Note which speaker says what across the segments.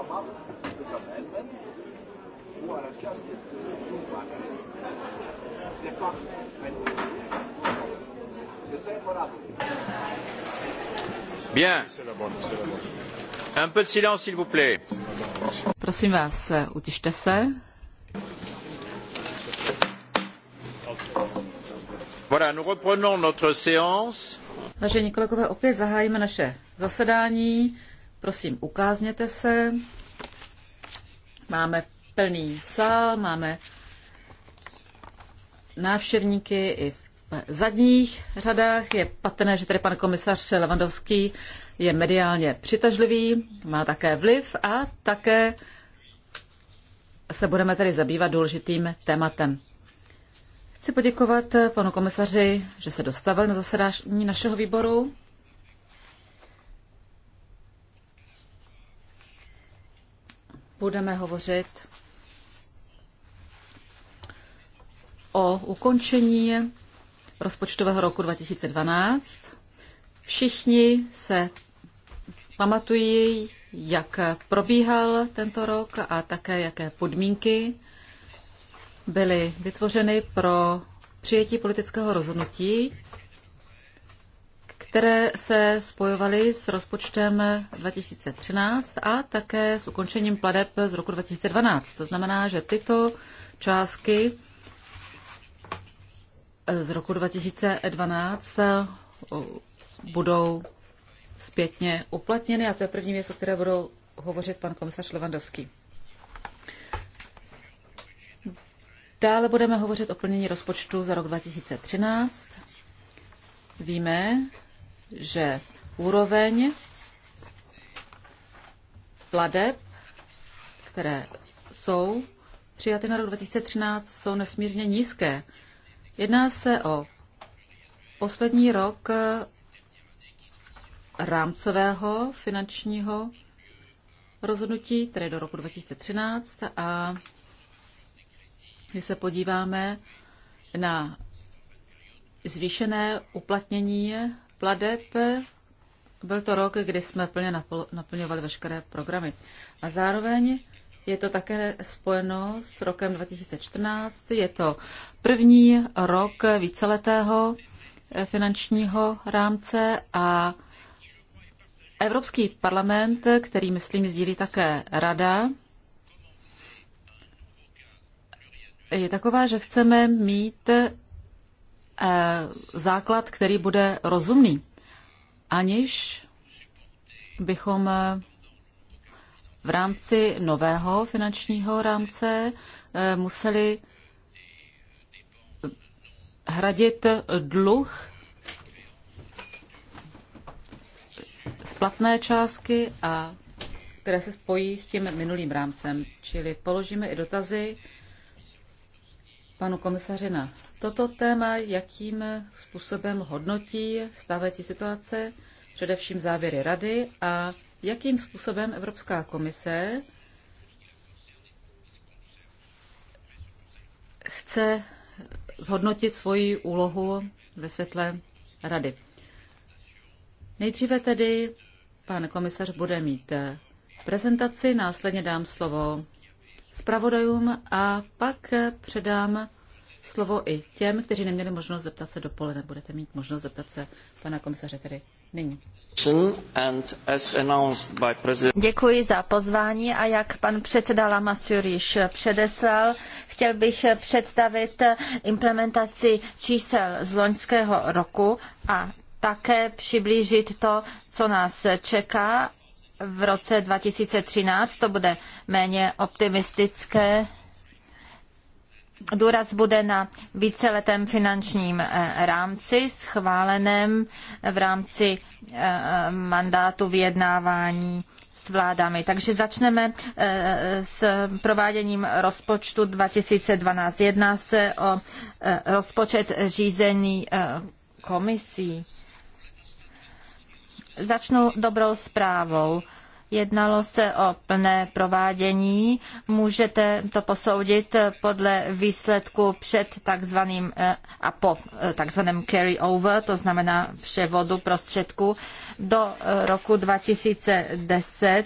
Speaker 1: come up with this amendment who are adjusted to the new batteries, the The same for others. Bien. Un peu de silence, s'il vous plaît.
Speaker 2: Prosím vás, eh, utište se.
Speaker 1: Voilà, nous reprenons notre séance.
Speaker 2: Vážení kolegové, opět zahájíme naše zasedání. Prosím, ukázněte se. Máme plný sál, máme návštěvníky i v zadních řadách. Je patrné, že tady pan komisař Levandovský je mediálně přitažlivý, má také vliv a také se budeme tady zabývat důležitým tématem. Chci poděkovat panu komisaři, že se dostavil na zasedání našeho výboru. budeme hovořit o ukončení rozpočtového roku 2012. Všichni se pamatují, jak probíhal tento rok a také jaké podmínky byly vytvořeny pro přijetí politického rozhodnutí které se spojovaly s rozpočtem 2013 a také s ukončením pladeb z roku 2012. To znamená, že tyto částky eh, z roku 2012 eh, budou zpětně uplatněny a to je první věc, o které budou hovořit pan komisař Levandovský. Dále budeme hovořit o plnění rozpočtu za rok 2013. Víme, že úroveň pladeb, které jsou přijaty na rok 2013, jsou nesmírně nízké. Jedná se o poslední rok rámcového finančního rozhodnutí, tedy do roku 2013. A když se podíváme na zvýšené uplatnění pladeb. Byl to rok, kdy jsme plně naplňovali veškeré programy. A zároveň je to také spojeno s rokem 2014. Je to první rok víceletého eh, finančního rámce a Evropský parlament, který myslím sdílí také rada, je taková, že chceme mít Eh, základ, který bude rozumný, aniž bychom eh, v rámci nového finančního rámce eh, museli hradit dluh splatné částky a které se spojí s tím minulým rámcem. Čili položíme i dotazy, panu komisaři na toto téma, jakým způsobem hodnotí stávající situace, především závěry rady a jakým způsobem Evropská komise chce zhodnotit svoji úlohu ve světle rady. Nejdříve tedy pan komisař bude mít prezentaci, následně dám slovo zpravodajům a pak předám slovo i těm, kteří neměli možnost zeptat se dopoledne. Budete mít možnost zeptat se pana komisaře tedy nyní.
Speaker 3: Děkuji za pozvání a jak pan předseda Lamassur již předeslal, chtěl bych představit implementaci čísel z loňského roku a také přiblížit to, co nás čeká v roce 2013 to bude méně optimistické. Důraz bude na víceletém finančním eh, rámci schváleném v rámci eh, mandátu vyjednávání s vládami. Takže začneme eh, s prováděním rozpočtu 2012. Jedná se o rozpočet řízení komisí. Začnu dobrou zprávou. Jednalo se o plné provádění. Můžete to posoudit podle výsledku před takzvaným eh, a po eh, takzvaném carry over, to znamená převodu prostředků do eh, roku 2010.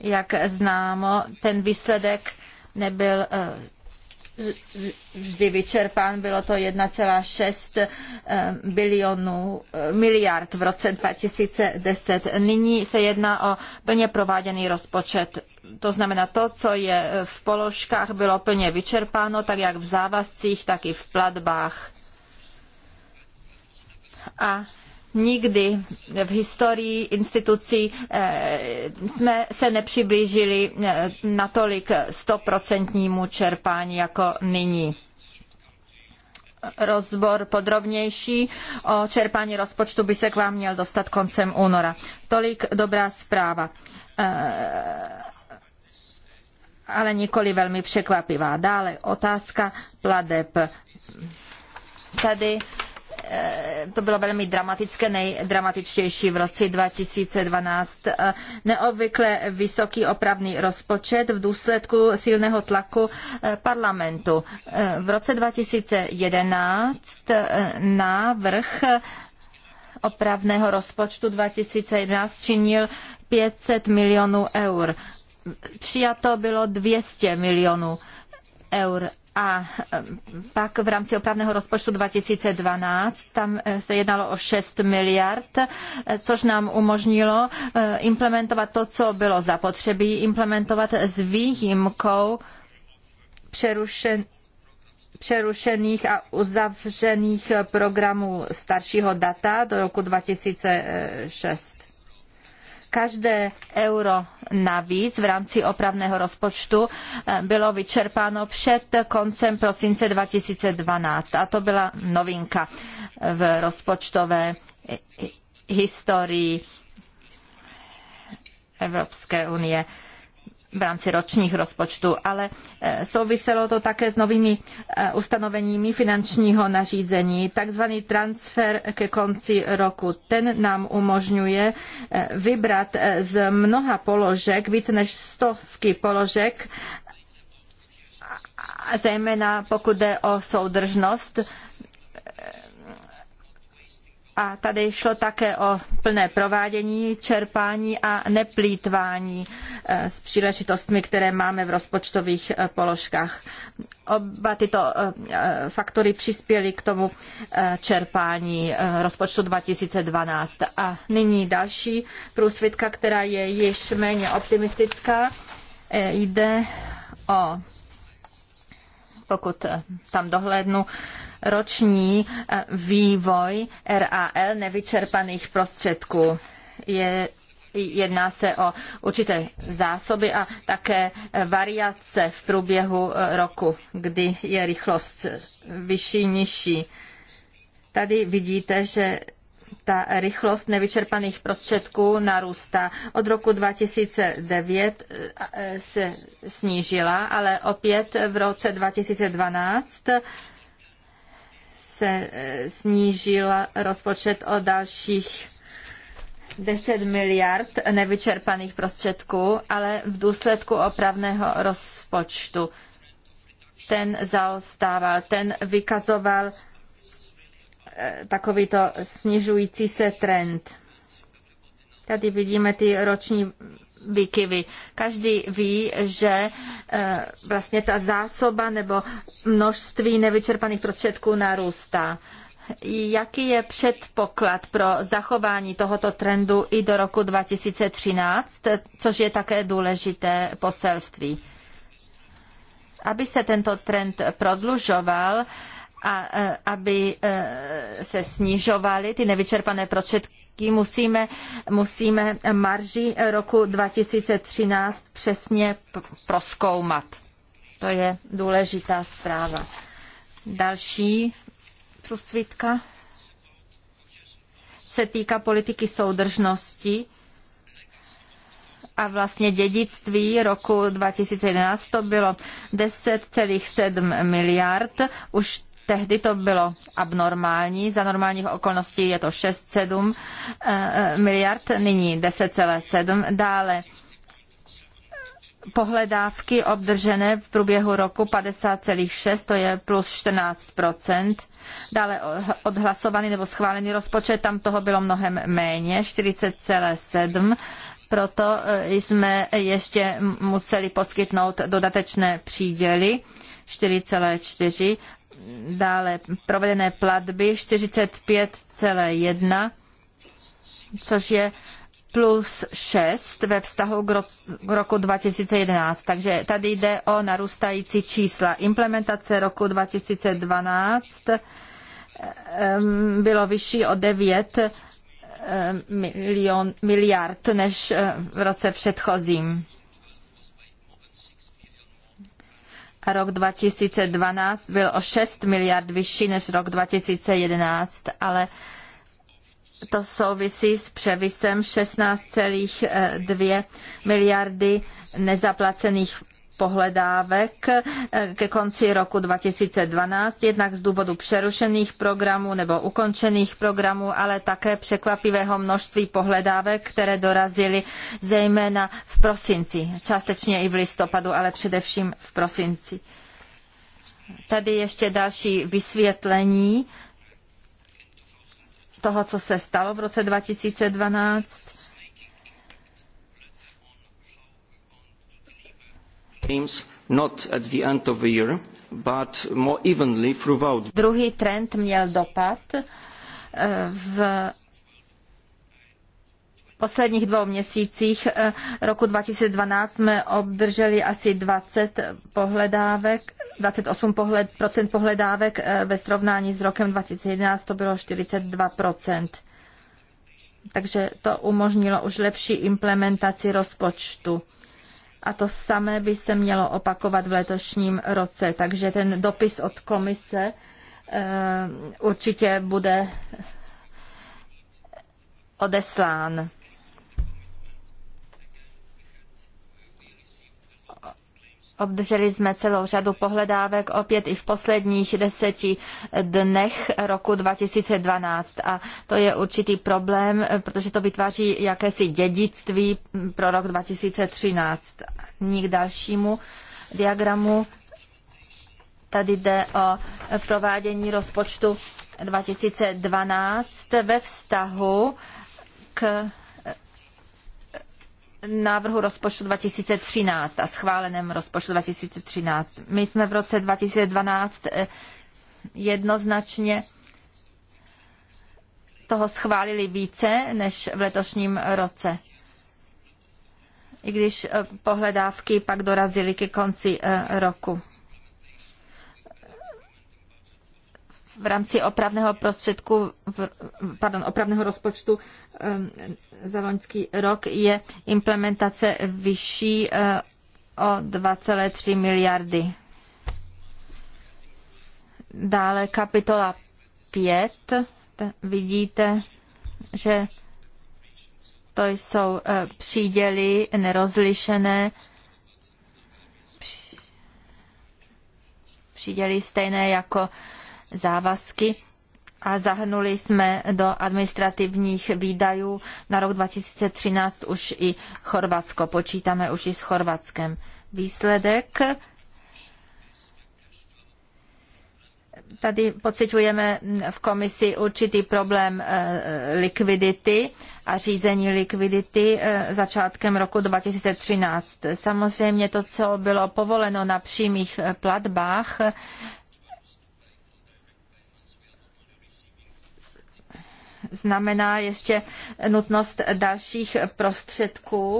Speaker 3: Jak známo, ten výsledek nebyl vždy vyčerpán, bylo to 1,6 eh, bilionů eh, miliard v roce 2010. Nyní se jedná o plně prováděný rozpočet. To znamená, to, co je eh, v položkách, bylo plně vyčerpáno, tak jak v závazcích, tak i v platbách. A Nikdy v historii institucí eh, jsme se nepřiblížili eh, natolik stoprocentnímu čerpání jako nyní rozbor podrobnější o čerpání rozpočtu by se k vám měl dostat koncem února. Tolik dobrá zpráva. Eh, ale nikoli velmi překvapivá. Dále otázka pladeb. Tady Eh, to bylo velmi dramatické, nejdramatičtější v roce 2012. Eh, neobvykle vysoký opravný rozpočet v důsledku silného tlaku eh, parlamentu. V roce 2011 návrh opravného rozpočtu 2011 činil 500 milionů eur. Přijato bylo 200 milionů eur a eh, pak v rámci opravného rozpočtu 2012 tam eh, se jednalo o 6 miliard, eh, což nám umožnilo implementovat to, co bylo zapotřebí implementovat s výjimkou přerušen, přerušených a uzavřených programů staršího data do roku 2006 každé euro navíc v rámci opravného rozpočtu eh, bylo vyčerpáno před koncem prosince 2012. A to byla novinka v rozpočtové historii Evropské unie v rámci ročních rozpočtů, ale eh, souviselo to také s novými eh, ustanoveními finančního nařízení, takzvaný transfer ke konci roku. Ten nám umožňuje eh, vybrat z mnoha položek, více než stovky položek, zejména pokud jde o soudržnost, a tady šlo také o plné provádění, čerpání a neplýtvání eh, s příležitostmi, které máme v rozpočtových eh, položkách. Oba tyto eh, faktory přispěly k tomu čerpání rozpočtu 2012. A nyní další průsvitka, která je již méně optimistická. Jde o pokud tam dohlédnu, roční eh, vývoj RAL nevyčerpaných prostředků. Je jedná se o určité zásoby a také eh, variace v průběhu eh, roku, kdy je rychlost vyšší, nižší. Tady vidíte, že ta rychlost nevyčerpaných prostředků narůstá. Od roku 2009 se snížila, ale opět v roce 2012 se eh, snížil rozpočet o dalších 10 miliard nevyčerpaných prostředků, ale v důsledku opravného rozpočtu. Ten zaostával, ten vykazoval eh, takovýto snižující se trend. Tady vidíme ty roční výkyvy. Každý ví, že eh, vlastně ta zásoba nebo množství nevyčerpaných prostředků narůstá. Jaký je předpoklad pro zachování tohoto trendu i do roku 2013, což je také důležité poselství? Aby se tento trend prodlužoval a eh, aby eh, se snižovaly ty nevyčerpané prostředky, prostředky musíme, musíme marži roku 2013 přesně proskoumat. To je důležitá zpráva. Další prosvítka se týká politiky soudržnosti a vlastně dědictví roku 2011 to bylo 10,7 miliard. Už tehdy to bylo abnormální, za normálních okolností je to 6,7 eh, eh, miliard, nyní 10,7. Dále pohledávky obdržené v průběhu roku 50,6, to je plus 14 Dále odhlasovaný nebo schválený rozpočet, tam toho bylo mnohem méně, 40,7 proto eh, jsme ještě museli poskytnout dodatečné příděly 4,4 dále provedené platby 45,1, což je plus 6 ve vztahu k roku 2011. Takže tady jde o narůstající čísla. Implementace roku 2012 bylo vyšší o 9 milion, miliard než eh, v roce předchozím. Rok 2012 byl o 6 miliard vyšší než rok 2011, ale to souvisí s převisem 16,2 eh, miliardy nezaplacených pohledávek eh, ke konci roku 2012, jednak z důvodu přerušených programů nebo ukončených programů, ale také překvapivého množství pohledávek, které dorazily zejména v prosinci, částečně i v listopadu, ale především v prosinci. Tady ještě další vysvětlení toho, co se stalo v roce 2012 Year, Druhý trend měl dopad eh, v posledních dvou měsících eh, roku 2012 jsme obdrželi asi 20 pohledávek, 28 pohled, procent pohledávek eh, ve srovnání s rokem 2011 to bylo 42 Takže to umožnilo už lepší implementaci rozpočtu a to samé by se mělo opakovat v letošním roce. Takže ten dopis od komise eh, určitě bude odeslán. Obdrželi jsme celou řadu pohledávek opět i v posledních deseti dnech roku 2012 a to je určitý problém, protože to vytváří jakési dědictví pro rok 2013. Ní k dalšímu diagramu tady jde o provádění rozpočtu 2012 ve vztahu k návrhu rozpočtu 2013 a schváleném rozpočtu 2013. My jsme v roce 2012 eh, jednoznačně toho schválili více než v letošním roce. I když eh, pohledávky pak dorazily ke konci eh, roku. v rámci opravného prostředku, pardon, opravného rozpočtu um, za loňský rok je implementace vyšší uh, o 2,3 miliardy. Dále kapitola 5. Vidíte, že to jsou uh, příděly nerozlišené, příděly stejné jako závazky a zahrnuli jsme do administrativních výdajů na rok 2013 už i Chorvatsko. Počítáme už i s Chorvatskem. Výsledek tady pociťujeme v komisi určitý problém eh, likvidity a řízení likvidity eh, začátkem roku 2013. Samozřejmě to, co bylo povoleno na přímých platbách, znamená ještě nutnost dalších prostředků.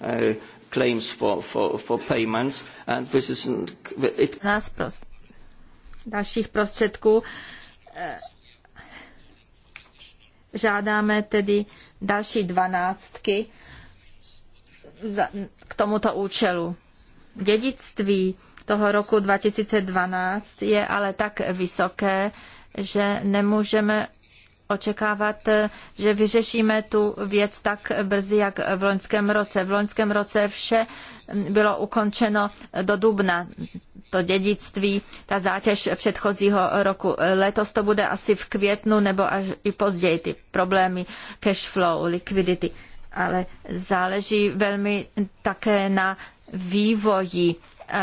Speaker 3: Uh, claims for, for, for payments and this is it... Nás prost, dalších prostředků. Eh, žádáme tedy další dvanáctky k tomuto účelu. Dědictví toho roku 2012 je ale tak vysoké, že nemůžeme očekávat, že vyřešíme tu věc tak brzy, jak v loňském roce. V loňském roce vše bylo ukončeno do dubna. To dědictví, ta zátěž předchozího roku. Letos to bude asi v květnu nebo až i později ty problémy cash flow, likvidity. Ale záleží velmi také na vývoji eh,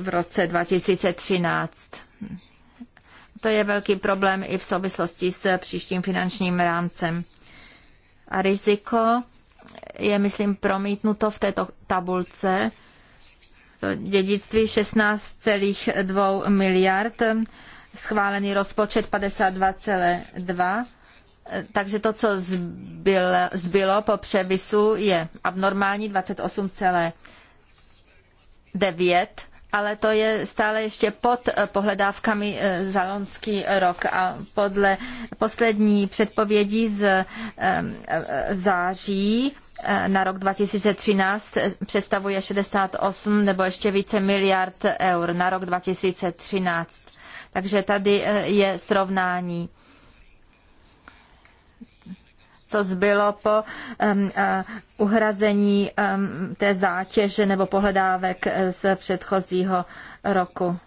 Speaker 3: v roce 2013. To je velký problém i v souvislosti s příštím finančním rámcem. A riziko je, myslím, promítnuto v této tabulce. To dědictví 16,2 miliard, schválený rozpočet 52,2 takže to, co zbylo, zbylo po převisu, je abnormální 28,9 ale to je stále ještě pod eh, pohledávkami eh, za loňský rok a podle poslední předpovědi z eh, září na rok 2013 představuje 68 nebo ještě více miliard eur na rok 2013. Takže tady je srovnání co zbylo po eh, uhrazení té zátěže nebo pohledávek eh, z předchozího roku.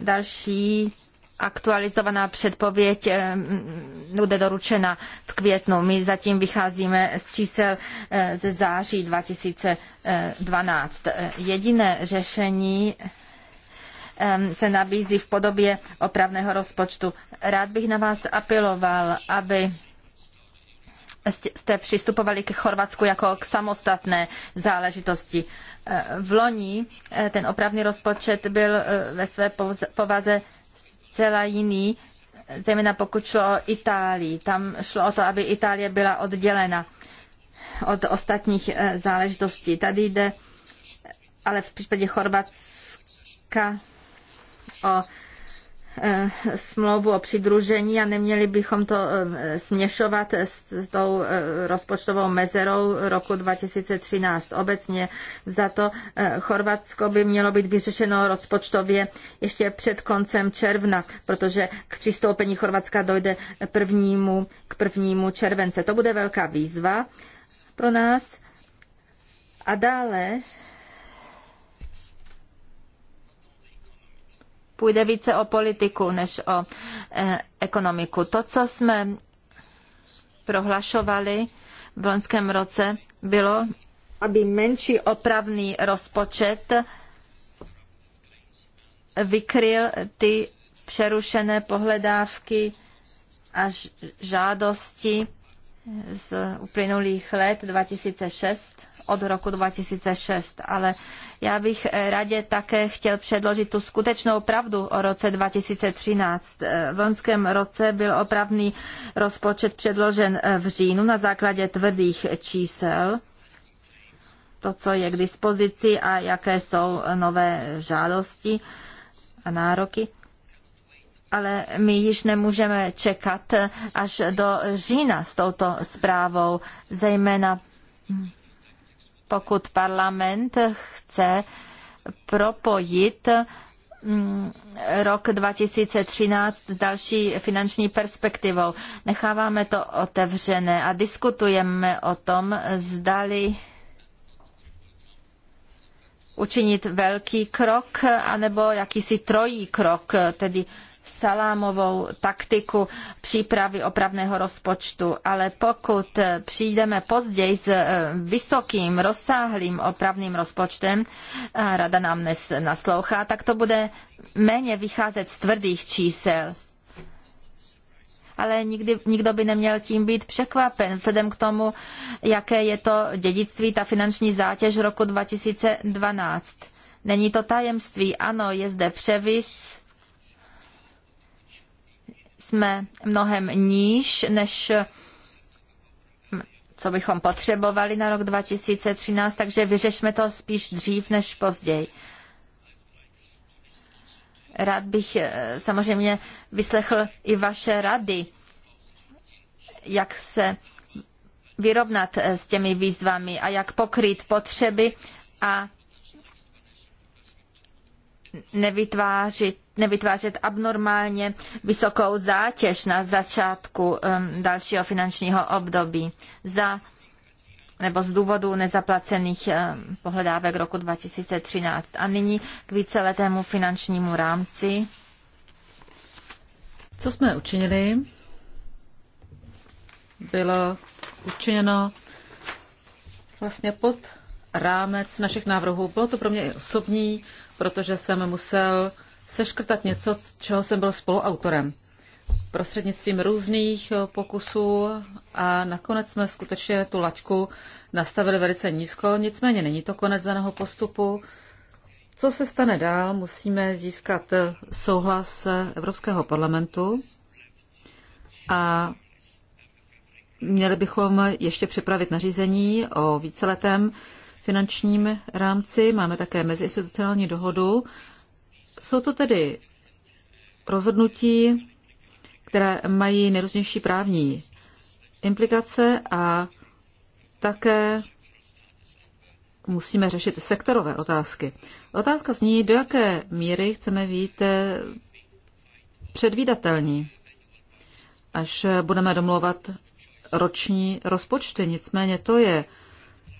Speaker 3: Další aktualizovaná předpověď bude doručena v květnu. My zatím vycházíme z čísel eh, ze září 2012. Jediné řešení se nabízí v podobě opravného rozpočtu. Rád bych na vás apeloval, aby jste přistupovali k Chorvatsku jako k samostatné záležitosti. V loni eh, ten opravný rozpočet byl eh, ve své povaze zcela jiný, zejména pokud šlo o Itálii. Tam šlo o to, aby Itálie byla oddělena od ostatních eh, záležitostí. Tady jde ale v případě Chorvatska o e, smlouvu o přidružení a neměli bychom to e, směšovat s tou e, rozpočtovou mezerou roku 2013. Obecně za to Chorvatsko by mělo být vyřešeno rozpočtově ještě před koncem června, protože k přistoupení Chorvatska dojde prvnímu, k prvnímu července. To bude velká výzva pro nás. A dále půjde více o politiku než o eh, ekonomiku. To, co jsme prohlašovali v loňském roce, bylo, aby menší opravný rozpočet vykryl ty přerušené pohledávky a žádosti z uplynulých let 2006, od roku 2006, ale já bych eh, radě také chtěl předložit tu skutečnou pravdu o roce 2013. Eh, v loňském roce byl opravný rozpočet předložen eh, v říjnu na základě tvrdých čísel to, co je k dispozici a jaké jsou nové žádosti a nároky ale my již nemůžeme čekat až do října s touto zprávou, zejména pokud parlament chce propojit mm, rok 2013 s další finanční perspektivou. Necháváme to otevřené a diskutujeme o tom, zdali učinit velký krok anebo jakýsi trojí krok, tedy salámovou taktiku přípravy opravného rozpočtu, ale pokud přijdeme později s eh, vysokým, rozsáhlým opravným rozpočtem, a rada nám dnes naslouchá, tak to bude méně vycházet z tvrdých čísel ale nikdy, nikdo by neměl tím být překvapen, vzhledem k tomu, jaké je to dědictví, ta finanční zátěž roku 2012. Není to tajemství, ano, je zde převis jsme mnohem níž, než co bychom potřebovali na rok 2013, takže vyřešme to spíš dřív než později. Rád bych eh, samozřejmě vyslechl i vaše rady, jak se vyrovnat eh, s těmi výzvami a jak pokryt potřeby a nevytvářet, nevytvářet abnormálně vysokou zátěž na začátku dalšího finančního období za nebo z důvodu nezaplacených pohledávek roku 2013. A nyní k víceletému finančnímu rámci.
Speaker 2: Co jsme učinili? Bylo učiněno vlastně pod rámec našich návrhů. Bylo to pro mě osobní protože jsem musel seškrtat něco, čeho jsem byl spoluautorem. Prostřednictvím různých eh, pokusů a nakonec jsme skutečně tu laťku nastavili velice nízko, nicméně není to konec daného postupu. Co se stane dál? Musíme získat eh, souhlas eh, Evropského parlamentu a měli bychom ještě připravit nařízení o víceletém finančním rámci, máme také meziinstitucionální dohodu. Jsou to tedy rozhodnutí, které mají nejrůznější právní implikace a také musíme řešit sektorové otázky. Otázka zní, do jaké míry chceme být eh, předvídatelní, až budeme domlouvat roční rozpočty. Nicméně to je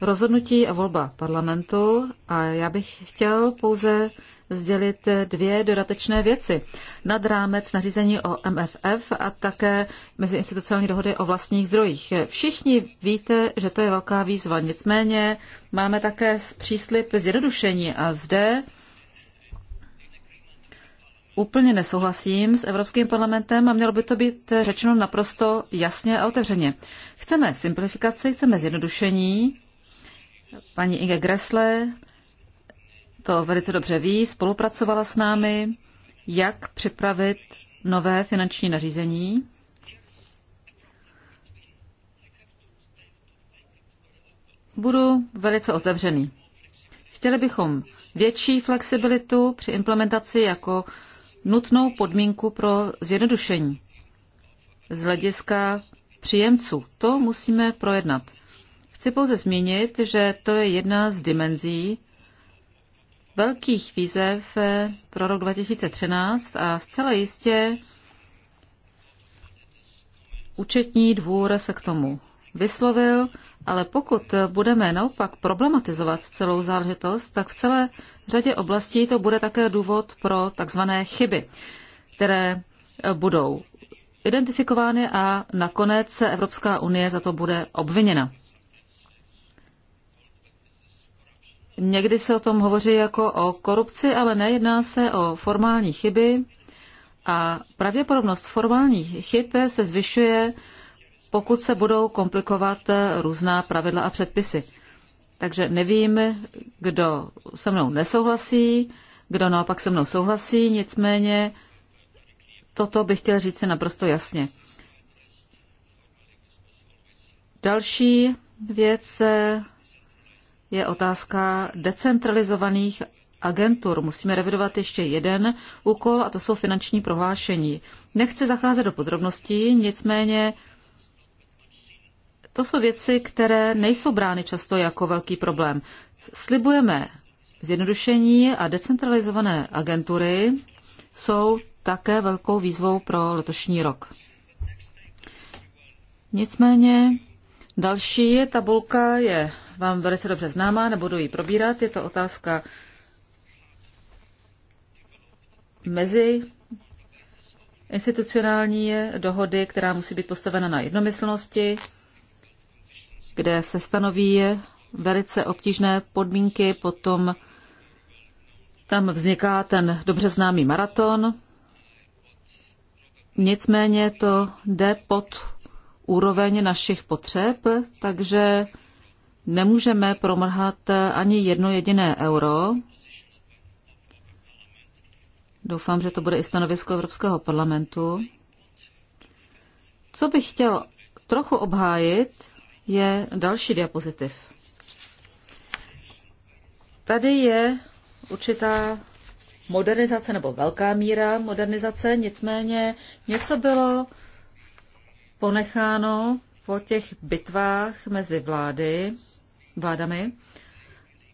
Speaker 2: rozhodnutí a volba parlamentu a já bych chtěl pouze sdělit dvě dodatečné věci. Nad rámec nařízení o MFF a také meziinstitucionální dohody o vlastních zdrojích. Všichni víte, že to je velká výzva, nicméně máme také příslip zjednodušení a zde úplně nesouhlasím s Evropským parlamentem a mělo by to být řečeno naprosto jasně a otevřeně. Chceme simplifikaci, chceme zjednodušení, Paní Inge Gressle to velice dobře ví, spolupracovala s námi, jak připravit nové finanční nařízení. Budu velice otevřený. Chtěli bychom větší flexibilitu při implementaci jako nutnou podmínku pro zjednodušení z hlediska příjemců. To musíme projednat. Chci pouze zmínit, že to je jedna z dimenzí velkých výzev eh, pro rok 2013 a zcela jistě účetní dvůr se k tomu vyslovil, ale pokud budeme naopak problematizovat celou záležitost, tak v celé řadě oblastí to bude také důvod pro takzvané chyby, které eh, budou identifikovány a nakonec Evropská unie za to bude obviněna. Někdy se o tom hovoří jako o korupci, ale nejedná se o formální chyby a pravděpodobnost formálních chyb se zvyšuje, pokud se budou komplikovat různá pravidla a předpisy. Takže nevím, kdo se mnou nesouhlasí, kdo naopak se mnou souhlasí, nicméně toto bych chtěl říct si naprosto jasně. Další věc je otázka decentralizovaných agentur. Musíme revidovat ještě jeden úkol a to jsou finanční prohlášení. Nechci zacházet do podrobností, nicméně to jsou věci, které nejsou brány často jako velký problém. Slibujeme zjednodušení a decentralizované agentury jsou také velkou výzvou pro letošní rok. Nicméně další tabulka je vám velice dobře známá, nebudu ji probírat. Je to otázka mezi institucionální dohody, která musí být postavena na jednomyslnosti, kde se stanoví velice obtížné podmínky, potom tam vzniká ten dobře známý maraton. Nicméně to jde pod úroveň našich potřeb, takže nemůžeme promrhat ani jedno jediné euro. Doufám, že to bude i stanovisko Evropského parlamentu. Co bych chtěl trochu obhájit, je další diapozitiv. Tady je určitá modernizace nebo velká míra modernizace, nicméně něco bylo ponecháno po těch bitvách mezi vlády, vládami,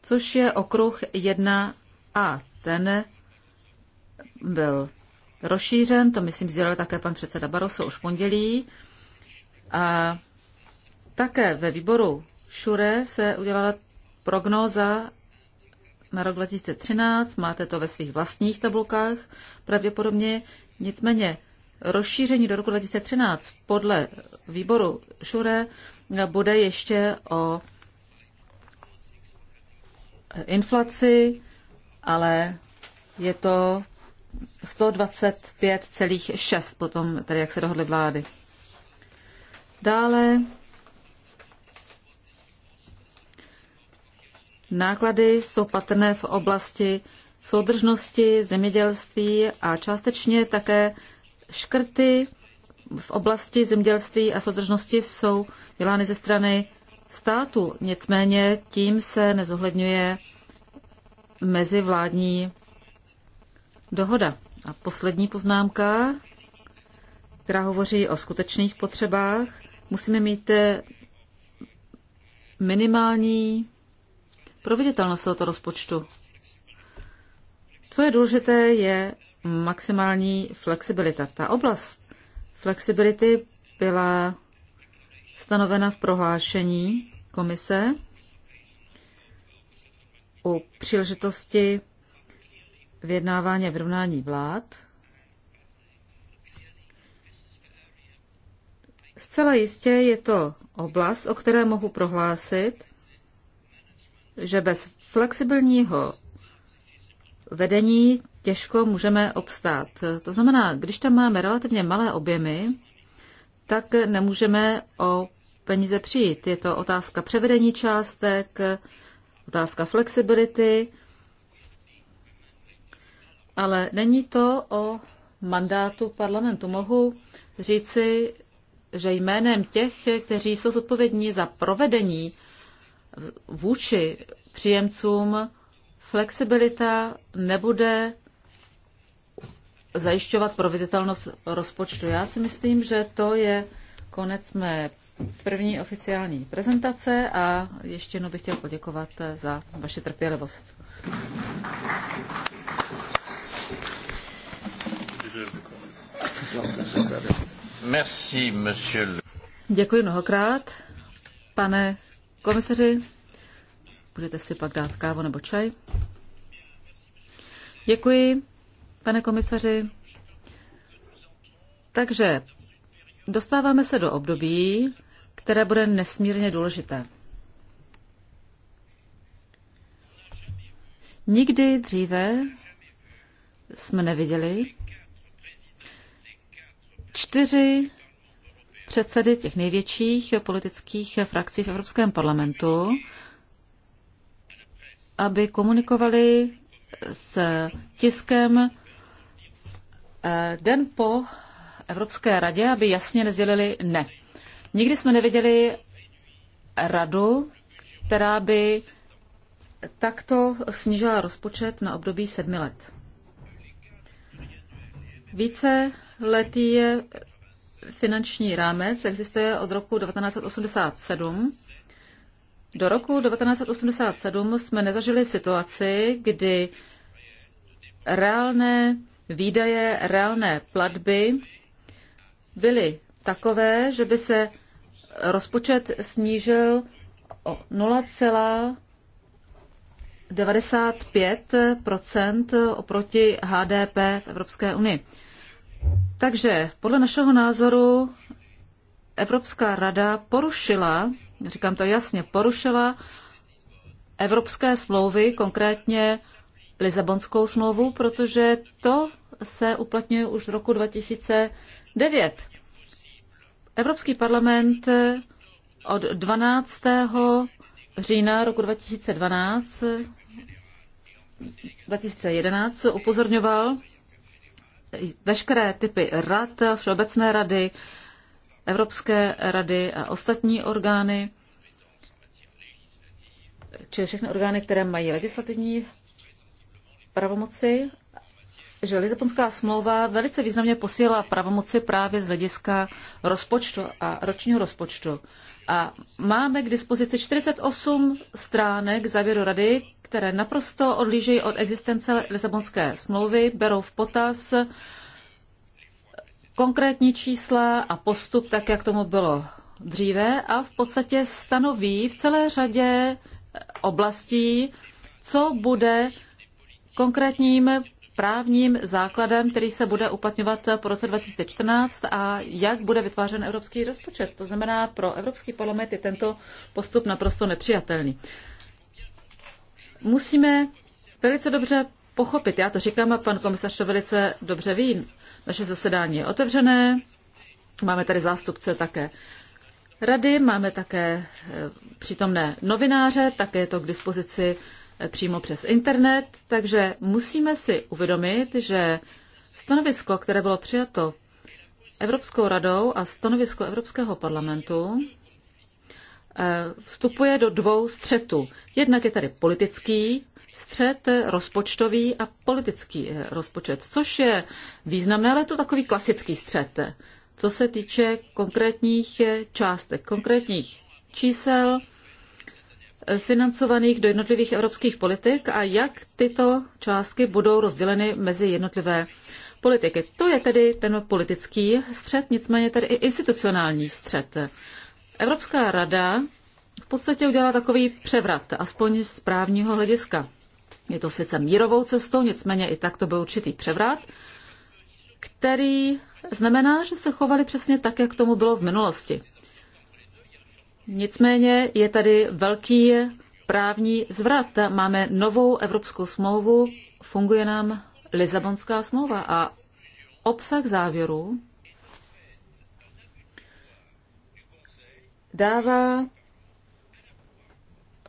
Speaker 2: což je okruh 1a. Ten byl rozšířen, to myslím sdělil také pan předseda Barroso už v pondělí. A také ve výboru Šure se udělala prognóza na rok 2013, máte to ve svých vlastních tabulkách pravděpodobně. Nicméně rozšíření do roku 2013 podle výboru Šure bude ještě o inflaci, ale je to 125,6 potom, tedy jak se dohodly vlády. Dále náklady jsou patrné v oblasti soudržnosti, zemědělství a částečně také škrty v oblasti zemědělství a soudržnosti jsou dělány ze strany státu. Nicméně tím se nezohledňuje mezivládní dohoda. A poslední poznámka, která hovoří o skutečných potřebách, musíme mít eh, minimální proveditelnost tohoto rozpočtu. Co je důležité, je maximální flexibilita. Ta oblast flexibility byla stanovena v prohlášení komise u příležitosti vyjednávání a vyrovnání vlád. Zcela jistě je to oblast, o které mohu prohlásit, že bez flexibilního vedení těžko můžeme obstát. To znamená, když tam máme relativně malé objemy, tak nemůžeme o peníze přijít. Je to otázka převedení částek, otázka flexibility, ale není to o mandátu parlamentu. Mohu říci, že jménem těch, kteří jsou zodpovědní za provedení vůči příjemcům, flexibilita nebude zajišťovat proveditelnost rozpočtu. Já si myslím, že to je konec mé první oficiální prezentace a ještě jednou bych chtěl poděkovat za vaši trpělivost.
Speaker 1: Merci, monsieur.
Speaker 2: Děkuji mnohokrát. Pane komisaři, budete si pak dát kávu nebo čaj. Děkuji pane komisaři. Takže dostáváme se do období, které bude nesmírně důležité. Nikdy dříve jsme neviděli čtyři předsedy těch největších politických frakcí v Evropském parlamentu, aby komunikovali s tiskem Eh, den po Evropské radě, aby jasně nezdělili ne. Nikdy jsme neviděli radu, která by takto snížila rozpočet na období sedmi let. Více letý je finanční rámec existuje od roku 1987. Do roku 1987 jsme nezažili situaci, kdy reálné výdaje reálné platby byly takové, že by se rozpočet snížil o 0,95 oproti HDP v Evropské unii. Takže podle našeho názoru Evropská rada porušila, říkám to jasně, porušila evropské smlouvy, konkrétně Lizabonskou smlouvu, protože to se uplatňuje už v roku 2009. Evropský parlament od 12. října roku 2012 2011 upozorňoval veškeré typy rad, Všeobecné rady, Evropské rady a ostatní orgány, čili všechny orgány, které mají legislativní pravomoci, že Lizabonská smlouva velice významně posílila pravomoci právě z hlediska rozpočtu a ročního rozpočtu. A máme k dispozici 48 stránek závěru rady, které naprosto odlížejí od existence Lisabonské smlouvy, berou v potaz konkrétní čísla a postup, tak jak tomu bylo dříve, a v podstatě stanoví v celé řadě oblastí, co bude konkrétním právním základem, který se bude uplatňovat po roce 2014 a jak bude vytvářen evropský rozpočet. To znamená, pro Evropský parlament je tento postup naprosto nepřijatelný. Musíme velice dobře pochopit, já to říkám a pan komisař to velice dobře ví, naše zasedání je otevřené, máme tady zástupce také rady, máme také eh, přítomné novináře, také je to k dispozici přímo přes internet, takže musíme si uvědomit, že stanovisko, které bylo přijato Evropskou radou a stanovisko Evropského parlamentu, eh, vstupuje do dvou střetů. Jednak je tady politický střet, rozpočtový a politický eh, rozpočet, což je významné, ale je to takový klasický střet. Co se týče konkrétních eh, částek, konkrétních čísel, financovaných do jednotlivých evropských politik a jak tyto částky budou rozděleny mezi jednotlivé politiky. To je tedy ten politický střed, nicméně tedy i institucionální střed. Evropská rada v podstatě udělala takový převrat, aspoň z právního hlediska. Je to sice mírovou cestou, nicméně i tak to byl určitý převrat, který znamená, že se chovali přesně tak, jak tomu bylo v minulosti. Nicméně je tady velký právní zvrat. Máme novou Evropskou smlouvu, funguje nám Lisabonská smlouva a obsah závěru dává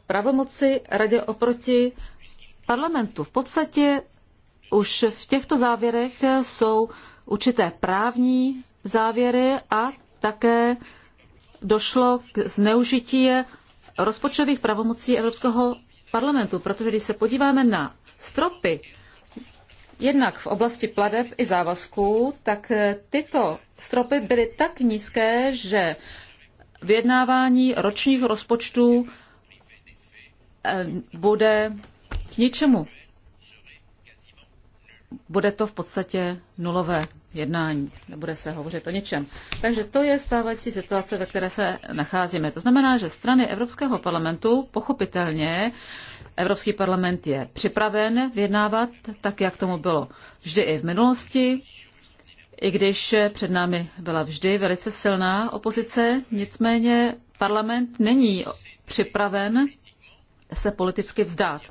Speaker 2: pravomoci radě oproti parlamentu. V podstatě už v těchto závěrech jsou určité právní závěry a také došlo k zneužití rozpočtových pravomocí Evropského parlamentu, protože když se podíváme na stropy, jednak v oblasti pladeb i závazků, tak eh, tyto stropy byly tak nízké, že vyjednávání ročních rozpočtů eh, bude k ničemu. Bude to v podstatě nulové jednání, nebude se hovořit o ničem. Takže to je stávající situace, ve které se nacházíme. To znamená, že strany Evropského parlamentu pochopitelně Evropský parlament je připraven vyjednávat tak, jak tomu bylo vždy i v minulosti, i když před námi byla vždy velice silná opozice, nicméně parlament není připraven se politicky vzdát,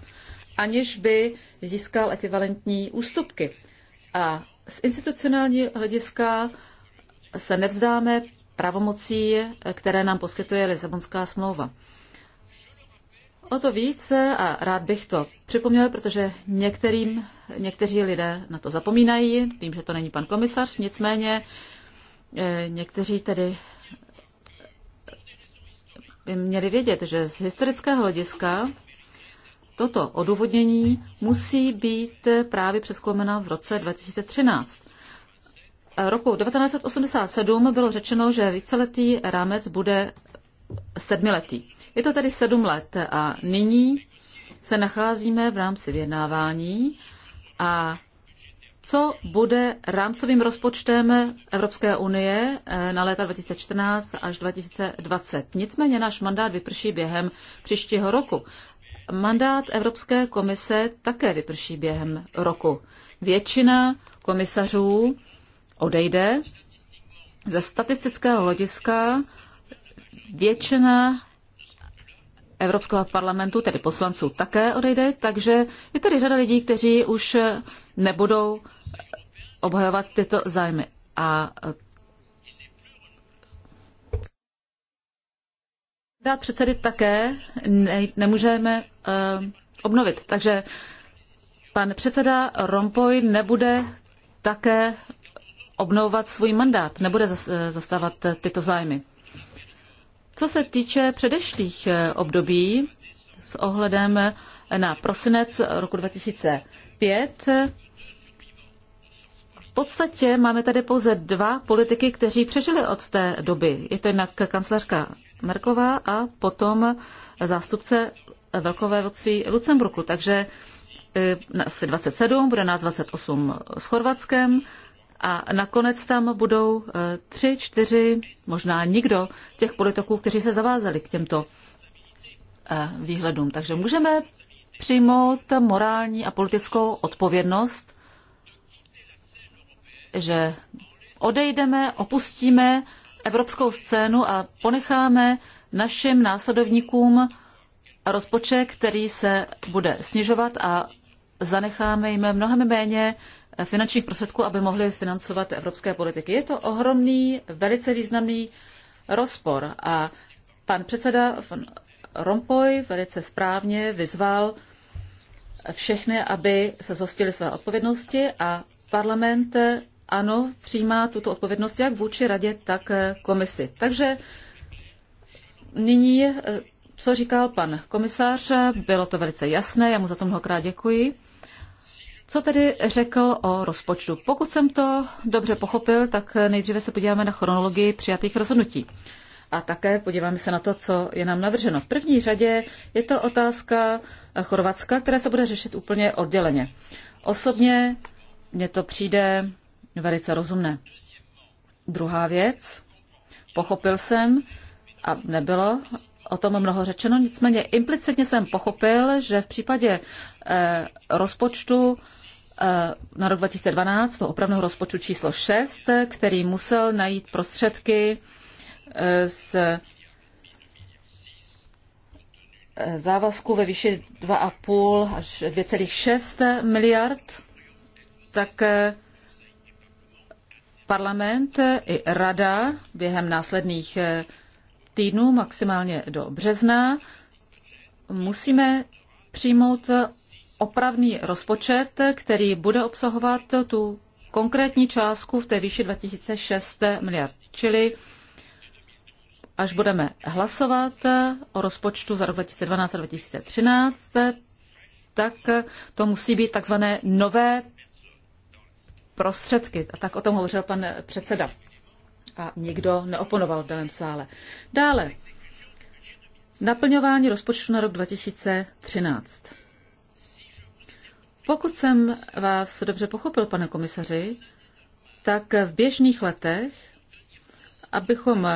Speaker 2: aniž by získal ekvivalentní ústupky. A z institucionální hlediska se nevzdáme pravomocí, které nám poskytuje Lisabonská smlouva. O to více a rád bych to připomněl, protože některým, někteří lidé na to zapomínají. Vím, že to není pan komisař, nicméně eh, někteří tedy by měli vědět, že z historického hlediska Toto odůvodnění musí být právě přeskoumena v roce 2013. Roku 1987 bylo řečeno, že víceletý rámec bude sedmiletý. Je to tedy sedm let a nyní se nacházíme v rámci vyjednávání a co bude rámcovým rozpočtem Evropské unie eh, na léta 2014 až 2020. Nicméně náš mandát vyprší během příštího roku Mandát Evropské komise také vyprší během roku. Většina komisařů odejde. Ze statistického hlediska většina Evropského parlamentu, tedy poslanců, také odejde, takže je tady řada lidí, kteří už nebudou obhajovat tyto zájmy. A Rád předsedy také ne, nemůžeme uh, obnovit. Takže pan předseda Rompoy nebude také obnovovat svůj mandát, nebude eh, zastávat tyto zájmy. Co se týče předešlých eh, období s ohledem na prosinec roku 2005, v podstatě máme tady pouze dva politiky, kteří přežili od té doby. Je to jednak kancelářka Merklová a potom zástupce vodství Lucemburku. Takže e, asi 27, bude nás 28 s Chorvatskem a nakonec tam budou e, tři, čtyři, možná nikdo z těch politiků, kteří se zavázali k těmto e, výhledům. Takže můžeme přijmout morální a politickou odpovědnost, že odejdeme, opustíme evropskou scénu a ponecháme našim následovníkům rozpočet, který se bude snižovat a zanecháme jim mnohem méně finančních prostředků, aby mohli financovat evropské politiky. Je to ohromný, velice významný rozpor a pan předseda von Rompuy velice správně vyzval všechny, aby se zhostili své odpovědnosti a parlament ano, přijímá tuto odpovědnost jak vůči radě, tak eh, komisi. Takže nyní, eh, co říkal pan komisář, bylo to velice jasné, já mu za to mnohokrát děkuji. Co tedy řekl o rozpočtu? Pokud jsem to dobře pochopil, tak eh, nejdříve se podíváme na chronologii přijatých rozhodnutí. A také podíváme se na to, co je nám navrženo. V první řadě je to otázka Chorvatska, která se bude řešit úplně odděleně. Osobně mně to přijde velice rozumné. Druhá věc, pochopil jsem, a nebylo o tom mnoho řečeno, nicméně implicitně jsem pochopil, že v případě eh, rozpočtu eh, na rok 2012, toho opravného rozpočtu číslo 6, který musel najít prostředky eh, z eh, závazku ve výši 2,5 až 2,6 miliard, tak eh, Parlament i rada během následných eh, týdnů, maximálně do března, musíme přijmout opravný rozpočet, který bude obsahovat tu konkrétní částku v té výši 2006 miliard. Čili až budeme hlasovat o rozpočtu za rok 2012 a 2013, tak to musí být takzvané nové prostředky. A tak o tom hovořil pan předseda. A nikdo neoponoval v daném sále. Dále, naplňování rozpočtu na rok 2013. Pokud jsem vás dobře pochopil, pane komisaři, tak v běžných letech, abychom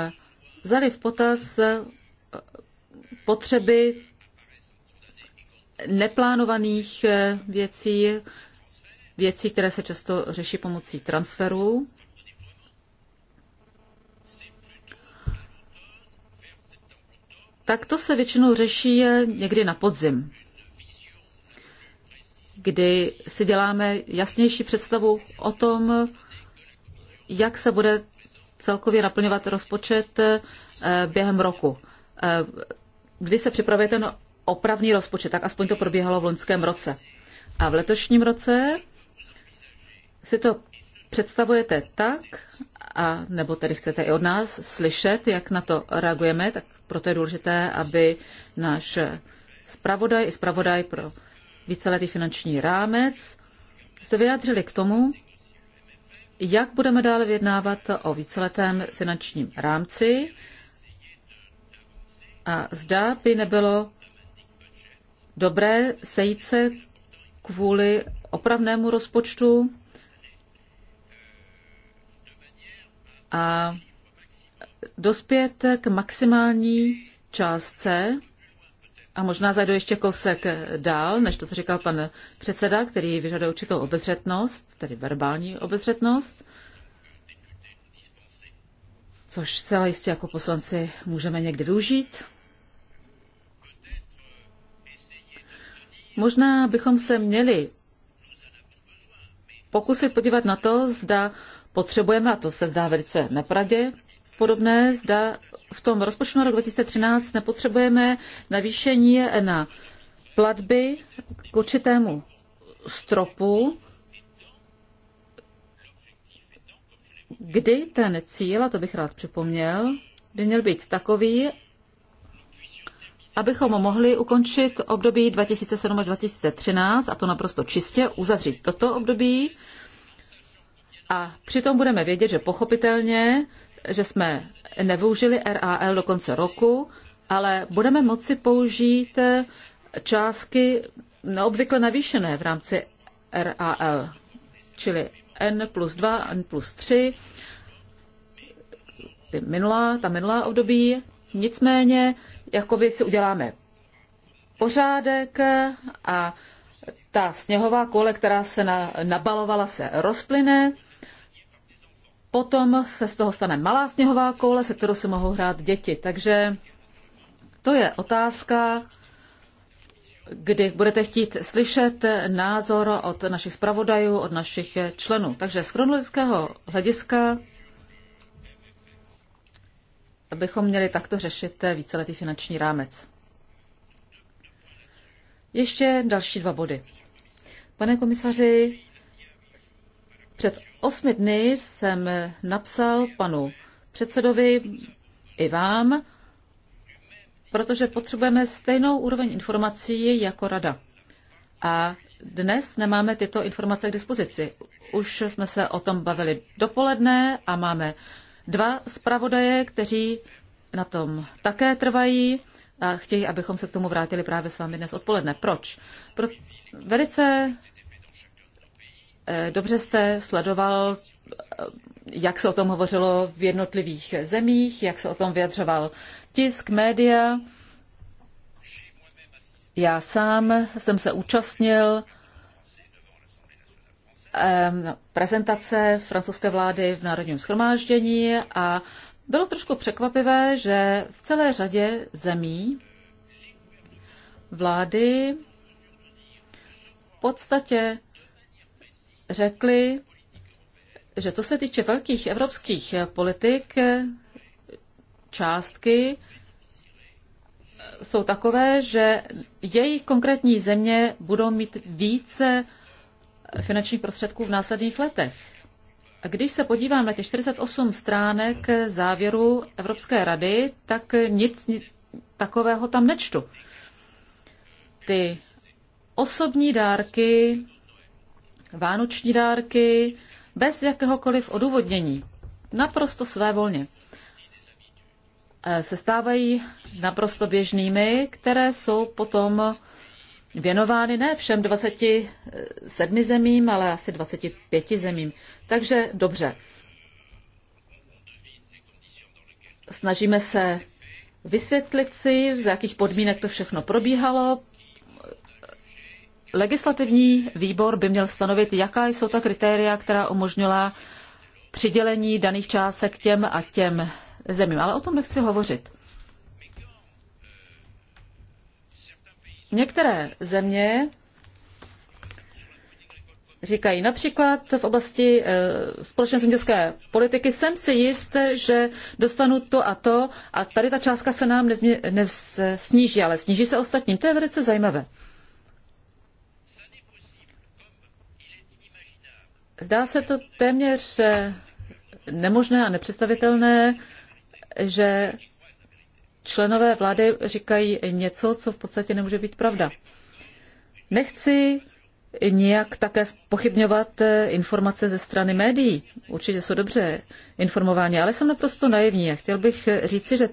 Speaker 2: vzali v potaz potřeby neplánovaných věcí, věcí, které se často řeší pomocí transferů. Tak to se většinou řeší někdy na podzim, kdy si děláme jasnější představu o tom, jak se bude celkově naplňovat rozpočet eh, během roku. Kdy eh, se připravuje ten opravný rozpočet, tak aspoň to probíhalo v loňském roce. A v letošním roce si to představujete tak, a nebo tedy chcete i od nás slyšet, jak na to reagujeme, tak proto je důležité, aby náš zpravodaj i zpravodaj pro víceletý finanční rámec se vyjádřili k tomu, jak budeme dále vyjednávat o víceletém finančním rámci a zda by nebylo dobré sejít se kvůli opravnému rozpočtu a dospět k maximální částce a možná zajdu ještě kousek dál, než to, co říkal pan předseda, který vyžaduje určitou obezřetnost, tedy verbální obezřetnost, což celé jistě jako poslanci můžeme někdy využít. Možná bychom se měli pokusit podívat na to, zda potřebujeme, a to se zdá velice nepravdě, podobné, zda v tom rozpočtu na rok 2013 nepotřebujeme navýšení na platby k určitému stropu, kdy ten cíl, a to bych rád připomněl, by měl být takový, abychom mohli ukončit období 2007 až 2013, a to naprosto čistě, uzavřít toto období a přitom budeme vědět, že pochopitelně, že jsme nevyužili RAL do konce roku, ale budeme moci použít eh, částky neobvykle navýšené v rámci RAL, čili N plus 2, N plus 3, ty minulá, ta minulá období. Nicméně, jakoby si uděláme pořádek eh, a ta sněhová kole, která se na, nabalovala, se rozplyne potom se z toho stane malá sněhová koule, se kterou si mohou hrát děti. Takže to je otázka, kdy budete chtít slyšet názor od našich zpravodajů, od našich členů. Takže z chronologického hlediska bychom měli takto řešit víceletý finanční rámec. Ještě další dva body. Pane komisaři, před osmi dny jsem napsal panu předsedovi i vám, protože potřebujeme stejnou úroveň informací jako rada. A dnes nemáme tyto informace k dispozici. Už jsme se o tom bavili dopoledne a máme dva zpravodaje, kteří na tom také trvají a chtějí, abychom se k tomu vrátili právě s vámi dnes odpoledne. Proč? Pro... Velice Eh, dobře jste sledoval, eh, jak se o tom hovořilo v jednotlivých zemích, jak se o tom vyjadřoval tisk, média. Já sám jsem se účastnil ehm, no, prezentace francouzské vlády v Národním schromáždění a bylo trošku překvapivé, že v celé řadě zemí vlády v podstatě řekli, že co se týče velkých evropských politik, částky jsou takové, že jejich konkrétní země budou mít více finančních prostředků v následných letech. A když se podívám na těch 48 stránek závěru Evropské rady, tak nic, takového tam nečtu. Ty osobní dárky vánoční dárky bez jakéhokoliv odůvodnění, naprosto volně. Eh, se stávají naprosto běžnými, které jsou potom věnovány ne všem 27 zemím, ale asi 25 zemím. Takže dobře. Snažíme se vysvětlit si, z jakých podmínek to všechno probíhalo, legislativní výbor by měl stanovit, jaká jsou ta kritéria, která umožnila přidělení daných částek těm a těm zemím. Ale o tom nechci hovořit. Některé země říkají například v oblasti eh, společné zemědělské politiky jsem si jist, že dostanu to a to a tady ta částka se nám nesmě, sníží, ale sníží se ostatním. To je velice zajímavé. Zdá se to téměř eh, nemožné a nepředstavitelné, že členové vlády říkají něco, co v podstatě nemůže být pravda. Nechci nijak také pochybňovat eh, informace ze strany médií. Určitě jsou dobře informováni, ale jsem naprosto naivní a chtěl bych eh, říci, že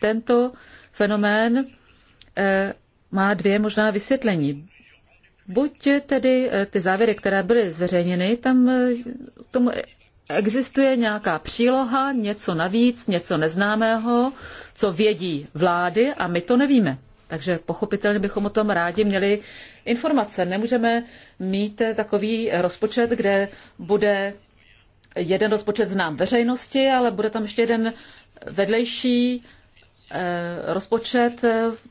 Speaker 2: tento fenomén má dvě možná vysvětlení. Buď tedy eh, ty závěry, které byly zveřejněny, tam eh, k tomu existuje nějaká příloha, něco navíc, něco neznámého, co vědí vlády a my to nevíme. Takže pochopitelně bychom o tom rádi měli informace. Nemůžeme mít eh, takový rozpočet, kde bude jeden rozpočet znám veřejnosti, ale bude tam ještě jeden vedlejší rozpočet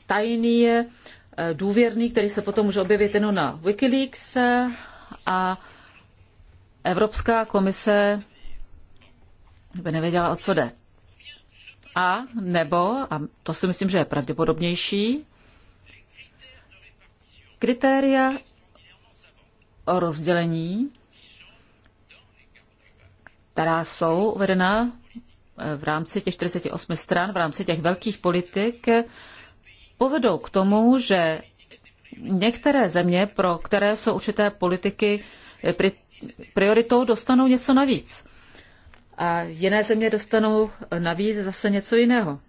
Speaker 2: tajný Eh, důvěrný, který se potom může objevit jenom na Wikileaks eh, a Evropská komise by nevěděla, o co jde. A nebo, a to si myslím, že je pravděpodobnější, kritéria o rozdělení, která jsou uvedena eh, v rámci těch 48 stran, v rámci těch velkých politik, povedou k tomu, že některé země, pro které jsou určité politiky prioritou, dostanou něco navíc. A jiné země dostanou navíc zase něco jiného.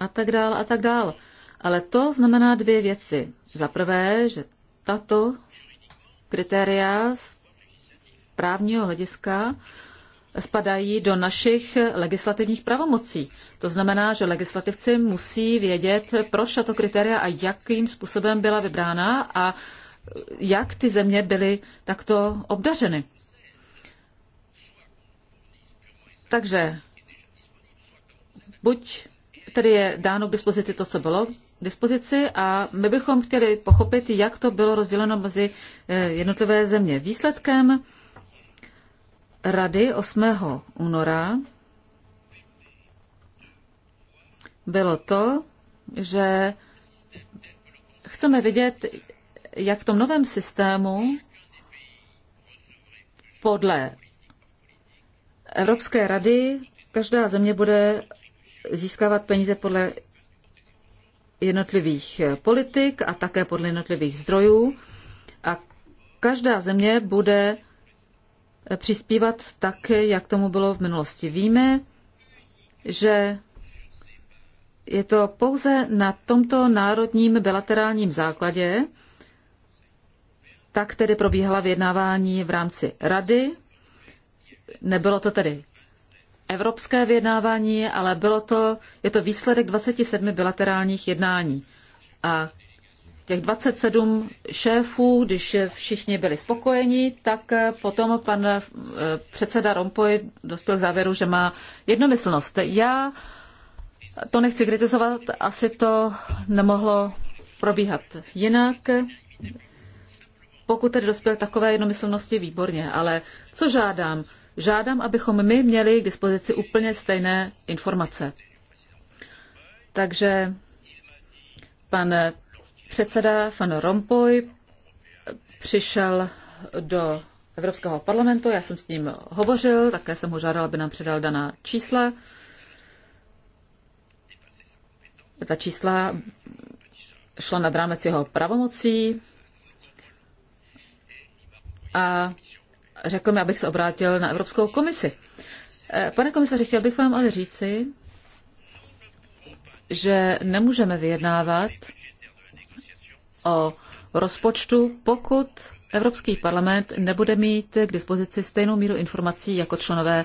Speaker 2: A tak dál, a tak dál. Ale to znamená dvě věci. Za prvé, že tato kritéria z právního hlediska spadají do našich legislativních pravomocí. To znamená, že legislativci musí vědět, proč tato kritéria a jakým způsobem byla vybrána a jak ty země byly takto obdařeny. Takže buď tedy je dáno k dispozici to, co bylo k dispozici a my bychom chtěli pochopit, jak to bylo rozděleno mezi eh, jednotlivé země. Výsledkem Rady 8. února bylo to, že chceme vidět, jak v tom novém systému podle Evropské rady každá země bude získávat peníze podle jednotlivých politik a také podle jednotlivých zdrojů a každá země bude přispívat tak, jak tomu bylo v minulosti. Víme, že je to pouze na tomto národním bilaterálním základě, tak tedy probíhala vyjednávání v rámci rady. Nebylo to tedy evropské vyjednávání, ale bylo to, je to výsledek 27 bilaterálních jednání. A těch 27 šéfů, když všichni byli spokojeni, tak potom pan eh, předseda Rompoy dospěl k závěru, že má jednomyslnost. Já to nechci kritizovat, asi to nemohlo probíhat jinak. Pokud tedy dospěl takové jednomyslnosti, výborně, ale co žádám? Žádám, abychom my měli k dispozici úplně stejné informace. Takže pan Předseda Van Rompuy přišel do Evropského parlamentu, já jsem s ním hovořil, také jsem ho žádal, aby nám předal daná čísla. Ta čísla šla nad rámec jeho pravomocí a řekl mi, abych se obrátil na Evropskou komisi. Eh, pane komisaři, chtěl bych vám ale říci, že nemůžeme vyjednávat o rozpočtu, pokud Evropský parlament nebude mít k dispozici stejnou míru informací jako členové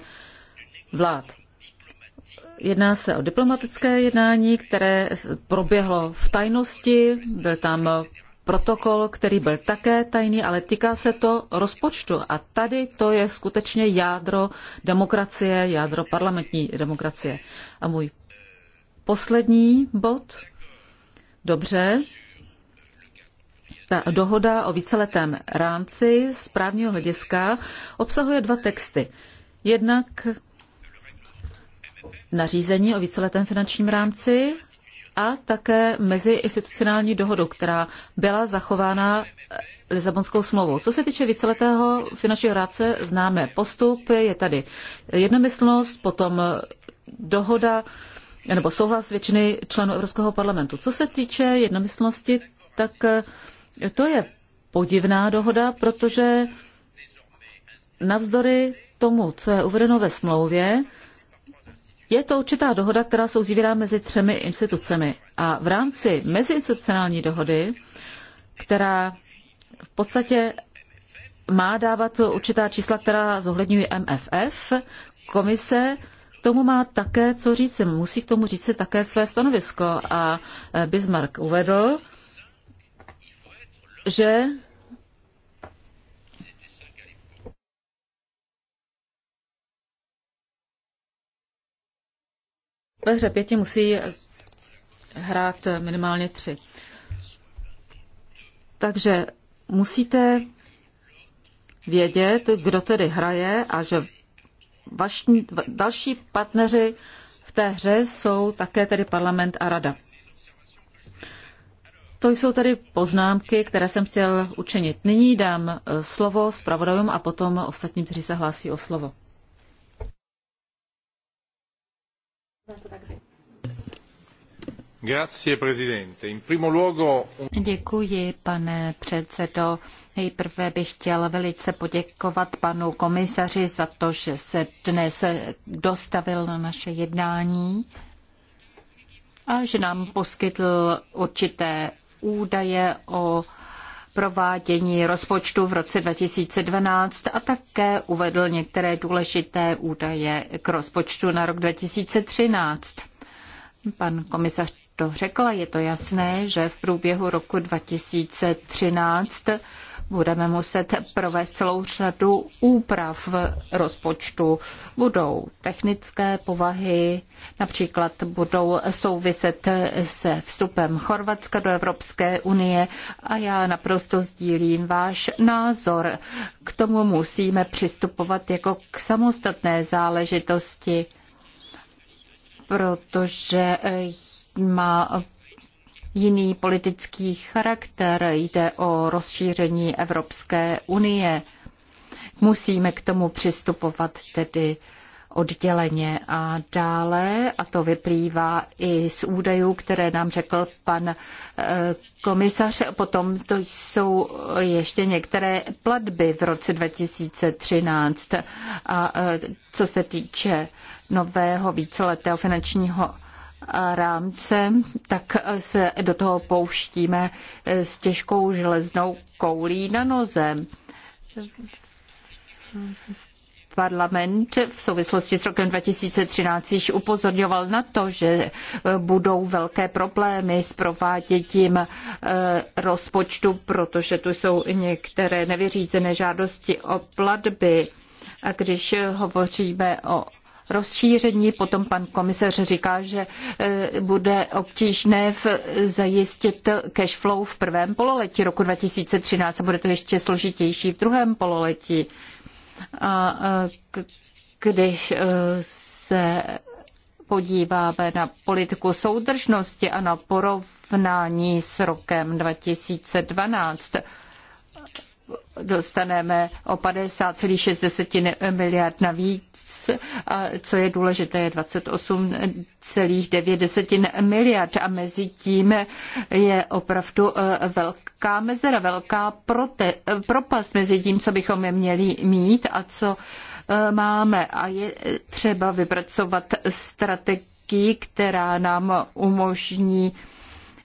Speaker 2: vlád. Jedná se o diplomatické jednání, které proběhlo v tajnosti, byl tam protokol, který byl také tajný, ale týká se to rozpočtu. A tady to je skutečně jádro demokracie, jádro parlamentní demokracie. A můj poslední bod. Dobře, ta dohoda o víceletém rámci z právního hlediska obsahuje dva texty. Jednak nařízení o víceletém finančním rámci a také meziinstitucionální dohodu, která byla zachována eh, Lisabonskou smlouvou. Co se týče víceletého finančního rámce, známe postup, je tady jednomyslnost, potom eh, dohoda nebo souhlas většiny členů Evropského parlamentu. Co se týče jednomyslnosti, tak eh, to je podivná dohoda, protože navzdory tomu, co je uvedeno ve smlouvě, je to určitá dohoda, která se uzavírá mezi třemi institucemi. A v rámci meziinstitucionální dohody, která v podstatě má dávat určitá čísla, která zohledňují MFF, komise k tomu má také co říct, musí k tomu říct také své stanovisko. A Bismarck uvedl, že ve hře pěti musí hrát minimálně tři. Takže musíte vědět, kdo tedy hraje a že vaši, další partneři v té hře jsou také tedy parlament a rada. To jsou tedy poznámky, které jsem chtěl učinit. Nyní dám e, slovo zpravodajům a potom ostatním, kteří se hlásí o slovo.
Speaker 4: Děkuji, pane předsedo. Nejprve bych chtěl velice poděkovat panu komisaři za to, že se dnes dostavil na naše jednání a že nám poskytl určité údaje o provádění rozpočtu v roce 2012 a také uvedl některé důležité údaje k rozpočtu na rok 2013. Pan komisař to řekl, je to jasné, že v průběhu roku 2013 budeme muset provést celou řadu úprav v rozpočtu. Budou technické povahy, například budou souviset se vstupem Chorvatska do Evropské unie a já naprosto sdílím váš názor. K tomu musíme přistupovat jako k samostatné záležitosti, protože má jiný politický charakter, jde o rozšíření Evropské unie. Musíme k tomu přistupovat tedy odděleně a dále, a to vyplývá i z údajů, které nám řekl pan eh, komisař. Potom to jsou ještě některé platby v roce 2013. A eh, co se týče nového víceletého finančního rámce, tak se do toho pouštíme s těžkou železnou koulí na noze. Parlament v souvislosti s rokem 2013 již upozorňoval na to, že budou velké problémy s prováděním eh, rozpočtu, protože tu jsou některé nevyřízené žádosti o platby. A když hovoříme o rozšíření. Potom pan komisař říká, že e, bude obtížné v zajistit cash flow v prvém pololetí roku 2013 a bude to ještě složitější v druhém pololetí. A e, když e, se podíváme na politiku soudržnosti a na porovnání s rokem 2012, dostaneme o 50,6 miliard navíc, a co je důležité, je 28,9 miliard a mezi tím je opravdu e, velká mezera, velká prote, propast mezi tím, co bychom měli mít a co e, máme. A je třeba vypracovat strategii, která nám umožní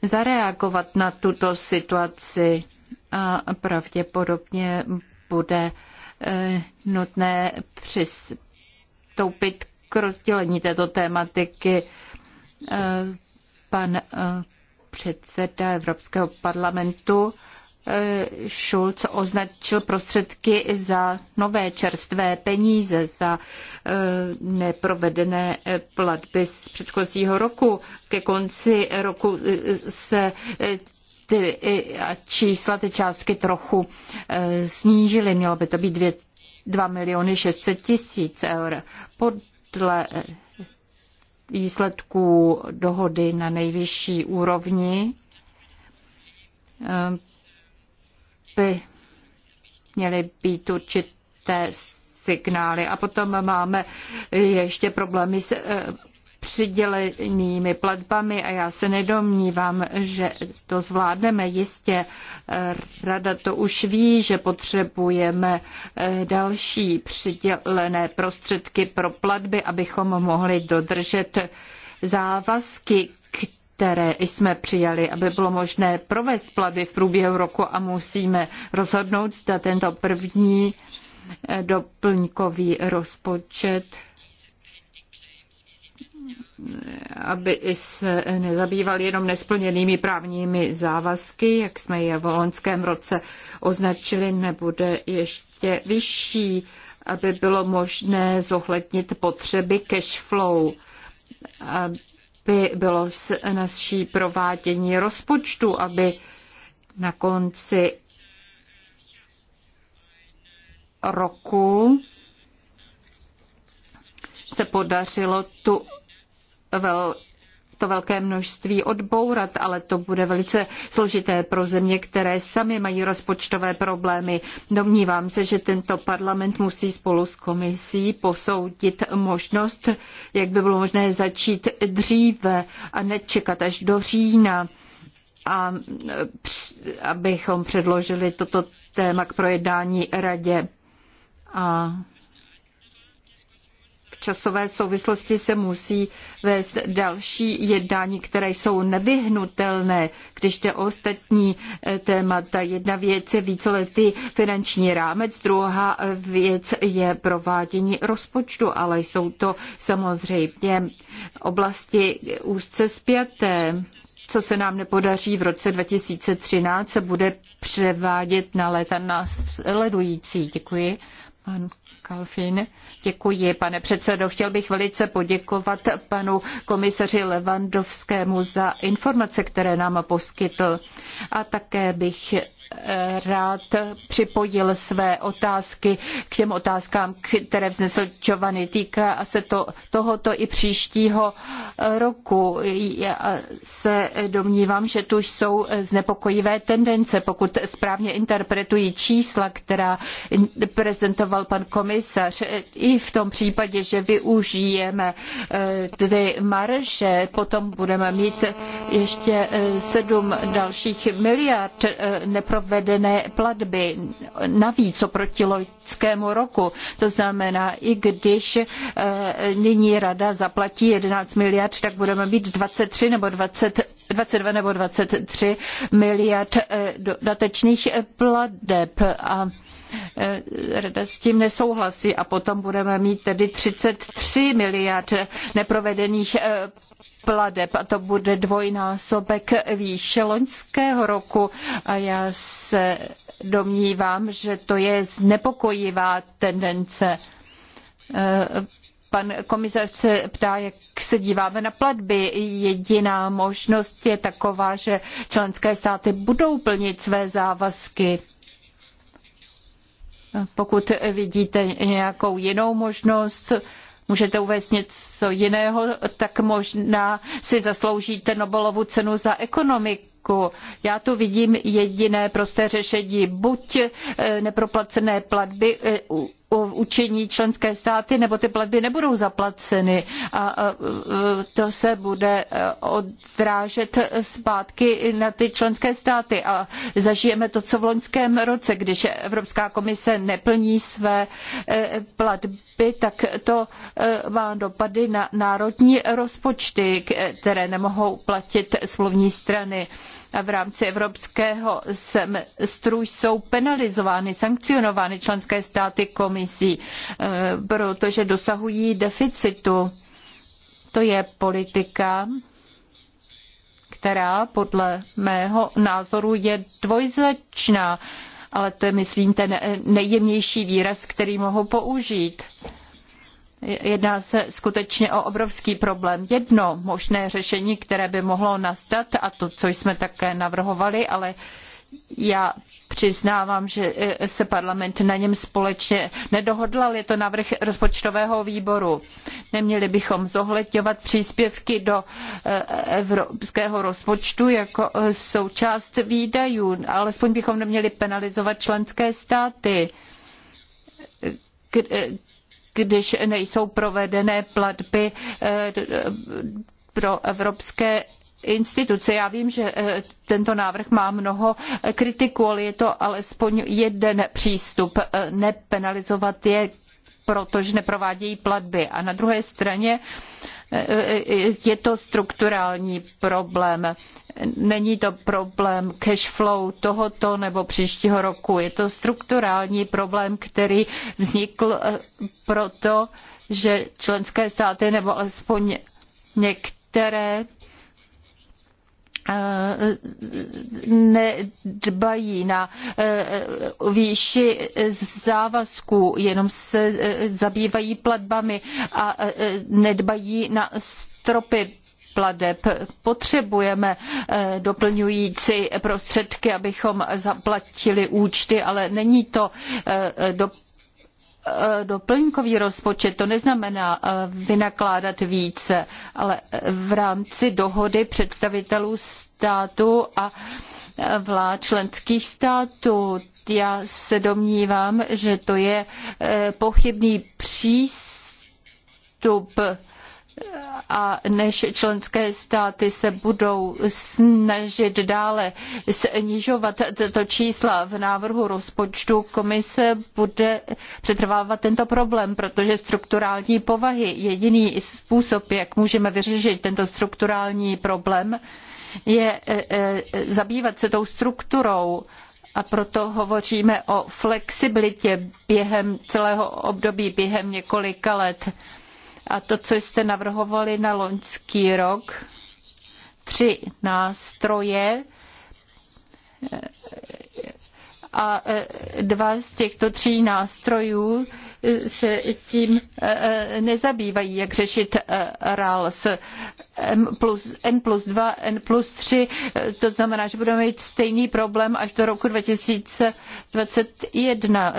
Speaker 4: zareagovat na tuto situaci a pravděpodobně bude eh, nutné přistoupit k rozdělení této tématiky. Eh, pan eh, předseda Evropského parlamentu Schulz označil prostředky za nové čerstvé peníze, za neprovedené platby z předchozího roku. Ke konci roku se ty čísla, ty částky trochu e, snížily. Mělo by to být 2, miliony 600 tisíc eur. Podle e, výsledků dohody na nejvyšší úrovni e, by měly být určité signály. A potom máme ještě problémy s přidělenými platbami a já se nedomnívám, že to zvládneme. Jistě eh, rada to už ví, že potřebujeme eh, další přidělené prostředky pro platby, abychom mohli dodržet závazky, které jsme přijali, aby bylo možné provést platby v průběhu roku a musíme rozhodnout, zda tento první eh, doplňkový rozpočet aby se nezabýval jenom nesplněnými právními závazky, jak jsme je v loňském roce označili, nebude ještě vyšší, aby bylo možné zohlednit potřeby cash flow, aby bylo naší provádění rozpočtu, aby na konci roku se podařilo tu vel, to velké množství odbourat, ale to bude velice složité pro země, které sami mají rozpočtové problémy. Domnívám se, že tento parlament musí spolu s komisí posoudit možnost, jak by bylo možné začít dříve a nečekat až do října, a, eh, abychom předložili toto téma k projednání radě. A časové souvislosti se musí vést další jednání, které jsou nevyhnutelné, když jde o ostatní eh, témata. Jedna věc je víceletý finanční rámec, druhá eh, věc je provádění rozpočtu, ale jsou to samozřejmě oblasti úzce spjaté co se nám nepodaří v roce 2013, se bude převádět na léta následující. Děkuji. Pan Kalfin. Děkuji, pane předsedo. Chtěl bych velice poděkovat panu komisaři Levandovskému za informace, které nám poskytl. A také bych rád připojil své otázky k těm otázkám, které vznesl Giovanni. Týká se to tohoto i příštího roku. Já se domnívám, že tu jsou znepokojivé tendence, pokud správně interpretují čísla, která prezentoval pan komisař. I v tom případě, že využijeme eh, ty marže, potom budeme mít ještě eh, sedm dalších miliard eh, nepro neprovedené platby navíc oproti loňskému roku. To znamená, i když e, nyní rada zaplatí 11 miliard, tak budeme mít 23 nebo 20 22 nebo 23 miliard e, dodatečných e, plateb. A Rada s tím nesouhlasí a potom budeme mít tedy 33 miliard neprovedených pladeb a to bude dvojnásobek výše loňského roku a já se domnívám, že to je znepokojivá tendence. Pan komisař se ptá, jak se díváme na platby. Jediná možnost je taková, že členské státy budou plnit své závazky. Pokud vidíte nějakou jinou možnost, můžete uvést něco jiného, tak možná si zasloužíte Nobelovu cenu za ekonomiku. Já tu vidím jediné prosté řešení. Buď e, neproplacené platby e, učiní členské státy, nebo ty platby nebudou zaplaceny a e, to se bude odrážet zpátky na ty členské státy a zažijeme to, co v loňském roce, když Evropská komise neplní své platby stropy, tak to eh, má dopady na národní rozpočty, které nemohou platit smluvní strany. A v rámci evropského semestru jsou penalizovány, sankcionovány členské státy komisí, eh, protože dosahují deficitu. To je politika, která podle mého názoru je dvojznačná ale to je, myslím, ten eh, nejjemnější výraz, který mohou použít. Jedná se skutečně o obrovský problém. Jedno možné řešení, které by mohlo nastat, a to, co jsme také navrhovali, ale já přiznávám, že e, se parlament na něm společně nedohodl, ale je to návrh rozpočtového výboru. Neměli bychom zohledňovat příspěvky do e, evropského rozpočtu jako e, součást výdajů, alespoň bychom neměli penalizovat členské státy, když nejsou provedené platby pro evropské instituce. Já vím, že eh, tento návrh má mnoho eh, kritiků, ale je to alespoň jeden přístup. Eh, nepenalizovat je, protože neprovádějí platby. A na druhé straně je to strukturální problém. Není to problém cash flow tohoto nebo příštího roku. Je to strukturální problém, který vznikl proto, že členské státy nebo alespoň některé nedbají na výši závazků, jenom se e, zabývají platbami a e, nedbají na stropy pladeb. Potřebujeme e, doplňující prostředky, abychom zaplatili účty, ale není to doplňující Eh, doplňkový rozpočet, to neznamená eh, vynakládat více, ale eh, v rámci dohody představitelů státu a vlád členských států. Já se domnívám, že to je pochybný přístup a než členské státy se budou snažit dále snižovat tato čísla v návrhu rozpočtu, komise bude přetrvávat tento problém, protože strukturální povahy jediný způsob, jak můžeme vyřešit tento strukturální problém, je e, e, zabývat se tou strukturou a proto hovoříme o flexibilitě během celého období, během několika let a to, co jste navrhovali na loňský rok, tři nástroje, a e, dva z těchto tří nástrojů e, se tím e, nezabývají, jak řešit RALS. M plus, N plus 2, N plus 3, to znamená, že budeme mít stejný problém až do roku 2021.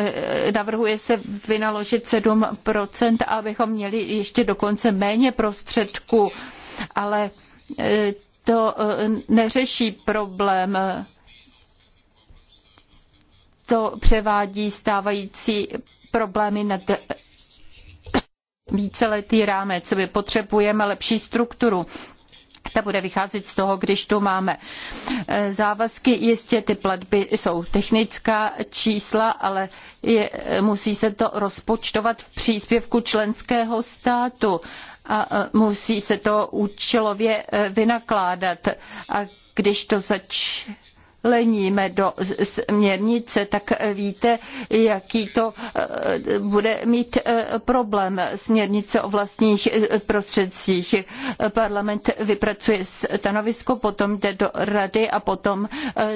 Speaker 4: Navrhuje se vynaložit 7%, abychom měli ještě dokonce méně prostředků, ale to neřeší problém často převádí stávající problémy na víceletý rámec. My potřebujeme lepší strukturu. Ta bude vycházet z toho, když tu máme závazky. Jistě ty platby jsou technická čísla, ale je, musí se to rozpočtovat v příspěvku členského státu a musí se to účelově e, vynakládat. A když to zač, leníme do směrnice, tak víte, jaký to eh, bude mít eh, problém směrnice o vlastních eh, prostředcích. Parlament vypracuje stanovisko, potom jde do rady a potom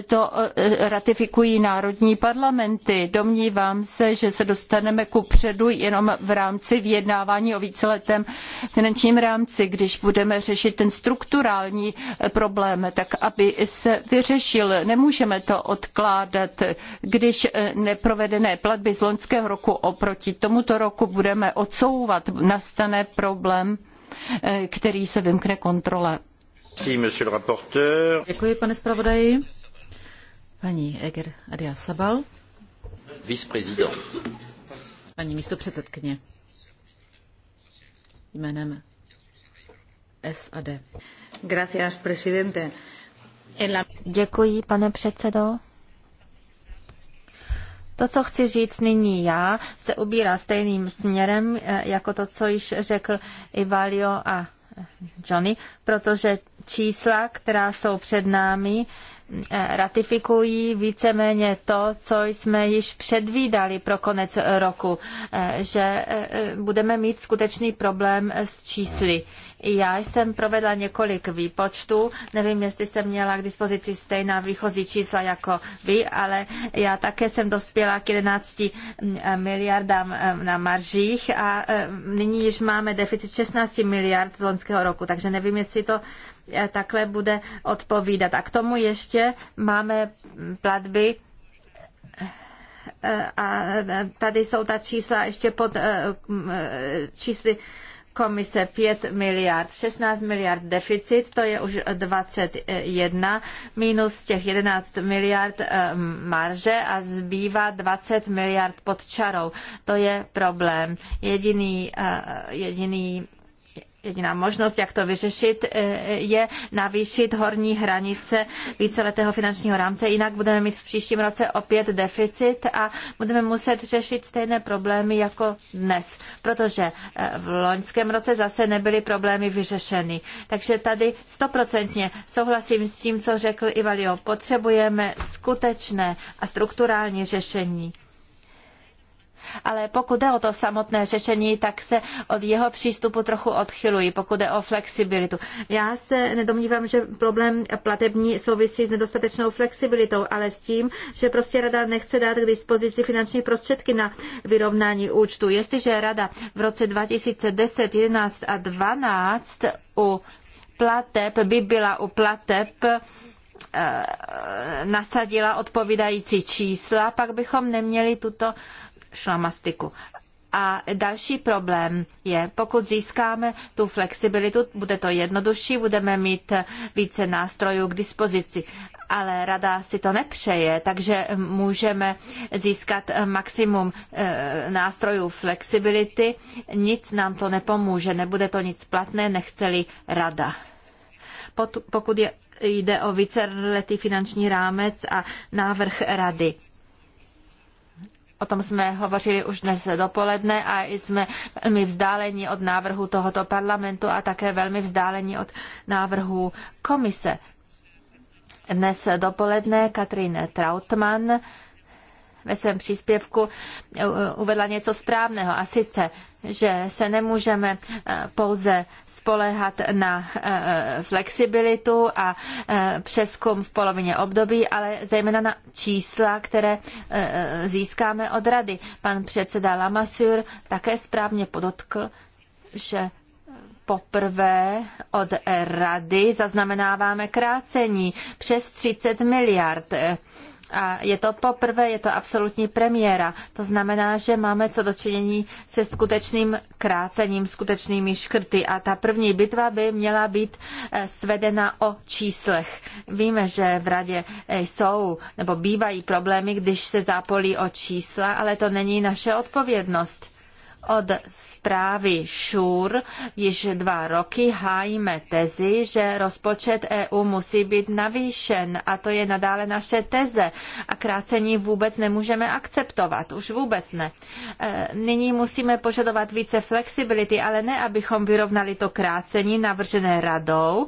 Speaker 4: to ratifikují národní parlamenty. Domnívám se, že se dostaneme ku předu jenom v rámci vyjednávání o víceletém finančním rámci, když budeme řešit ten strukturální problém, tak aby se vyřešil. Ne nemůžeme to odkládat. Když eh, neprovedené platby z loňského roku oproti tomuto roku budeme odsouvat, nastane problém, eh, který se vymkne kontrole. Děkuji,
Speaker 2: pane zpravodaji. Paní Eger Adia Sabal.
Speaker 1: vice místo
Speaker 2: Paní místopředsedkyně. Jménem SAD. Gracias, presidente.
Speaker 3: Děkuji, pane předsedo. To, co chci říct nyní já, se ubírá stejným směrem eh, jako to, co již řekl Ivalio a Johnny, protože čísla, která jsou před námi, Eh, ratifikují víceméně to, co jsme již předvídali pro konec roku, eh, že eh, budeme mít skutečný problém s čísly. Já jsem provedla několik výpočtů, nevím, jestli jsem měla k dispozici stejná výchozí čísla jako vy, ale já také jsem dospěla k 11 mm, miliardám na maržích a nyní již máme deficit 16 miliard z loňského roku, takže nevím, jestli to Eh, takhle bude odpovídat. A k tomu ještě máme platby eh, a tady jsou ta čísla ještě pod eh, čísly komise 5 miliard, 16 miliard deficit, to je už 21, minus těch 11 miliard marže a zbývá 20 miliard pod čarou. To je problém. Jediný, jediný jediná možnost, jak to vyřešit, e, je navýšit horní hranice víceletého finančního rámce, jinak budeme mít v příštím roce opět deficit a budeme muset řešit stejné problémy jako dnes, protože e, v loňském roce zase nebyly problémy vyřešeny. Takže tady stoprocentně souhlasím s tím, co řekl Ivalio. Potřebujeme skutečné a strukturální řešení ale pokud jde o to samotné řešení, tak se od jeho přístupu trochu odchyluji, pokud jde o flexibilitu. Já se nedomnívám, že problém platební souvisí s nedostatečnou flexibilitou, ale s tím, že prostě rada nechce dát k dispozici finanční prostředky na vyrovnání účtu. Jestliže rada v roce 2010, 11 a 12 u plateb by byla u plateb eh, nasadila odpovídající čísla, pak bychom neměli tuto šlamastiku. A další problém je, pokud získáme tu flexibilitu, bude to jednodušší, budeme mít více nástrojů k dispozici. Ale rada si to nepřeje, takže můžeme získat maximum eh, nástrojů flexibility. Nic nám to nepomůže, nebude to nic platné, nechceli rada. Pokud je, jde o víceletý finanční rámec a návrh rady O tom jsme hovořili už dnes dopoledne a jsme velmi vzdáleni od návrhu tohoto parlamentu a také velmi vzdáleni od návrhu komise. Dnes dopoledne Katrin Trautmann ve svém příspěvku eh, uvedla něco správného a sice, že se nemůžeme eh, pouze spolehat na eh, flexibilitu a přeskum v polovině období, ale zejména na čísla, které získáme od rady. Pan předseda Lamassur také správně podotkl, že poprvé od rady zaznamenáváme krácení přes 30 miliard. A je to poprvé, je to absolutní premiéra. To znamená, že máme co dočinění se skutečným krácením, skutečnými škrty. A ta první bitva by měla být eh, svedena o číslech. Víme, že v radě eh, jsou nebo bývají problémy, když se zápolí o čísla, ale to není naše odpovědnost. Od zprávy ŠUR již dva roky hájíme tezi, že rozpočet EU musí být navýšen a to je nadále naše teze a krácení vůbec nemůžeme akceptovat, už vůbec ne. E, nyní musíme požadovat více flexibility, ale ne, abychom vyrovnali to krácení navržené radou.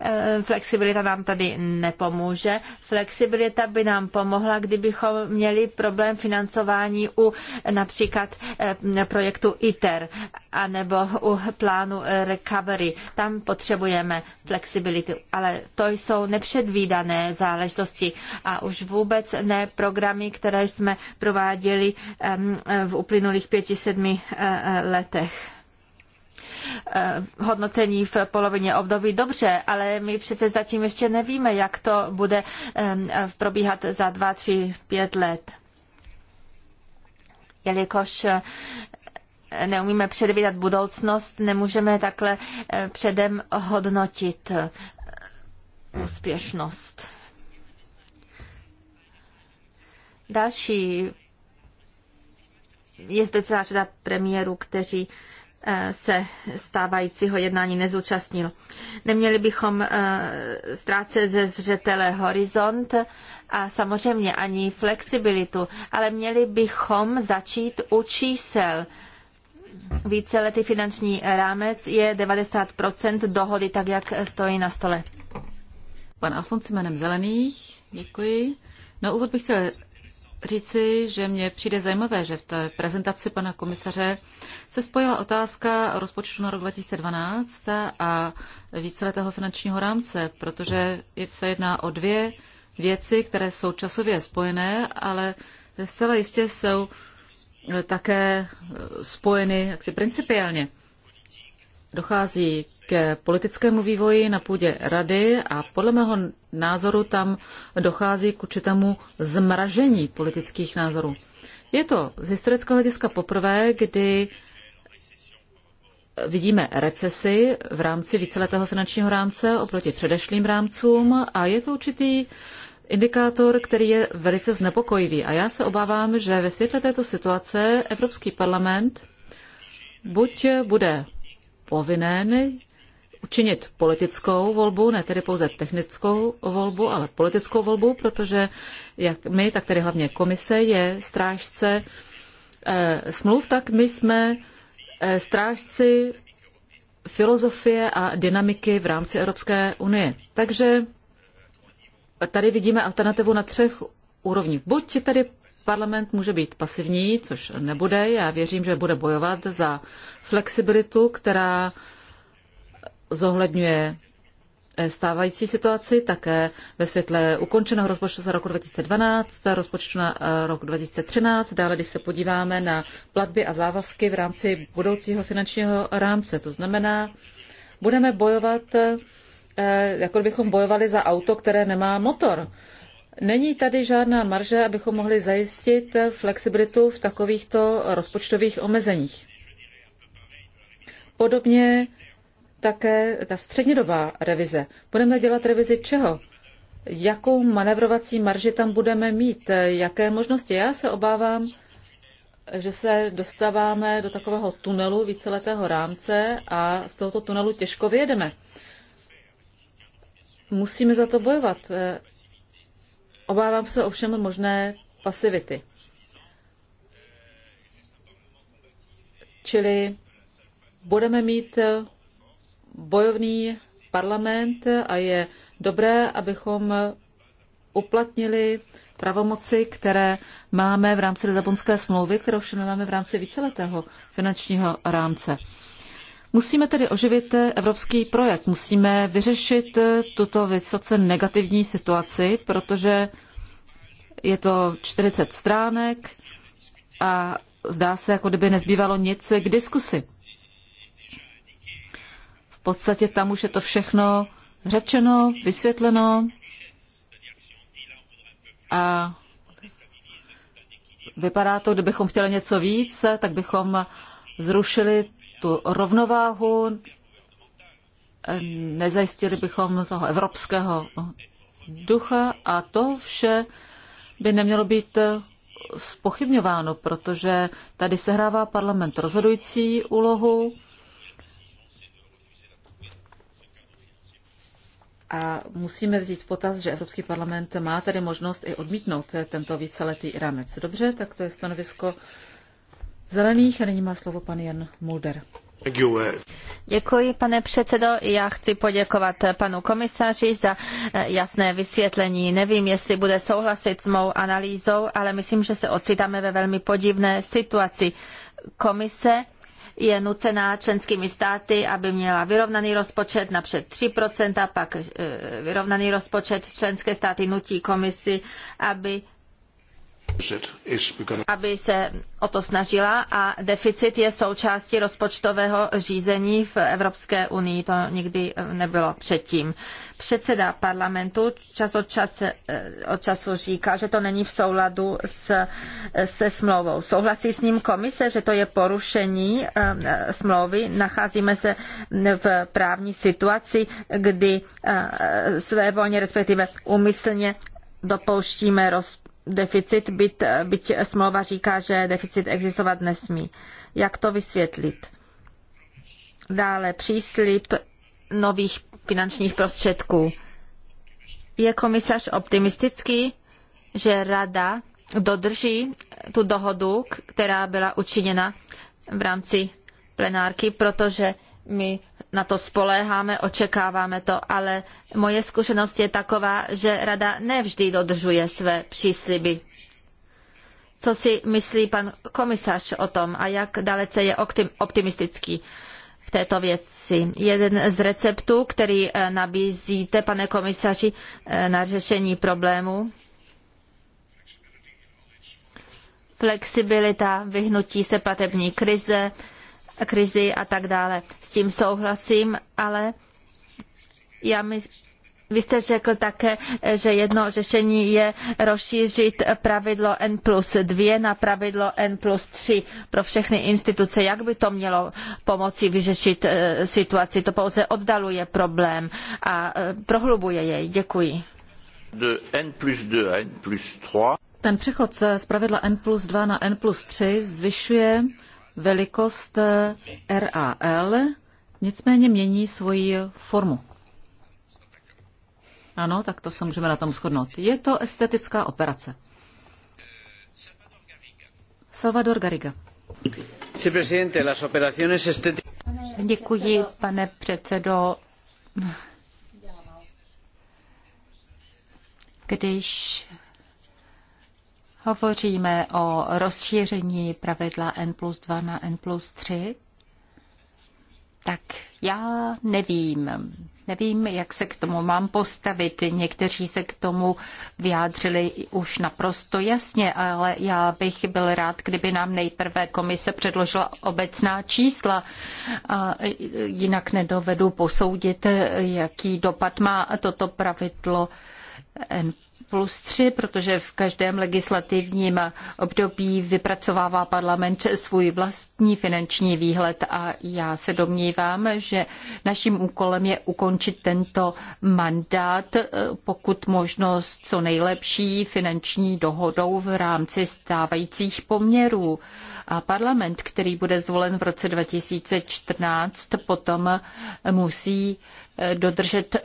Speaker 3: E, flexibilita nám tady nepomůže. Flexibilita by nám pomohla, kdybychom měli problém financování u například e, projektů projektu ITER anebo u plánu eh, Recovery. Tam potřebujeme flexibilitu, ale to jsou nepředvídané záležitosti a už vůbec ne programy, které jsme prováděli v uplynulých pěti, sedmi eh, letech eh, hodnocení v polovině období dobře, ale my přece zatím ještě nevíme, jak to bude probíhat za dva, tři, pět let jelikož neumíme předvídat budoucnost, nemůžeme takhle eh, předem hodnotit eh, úspěšnost. Další je zde celá řada premiérů, kteří eh, se stávajícího jednání nezúčastnil. Neměli bychom ztrácet ze zřetele horizont a samozřejmě ani flexibilitu, ale měli bychom začít u čísel víceletý finanční rámec je
Speaker 2: 90 dohody, tak jak stojí na stole. Pan Alfons jménem Zelených, děkuji. Na úvod bych chtěl říci, že mně přijde zajímavé, že v té prezentaci pana komisaře se spojila otázka rozpočtu na rok 2012 a víceletého finančního rámce, protože se jedná o dvě věci, které jsou časově spojené, ale zcela jistě jsou také spojeny jaksi principiálně. Dochází k politickému vývoji na půdě rady a podle mého názoru tam dochází k určitému zmražení politických názorů. Je to z historického hlediska poprvé, kdy vidíme recesi v rámci víceletého finančního rámce oproti předešlým rámcům a je to určitý indikátor, který je velice znepokojivý. A já se obávám, že ve světle této situace Evropský parlament buď bude povinen učinit politickou volbu, ne tedy pouze technickou volbu, ale politickou volbu, protože jak my, tak tedy hlavně komise je strážce eh, smluv, tak my jsme eh, strážci filozofie a dynamiky v rámci Evropské unie. Takže tady vidíme alternativu na třech úrovních. Buď tady parlament může být pasivní, což nebude. Já věřím, že bude bojovat za flexibilitu, která zohledňuje stávající situaci, také ve světle ukončeného rozpočtu za roku 2012, rozpočtu na eh, rok 2013, dále když se podíváme na platby a závazky v rámci budoucího finančního rámce. To znamená, budeme bojovat Eh, jako bychom bojovali za auto, které nemá motor. Není tady žádná marže, abychom mohli zajistit flexibilitu v takovýchto rozpočtových omezeních. Podobně také ta střednědobá revize. Budeme dělat revizi čeho? Jakou manevrovací marži tam budeme mít? Jaké možnosti? Já se obávám, že se dostáváme do takového tunelu víceletého rámce a z tohoto tunelu těžko vyjedeme. Musíme za to bojovat. Eh, obávám se ovšem možné pasivity. Čili budeme mít eh, bojovný parlament a je dobré, abychom uplatnili pravomoci, které máme v rámci Lisabonské smlouvy, kterou všem máme v rámci víceletého finančního rámce. Musíme tedy oživit eh, evropský projekt, musíme vyřešit eh, tuto vysoce negativní situaci, protože je to 40 stránek a zdá se, jako kdyby nezbývalo nic k diskusi. V podstatě tam už je to všechno řečeno, vysvětleno a vypadá to, kdybychom chtěli něco víc, eh, tak bychom zrušili tu rovnováhu, nezajistili bychom toho evropského ducha a to vše by nemělo být spochybňováno, protože tady sehrává parlament rozhodující úlohu a musíme vzít v potaz, že Evropský parlament má tady možnost i odmítnout tento víceletý rámec. Dobře, tak to je stanovisko zelených a nyní má slovo pan Jan Mulder. Děkuji,
Speaker 3: pane předsedo. Já chci poděkovat panu komisaři za eh, jasné vysvětlení. Nevím, jestli bude souhlasit s mou analýzou, ale myslím, že se ocitáme ve velmi podivné situaci. Komise je nucená členskými státy, aby měla vyrovnaný rozpočet napřed 3%, pak eh, vyrovnaný rozpočet členské státy nutí komisi, aby aby se o to snažila a deficit je součástí rozpočtového řízení v Evropské unii. To nikdy eh, nebylo předtím. Předseda parlamentu čas od, čas, eh, od času říká, že to není v souladu s, eh, se smlouvou. Souhlasí s ním komise, že to je porušení smlouvy. Nacházíme se v právní situaci, kdy své volně, respektive úmyslně dopouštíme roz, deficit, byť, byť smlouva říká, že deficit existovat nesmí. Jak to vysvětlit? Dále příslip nových finančních prostředků. Je komisař optimistický, že rada dodrží tu dohodu, která byla učiněna v rámci plenárky, protože my na to spoléháme, očekáváme to, ale moje zkušenost je taková, že rada nevždy dodržuje své přísliby. Co si myslí pan komisař o tom a jak dalece je optimistický? v této věci. Jeden z receptů, který eh, nabízíte, pane komisaři, eh, na řešení problému? Flexibilita, vyhnutí se platební krize, krizi a tak dále. S tím souhlasím, ale já my, vy jste řekl také, že jedno řešení je rozšířit pravidlo N plus 2 na pravidlo N plus 3 pro všechny instituce. Jak by to mělo pomoci vyřešit eh, situaci? To pouze oddaluje problém a eh, prohlubuje jej. Děkuji.
Speaker 1: De N plus 2 N plus 3.
Speaker 2: Ten přechod z pravidla N plus 2 na N plus 3 zvyšuje velikost eh, RAL, nicméně mění svoji formu. Ano, tak to se můžeme na tom shodnout. Je to estetická operace. Salvador
Speaker 4: Garriga. Děkuji, pane předsedo. Když Hovoříme o rozšíření pravidla N plus 2 na N plus 3. Tak já nevím. Nevím, jak se k tomu mám postavit. Někteří se k tomu vyjádřili už naprosto jasně, ale já bych byl rád, kdyby nám nejprve komise předložila obecná čísla. A jinak nedovedu posoudit, jaký dopad má toto pravidlo N plus 3, protože v každém legislativním období vypracovává parlament svůj vlastní finanční výhled a já se domnívám, že naším úkolem je ukončit tento mandát, eh, pokud možnost co nejlepší finanční dohodou v rámci stávajících poměrů. A parlament, který bude zvolen v roce 2014, potom musí dodržet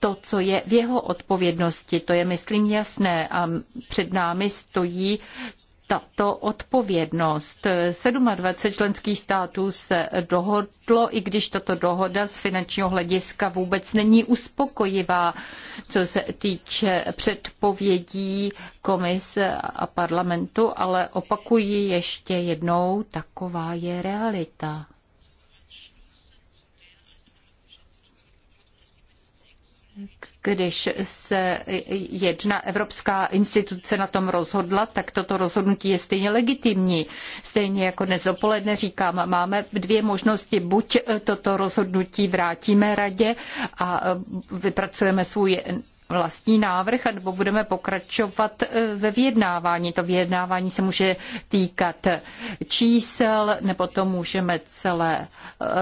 Speaker 4: to, co je v jeho odpovědnosti. To je, myslím, jasné a před námi stojí tato odpovědnost. 27 členských států se dohodlo, i když tato dohoda z finančního hlediska vůbec není uspokojivá, co se týče předpovědí komise a parlamentu, ale opakuji ještě jednou, taková je realita. když se jedna evropská instituce na tom rozhodla, tak toto rozhodnutí je stejně legitimní. Stejně jako dnes dopoledne říkám, máme dvě možnosti. Buď toto rozhodnutí vrátíme radě a vypracujeme svůj vlastní návrh, nebo budeme pokračovat e, ve vyjednávání. To vyjednávání se může týkat čísel, nebo to můžeme celé e,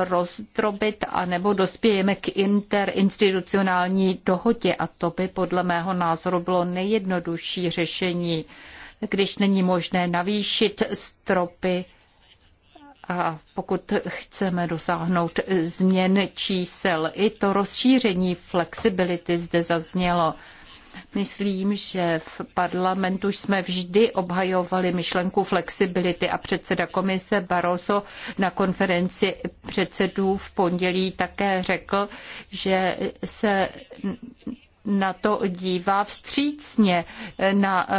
Speaker 4: rozdrobit, nebo dospějeme k interinstitucionální dohodě a to by podle mého názoru bylo nejjednodušší řešení, když není možné navýšit stropy pokud chceme dosáhnout změn čísel, i to rozšíření flexibility zde zaznělo. Myslím, že v parlamentu jsme vždy obhajovali myšlenku flexibility a předseda komise Barroso na konferenci předsedů v pondělí také řekl, že se na to dívá vstřícně na eh,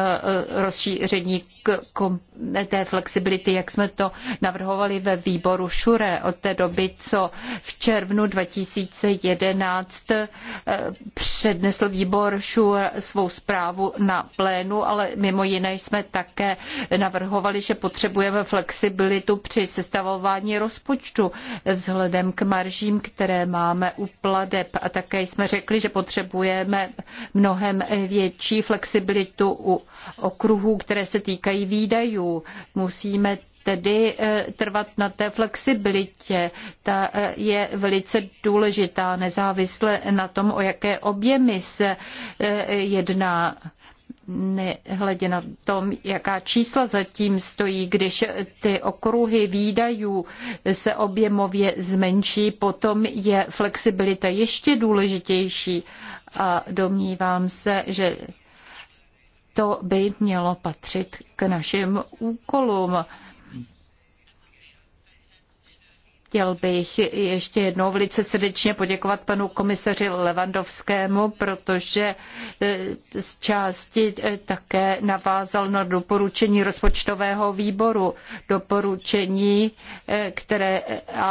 Speaker 4: eh, rozšíření té flexibility, jak jsme to navrhovali ve výboru Šure od té doby, co v červnu 2011 eh, přednesl výbor šure svou zprávu na plénu, ale mimo jiné jsme také navrhovali, že potřebujeme flexibilitu při sestavování rozpočtu vzhledem k maržím, které máme u pladeb a také jsme řekli, že potřebujeme mnohem větší flexibilitu u okruhů, které se týkají týkají výdajů. Musíme tedy eh, trvat na té flexibilitě. Ta eh, je velice důležitá, nezávisle na tom, o jaké objemy se eh, jedná nehledě na tom, jaká čísla zatím stojí, když ty okruhy výdajů se objemově zmenší, potom je flexibilita ještě důležitější a domnívám se, že to by mělo patřit k našim úkolům. Chtěl bych ještě jednou velice srdečně poděkovat panu komisaři Levandovskému, protože e, z části e, také navázal na doporučení rozpočtového výboru. Doporučení, e, které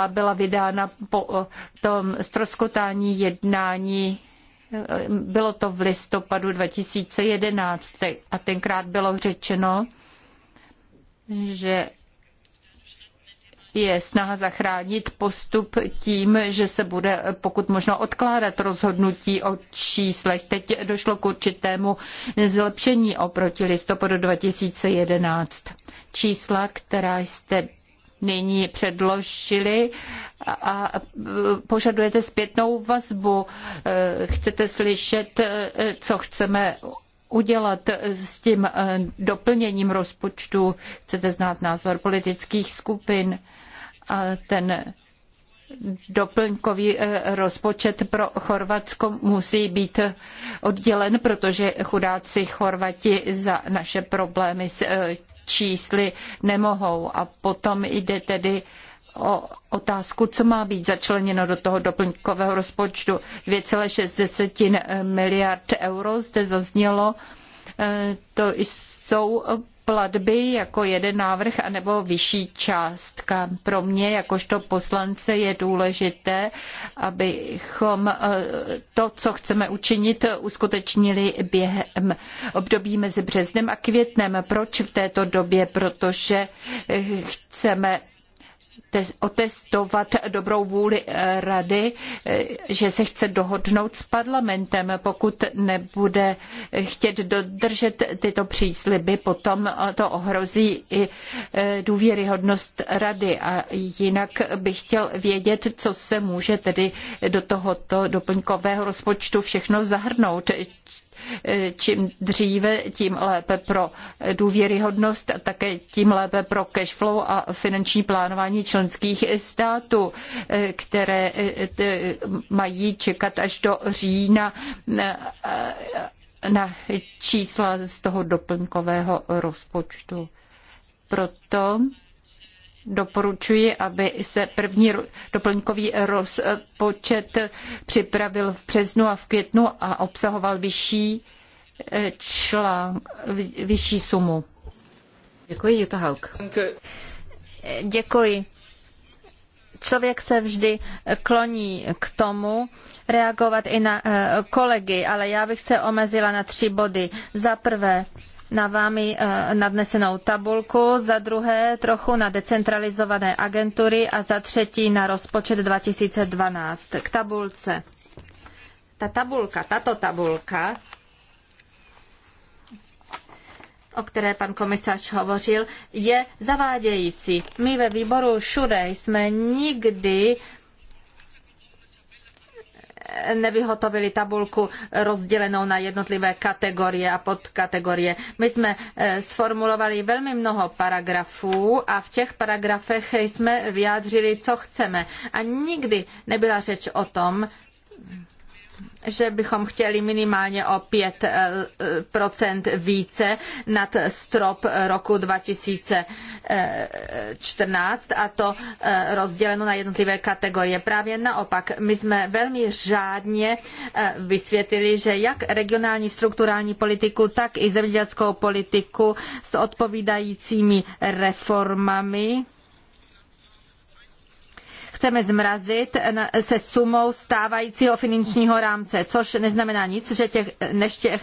Speaker 4: byla vydána po tom stroskotání jednání bylo to v listopadu 2011 a tenkrát bylo řečeno, že je snaha zachránit postup tím, že se bude pokud možno odkládat rozhodnutí o číslech. Teď došlo k určitému zlepšení oproti listopadu 2011. Čísla, která jste nyní předložili a požadujete zpětnou vazbu. Chcete slyšet, co chceme udělat s tím doplněním rozpočtu? Chcete znát názor politických skupin? A ten doplňkový eh, rozpočet pro Chorvatsko musí být oddělen, protože chudáci Chorvati za naše problémy s eh, čísly nemohou. A potom jde tedy o otázku, co má být začleněno do toho doplňkového rozpočtu. 2,6 miliard euro zde zaznělo. E, to jsou platby jako jeden návrh anebo vyšší částka. Pro mě jakožto poslance je důležité, abychom eh, to, co chceme učinit, uskutečnili během období mezi březnem a květnem. Proč v této době? Protože chceme otestovat dobrou vůli eh, rady, eh, že se chce dohodnout s parlamentem. Pokud nebude chtět dodržet tyto přísliby, potom eh, to ohrozí i důvěryhodnost rady. A jinak bych chtěl vědět, co se může tedy do tohoto doplňkového rozpočtu všechno zahrnout Čím dříve, tím lépe pro důvěryhodnost a také tím lépe pro cash flow a finanční plánování členských států, které eh, mají čekat až do října eh, na čísla z toho doplňkového rozpočtu. Proto doporučuji, aby se první doplňkový rozpočet připravil v březnu a v květnu a obsahoval vyšší, eh, člán, vyšší sumu. Děkuji, Jutta Hauk. Děkuji člověk se vždy kloní k
Speaker 3: tomu reagovat i na eh, kolegy, ale já bych se omezila na tři body. Za prvé, na vámi eh, nadnesenou tabulku, za druhé trochu na decentralizované agentury a za třetí na rozpočet 2012. K tabulce. Ta tabulka, tato tabulka o které pan komisař hovořil, je zavádějící. My ve výboru šurej jsme nikdy nevyhotovili tabulku rozdělenou na jednotlivé kategorie a podkategorie. My jsme eh, sformulovali velmi mnoho paragrafů a v těch paragrafech jsme vyjádřili, co chceme. A nikdy nebyla řeč o tom, že bychom chtěli minimálně o 5 eh, více nad strop roku 2014 eh, a to eh, rozděleno na jednotlivé kategorie. Právě naopak, my jsme velmi řádně vysvětlili, že jak regionální strukturální politiku, tak i zemědělskou politiku s odpovídajícími reformami chceme zmrazit se sumou stávajícího finančního rámce, což neznamená nic, že těch, než těch,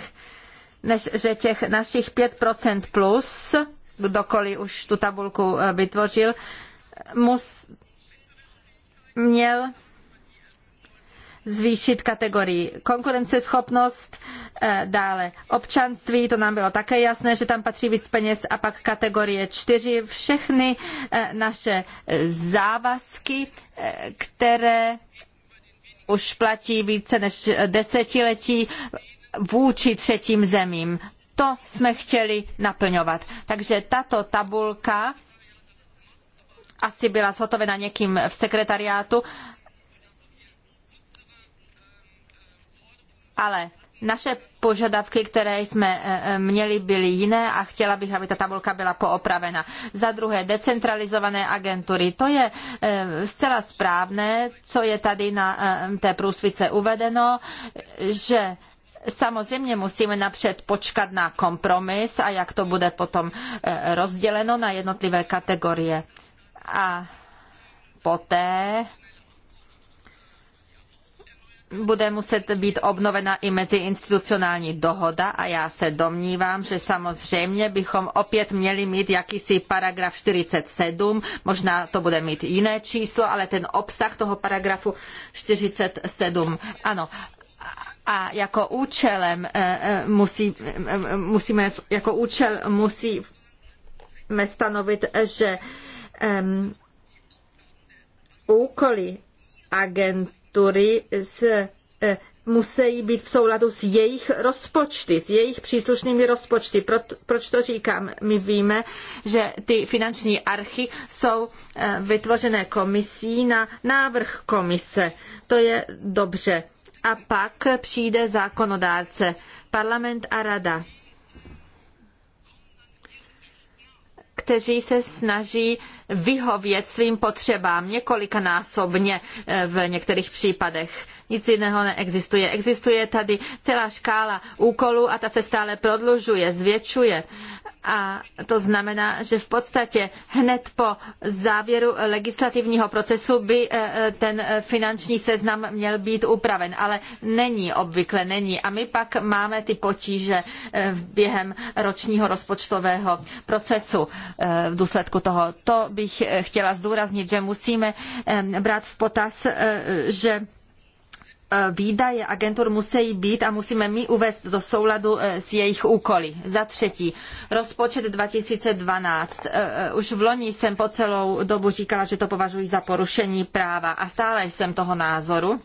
Speaker 3: než, že těch našich 5% plus, kdokoliv už tu tabulku eh, vytvořil, mus, měl zvýšit kategorii konkurenceschopnost, eh, dále občanství, to nám bylo také jasné, že tam patří víc peněz a pak kategorie čtyři všechny eh, naše eh, závazky, které už platí více než desetiletí vůči třetím zemím. To jsme chtěli naplňovat. Takže tato tabulka asi byla zhotovena někým v sekretariátu Ale naše požadavky, které jsme e, e, měli, byly jiné a chtěla bych, aby ta tabulka byla poopravena. Za druhé, decentralizované agentury. To je e, zcela správné, co je tady na té průsvice uvedeno, že Samozřejmě musíme napřed počkat na kompromis a jak to bude potom rozděleno na jednotlivé kategorie. A poté bude muset být obnovena i meziinstitucionální dohoda a já se domnívám, že samozřejmě bychom opět měli mít jakýsi paragraf 47, možná to bude mít jiné číslo, ale ten obsah toho paragrafu 47, ano, a jako účelem eh, eh, musí, eh, musíme, jako účel musíme stanovit, že um, úkoly agent struktury s e, musí být v souladu s jejich rozpočty, s jejich příslušnými rozpočty. proč to říkám? My víme, že ty finanční archy jsou e, vytvořené komisí na návrh komise. To je dobře. A pak přijde zákonodárce, parlament a rada. kteří se snaží vyhovět svým potřebám několikanásobně eh, v některých případech. Nic jiného neexistuje. Existuje tady celá škála úkolů a ta se stále prodlužuje, zvětšuje. A to znamená, že v podstatě hned po závěru legislativního procesu by eh, ten finanční seznam měl být upraven, ale není obvykle, není. A my pak máme ty potíže eh, během ročního rozpočtového procesu eh, v důsledku toho. To bych chtěla zdůraznit, že musíme brát v potaz, že E, výdaje agentur musí být a musíme my uvést do souladu e, s jejich úkoly. Za třetí, rozpočet 2012. E, už v loni jsem po celou dobu říkala, že to považuji za porušení práva a stále jsem toho názoru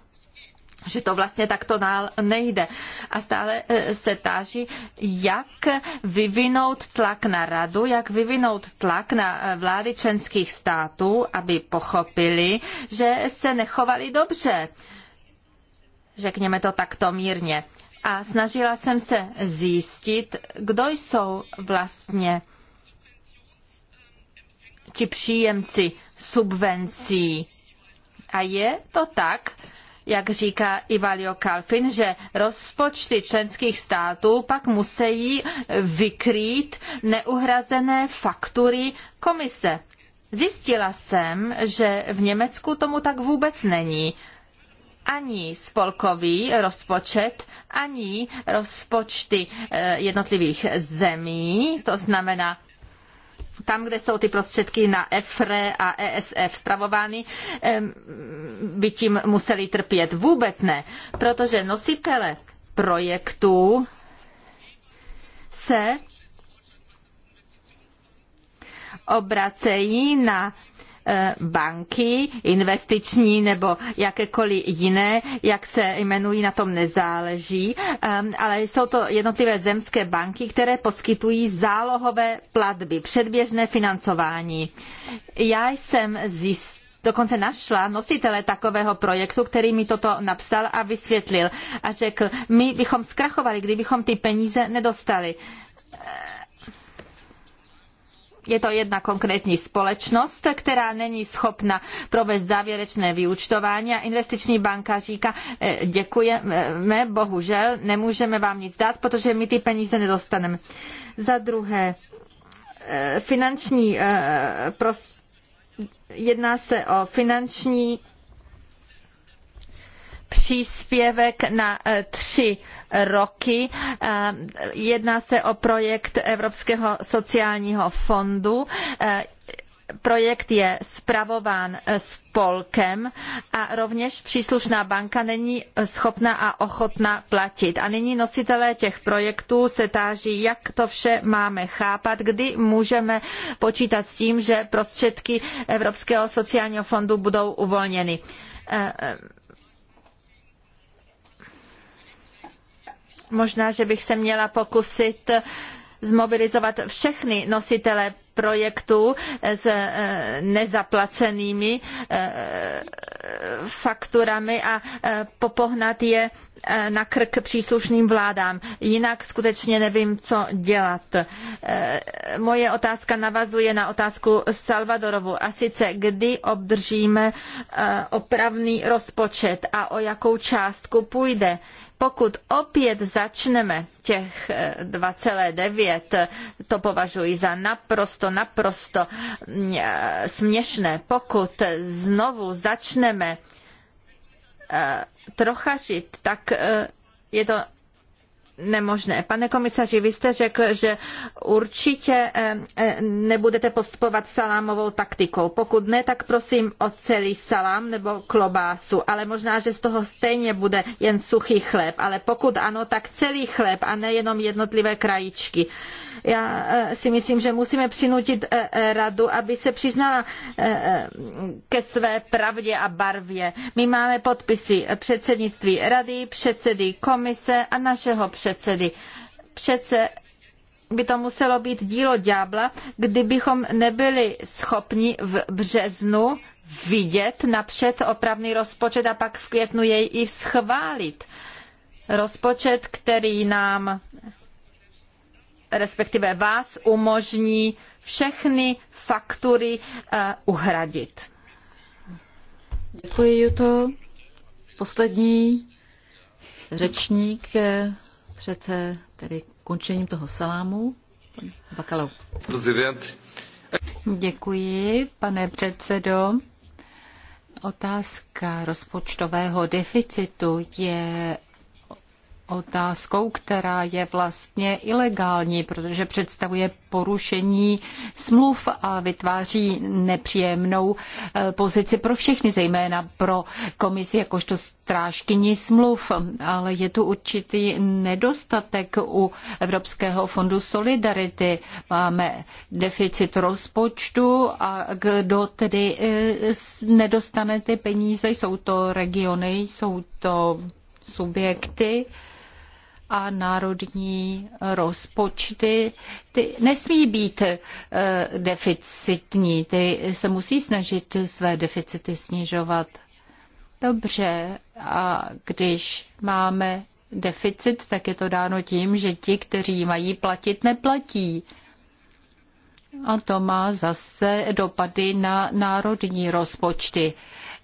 Speaker 3: že to vlastně takto dál nejde. A stále se táží, jak vyvinout tlak na radu, jak vyvinout tlak na vlády členských států, aby pochopili, že se nechovali dobře řekněme to takto mírně. A snažila jsem se zjistit, kdo jsou vlastně ti příjemci subvencí. A je to tak, jak říká Ivalio Kalfin, že rozpočty členských států pak musí vykrýt neuhrazené faktury komise. Zjistila jsem, že v Německu tomu tak vůbec není ani spolkový rozpočet, ani rozpočty eh, jednotlivých zemí, to znamená tam, kde jsou ty prostředky na EFRE a ESF spravovány, by tím museli trpět. Vůbec ne, protože nositele projektů se obracejí na Eh, banky, investiční nebo jakékoliv jiné, jak se jmenují, na tom nezáleží, ehm, ale jsou to jednotlivé zemské banky, které poskytují zálohové platby, předběžné financování. Já jsem zjistil, dokonce našla nositele takového projektu, který mi toto napsal a vysvětlil a řekl, my bychom zkrachovali, kdybychom ty peníze nedostali je to jedna konkrétní společnost, která není schopna provést závěrečné vyúčtování a investiční banka říká, e, děkujeme, bohužel nemůžeme vám nic dát, protože my ty peníze nedostaneme. Za druhé, e, finanční, e, jedná se o finanční příspěvek na tři roky. Eh, jedná se o projekt Evropského sociálního fondu eh, projekt je spravován eh, spolkem a rovněž příslušná banka není schopna a ochotna platit. A nyní nositelé těch projektů se táží, jak to vše máme chápat, kdy můžeme počítat s tím, že prostředky Evropského sociálního fondu budou uvolněny Možná, že bych se měla pokusit zmobilizovat všechny nositele projektů s eh, nezaplacenými eh, fakturami a eh, popohnat je na krk příslušným vládám. Jinak skutečně nevím, co dělat. Moje otázka navazuje na otázku Salvadorovu. A sice, kdy obdržíme opravný rozpočet a o jakou částku půjde? pokud opět začneme těch 2,9, eh, to považuji za naprosto, naprosto mm, eh, směšné. Pokud znovu začneme eh, trochažit, tak je to nemožné. Pane komisaři, vy jste řekl, že určitě eh, eh, nebudete postupovat salámovou taktikou. Pokud ne, tak prosím o celý salám nebo klobásu, ale možná, že z toho stejně bude jen suchý chléb, ale pokud ano, tak celý chléb a ne jenom jednotlivé krajíčky. Já eh, si myslím, že musíme přinutit radu, aby se přiznala ke své pravdě a barvě. My máme podpisy předsednictví rady, předsedy komise a našeho předsedy. Přece by to muselo být dílo ďábla, kdybychom nebyli schopni v březnu vidět napřed opravný rozpočet a pak v květnu jej i schválit. Rozpočet, který nám, respektive vás, umožní všechny faktury uh,
Speaker 2: uhradit. Děkuji, Juto. Poslední řečník před eh, tedy končením toho
Speaker 4: salámu. Bakalau.
Speaker 2: Prezident.
Speaker 4: Děkuji, pane předsedo. Otázka rozpočtového deficitu je otázkou, která je vlastně ilegální, protože představuje porušení smluv a vytváří nepříjemnou eh, pozici pro všechny, zejména pro komisi jakožto strážkyni smluv, ale je tu určitý nedostatek u Evropského fondu Solidarity. Máme deficit rozpočtu a kdo tedy eh, nedostane ty peníze, jsou to regiony, jsou to subjekty, a národní rozpočty, ty nesmí být eh, deficitní, ty se musí snažit své deficity snižovat. Dobře, a když máme deficit, tak je to dáno tím, že ti, kteří mají platit, neplatí. A to má zase dopady na národní rozpočty.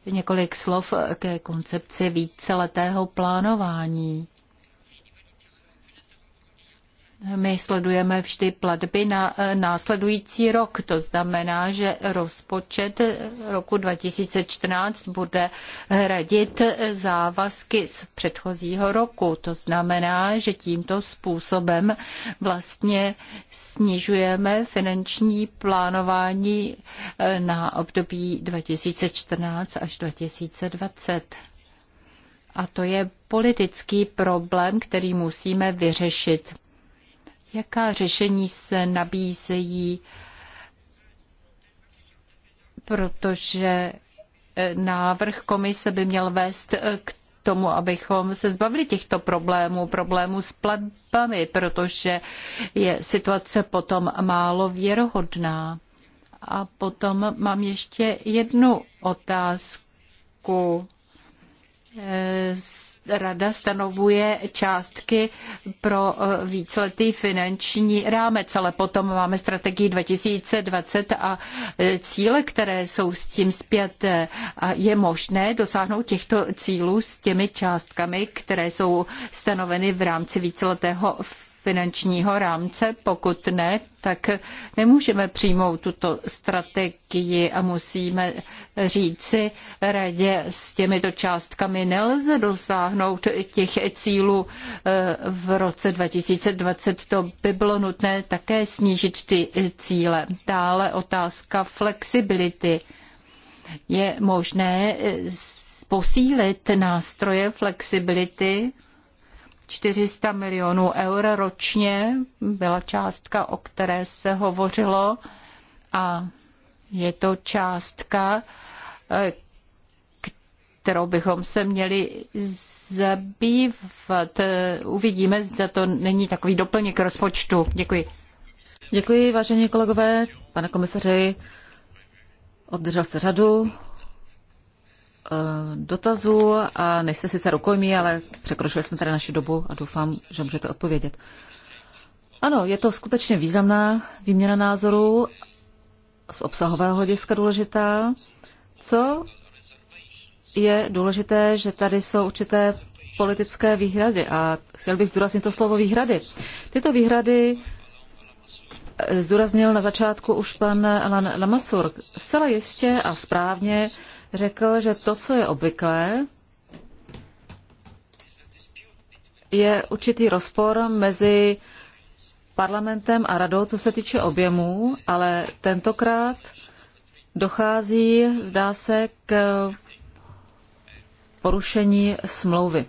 Speaker 4: Několik slov ke koncepci víceletého plánování. My sledujeme vždy platby na e, následující rok, to znamená, že rozpočet e, roku 2014 bude hradit e, závazky z předchozího roku. To znamená, že tímto způsobem vlastně snižujeme finanční plánování na období 2014 až 2020. A to je politický problém, který musíme vyřešit Jaká řešení se nabízejí, protože eh, návrh komise by měl vést eh, k tomu, abychom se zbavili těchto problémů, problémů s platbami, protože je situace potom málo věrohodná. A potom mám ještě jednu otázku. S eh, rada stanovuje částky pro eh, víceletý finanční rámec, ale potom máme strategii 2020 a eh, cíle, které jsou s tím zpěté. A je možné dosáhnout těchto cílů s těmi částkami, které jsou stanoveny v rámci víceletého finančního finančního rámce? Pokud ne, tak nemůžeme přijmout tuto strategii a musíme říci radě s těmito částkami nelze dosáhnout těch cílů eh, v roce 2020. To by bylo nutné také snížit ty cíle. Dále otázka flexibility. Je možné eh, posílit nástroje flexibility 400 milionů eur ročně byla částka, o které se hovořilo a je to částka, kterou bychom se měli zabývat. Uvidíme, zda to není takový doplněk rozpočtu. Děkuji. Děkuji, vážení kolegové, pane komisaři.
Speaker 2: Obdržel jste řadu Eh, dotazů a nejste sice rukojmí, ale překročili jsme tady naši dobu a doufám, že můžete odpovědět. Ano, je to skutečně významná výměna názorů, z obsahového hlediska důležitá. Co je důležité, že tady jsou určité politické výhrady a chtěl bych zdůraznit to slovo výhrady. Tyto výhrady eh, zdůraznil na začátku už pan Alan Lamassur. Zcela jistě a správně řekl, že to, co je obvyklé, je určitý rozpor mezi parlamentem a radou, co se týče objemů, ale tentokrát dochází, zdá se, k porušení smlouvy.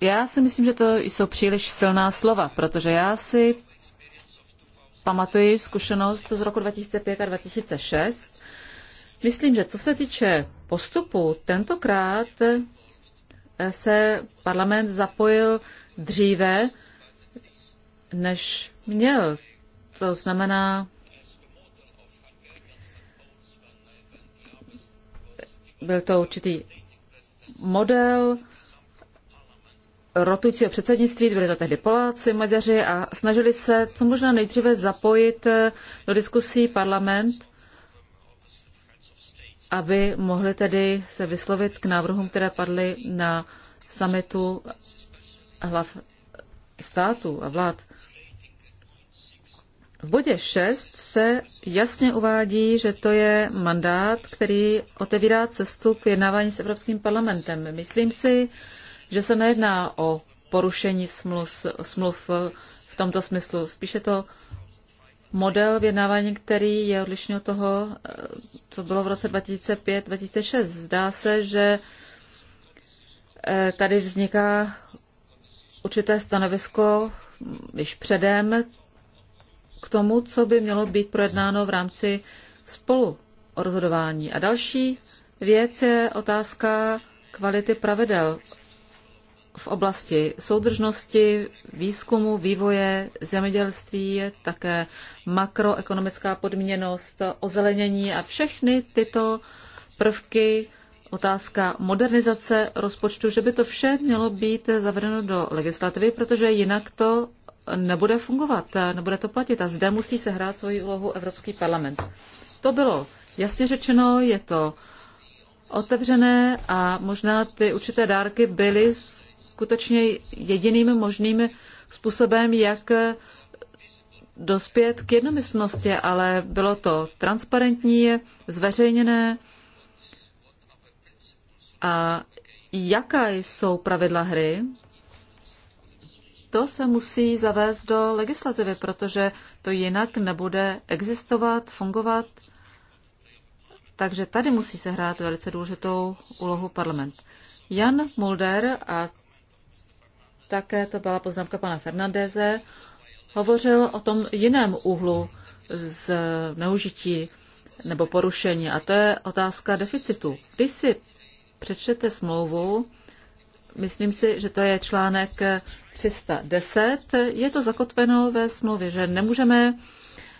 Speaker 2: Já si myslím, že to jsou příliš silná slova, protože já si pamatuji zkušenost z roku 2005 a 2006. Myslím, že co se týče postupu, tentokrát eh, se parlament zapojil dříve, než měl. To znamená, byl to určitý model, rotujícího předsednictví, byli to tehdy Poláci, Maďaři a snažili se co možná nejdříve zapojit eh, do diskusí parlament, aby mohli tedy se vyslovit k návrhům, které padly na samitu hlav států a vlád. V bodě 6 se jasně uvádí, že to je mandát, který otevírá cestu k vyjednávání s Evropským parlamentem. Myslím si, že se nejedná o porušení smluv, smluv v tomto smyslu. Spíše to model vyjednávání, který je odlišný od toho, eh, co bylo v roce 2005-2006. Zdá se, že eh, tady vzniká určité stanovisko již předem k tomu, co by mělo být projednáno v rámci spolu rozhodování. A další věc je otázka kvality pravidel v oblasti soudržnosti, výzkumu, vývoje, zemědělství, také makroekonomická podměnost, ozelenění a všechny tyto prvky, otázka modernizace rozpočtu, že by to vše mělo být zavedeno do legislativy, protože jinak to nebude fungovat, nebude to platit a zde musí se hrát svoji úlohu Evropský parlament. To bylo jasně řečeno, je to otevřené a možná ty určité dárky byly skutečně jediným možným způsobem, jak dospět k jednomyslnosti, ale bylo to transparentní, zveřejněné. A jaká jsou pravidla hry? To se musí zavést do legislativy, protože to jinak nebude existovat, fungovat. Takže tady musí se hrát velice důležitou úlohu parlament. Jan Mulder a také to byla poznámka pana Fernandeze, hovořil o tom jiném úhlu z neužití nebo porušení, a to je otázka deficitu. Když si přečtete smlouvu, myslím si, že to je článek 310, je to zakotveno ve smlouvě, že nemůžeme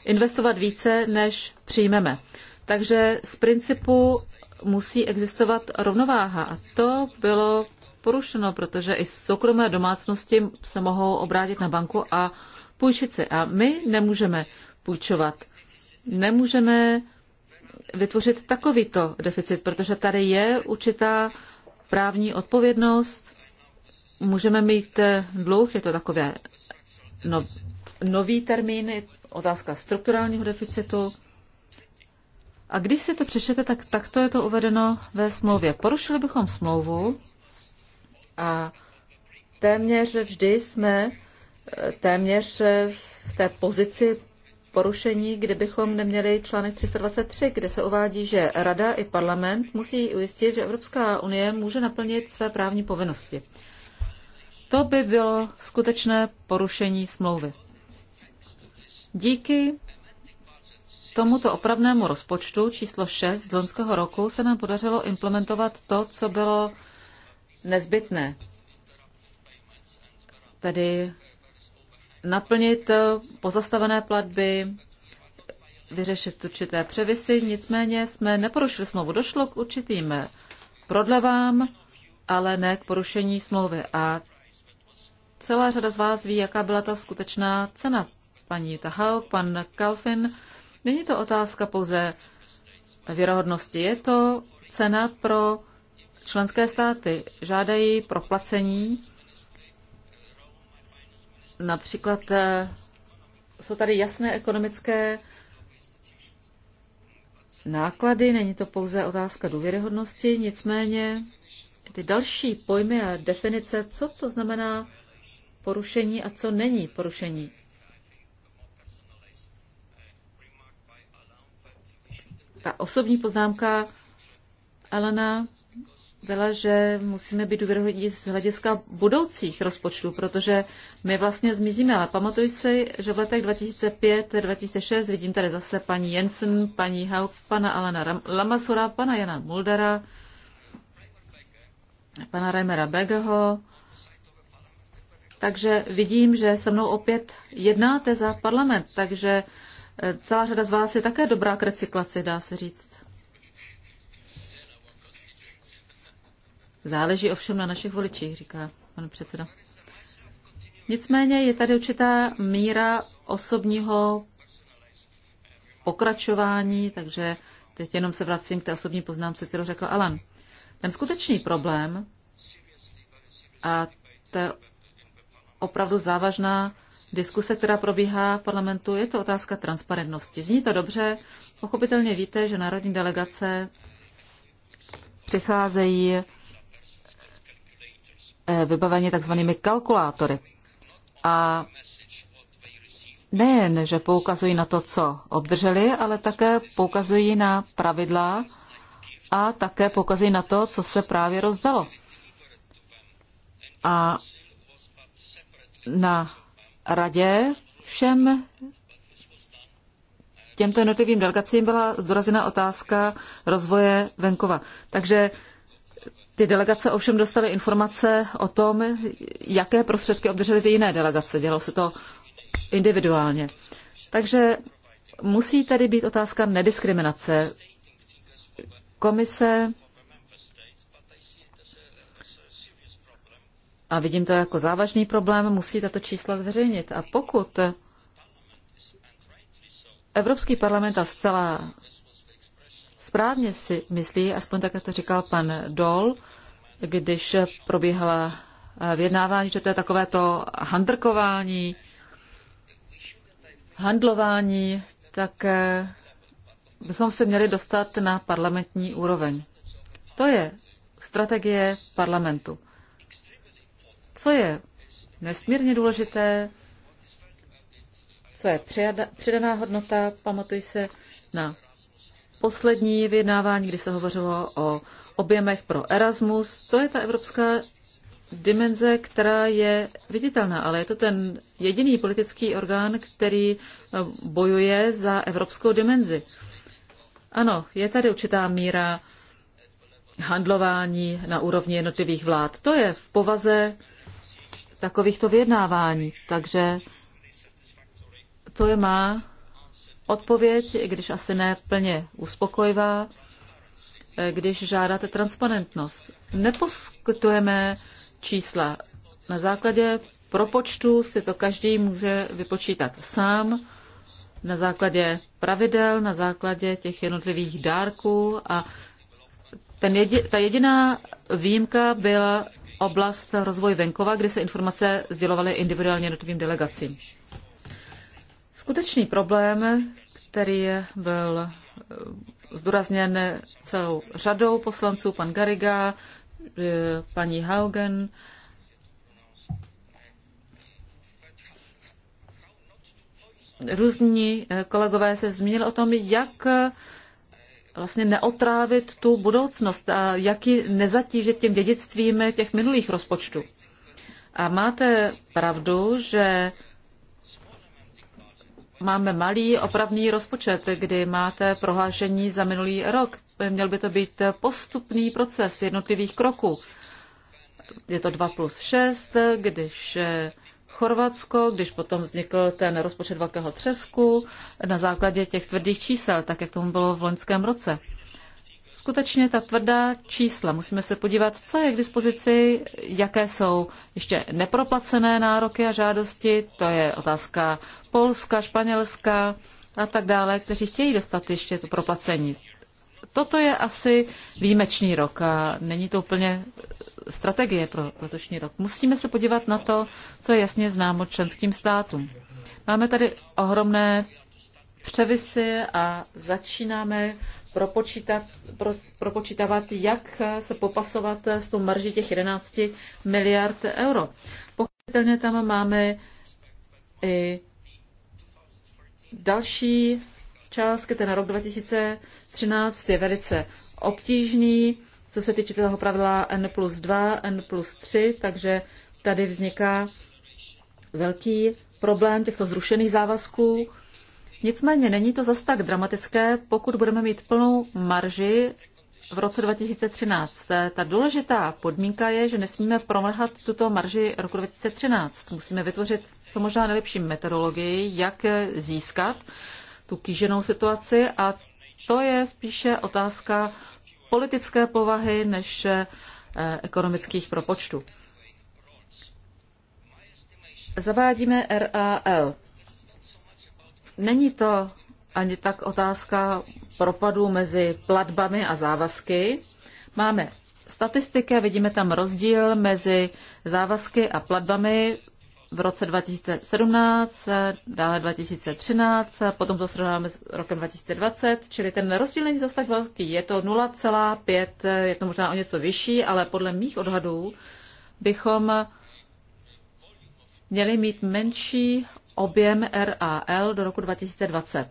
Speaker 2: investovat více, než přijmeme. Takže z principu musí existovat rovnováha a to bylo porušeno, protože i soukromé domácnosti se mohou obrátit na banku a půjčit si. A my nemůžeme půjčovat. Nemůžeme vytvořit takovýto deficit, protože tady je určitá právní odpovědnost. Můžeme mít dluh, je to takové no, nový termín, otázka strukturálního deficitu. A když si to přečtete, tak takto je to uvedeno ve smlouvě. Porušili bychom smlouvu, a téměř vždy jsme eh, téměř eh, v té pozici porušení, kdybychom neměli článek 323, kde se uvádí, že Rada i parlament musí ujistit, že Evropská unie může naplnit své právní povinnosti. To by bylo skutečné porušení smlouvy. Díky tomuto opravnému rozpočtu číslo 6 z loňského roku se nám podařilo implementovat to, co bylo nezbytné. Tedy naplnit pozastavené platby, vyřešit určité převisy, nicméně jsme neporušili smlouvu. Došlo k určitým prodlevám, ale ne k porušení smlouvy. A celá řada z vás ví, jaká byla ta skutečná cena. Paní Tahauk, pan Kalfin, není to otázka pouze věrohodnosti, je to cena pro Členské státy žádají proplacení. Například eh, jsou tady jasné ekonomické náklady, není to pouze otázka důvěryhodnosti, nicméně ty další pojmy a definice, co to znamená porušení a co není porušení. Ta osobní poznámka Elena byla, že musíme být důvěrohodní z hlediska budoucích rozpočtů, protože my vlastně zmizíme, ale pamatuj si, že v letech 2005-2006 vidím tady zase paní Jensen, paní Haup, pana Alana Lamasura, pana Jana Muldara, pana Reimera Begeho. Takže vidím, že se mnou opět jednáte za parlament, takže eh, celá řada z vás je také dobrá k recyklaci, dá se říct. Záleží ovšem na našich voličích, říká pan předseda. Nicméně je tady určitá míra osobního pokračování, takže teď jenom se vracím k té osobní poznámce, kterou řekl Alan. Ten skutečný problém, a to je opravdu závažná diskuse, která probíhá v parlamentu, je to otázka transparentnosti. Zní to dobře, pochopitelně víte, že národní delegace přicházejí Eh, vybaveni takzvanými kalkulátory. A nejen, že poukazují na to, co obdrželi, ale také poukazují na pravidla a také poukazují na to, co se právě rozdalo. A na radě všem těmto jednotlivým delegacím byla zdorazena otázka rozvoje venkova. Takže ty delegace ovšem dostaly informace o tom, jaké prostředky obdržely ty jiné delegace. Dělalo se to individuálně. Takže musí tady být otázka nediskriminace.
Speaker 1: Komise
Speaker 2: a vidím to jako závažný problém, musí tato čísla zveřejnit. A pokud Evropský parlament a zcela správně si myslí, aspoň tak, jak to říkal pan Dol, když probíhala eh, vyjednávání, že to je takové to handrkování, handlování, tak eh, bychom se měli dostat na parlamentní úroveň. To je strategie parlamentu. Co je nesmírně důležité, co je přidaná hodnota, pamatuj se na poslední vyjednávání, kdy se hovořilo o objemech pro Erasmus. To je ta evropská dimenze, která je viditelná, ale je to ten jediný politický orgán, který eh, bojuje za evropskou dimenzi. Ano, je tady určitá míra handlování na úrovni jednotlivých vlád. To je v povaze takovýchto vyjednávání, takže to je má Odpověď, když asi ne plně uspokojivá, eh, když žádáte transparentnost. Neposkytujeme čísla. Na základě propočtu si to každý může vypočítat sám, na základě pravidel, na základě těch jednotlivých dárků a ten jedi, ta jediná výjimka byla oblast rozvoj venkova, kde se informace sdělovaly individuálně jednotlivým delegacím. Skutečný problém, který byl eh, zdůrazněn celou řadou poslanců, pan Gariga, eh, paní Haugen, různí eh, kolegové se zmínili o tom, jak vlastně neotrávit tu budoucnost a jak ji nezatížit tím dědictvím těch minulých rozpočtů. A máte pravdu, že máme malý opravný rozpočet, kdy máte prohlášení za minulý rok. Měl by to být postupný proces jednotlivých kroků. Je to 2 plus 6, když eh, Chorvatsko, když potom vznikl ten rozpočet Velkého třesku na základě těch tvrdých čísel, tak jak tomu bylo v loňském roce skutečně ta tvrdá čísla. Musíme se podívat, co je k dispozici, jaké jsou ještě neproplacené nároky a žádosti. To je otázka Polska, Španělska a tak dále, kteří chtějí dostat ještě to proplacení. Toto je asi výjimečný rok a není to úplně strategie pro letošní rok. Musíme se podívat na to, co je jasně známo členským státům. Máme tady ohromné převisy a začínáme propočítat, pro, propočítávat, jak se popasovat s tou marží těch 11 miliard euro. Pochopitelně tam máme i další částky, ten rok 2013 je velice obtížný, co se týče toho pravidla N plus 2, N plus 3, takže tady vzniká velký problém těchto zrušených závazků. Nicméně není to zas tak dramatické, pokud budeme mít plnou marži v roce 2013. Ta důležitá podmínka je, že nesmíme promrhat tuto marži roku 2013. Musíme vytvořit co možná nejlepší metodologii, jak získat tu kýženou situaci a to je spíše otázka politické povahy než eh, ekonomických propočtů. Zavádíme RAL. Není to ani tak otázka propadu mezi platbami a závazky. Máme statistiky a vidíme tam rozdíl mezi závazky a platbami v roce 2017, dále 2013, potom to srovnáme s rokem 2020, čili ten rozdíl není zase tak velký. Je to 0,5, je to možná o něco vyšší, ale podle mých odhadů bychom měli mít menší objem RAL do roku 2020.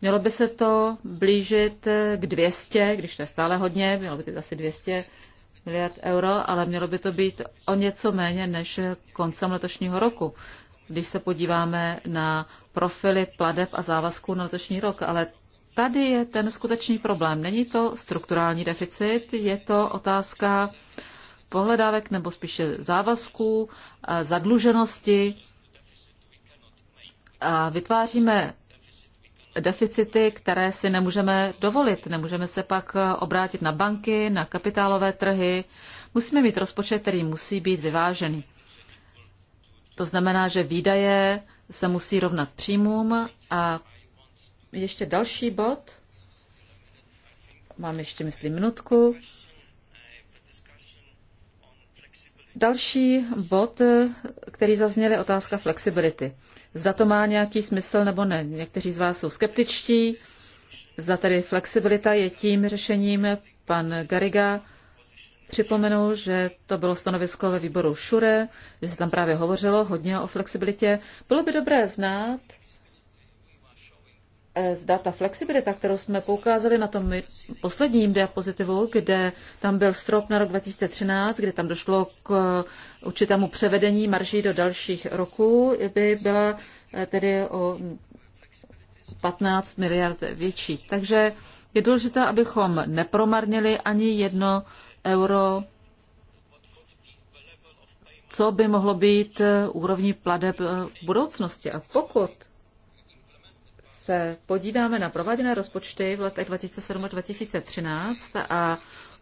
Speaker 2: Mělo by se to blížit k 200, když to je stále hodně, mělo by to být asi 200 miliard euro, ale mělo by to být o něco méně než koncem letošního roku, když se podíváme na profily pladeb a závazků na letošní rok. Ale tady je ten skutečný problém. Není to strukturální deficit, je to otázka pohledávek nebo spíše závazků, eh, zadluženosti a vytváříme deficity, které si nemůžeme dovolit. Nemůžeme se pak eh, obrátit na banky, na kapitálové trhy. Musíme mít rozpočet, který musí být vyvážený. To znamená, že výdaje se musí rovnat příjmům a ještě další bod. Mám ještě, myslím, minutku. Další bod, eh, který zazněl, je otázka flexibility zda to má nějaký smysl nebo ne. Někteří z vás jsou skeptičtí, zda tedy flexibilita je tím řešením. Pan Gariga Připomenu, že to bylo stanovisko ve výboru Šure, že se tam právě hovořilo hodně o flexibilitě. Bylo by dobré znát, Eh, zda ta flexibilita, kterou jsme poukázali na tom posledním diapozitivu, kde tam byl strop na rok 2013, kde tam došlo k eh, určitému převedení marží do dalších roků, by byla eh, tedy o 15 miliard větší. Takže je důležité, abychom nepromarnili ani jedno euro, co by mohlo být úrovní pladeb v budoucnosti. A pokud se podíváme na prováděné rozpočty v letech 2007 až 2013 a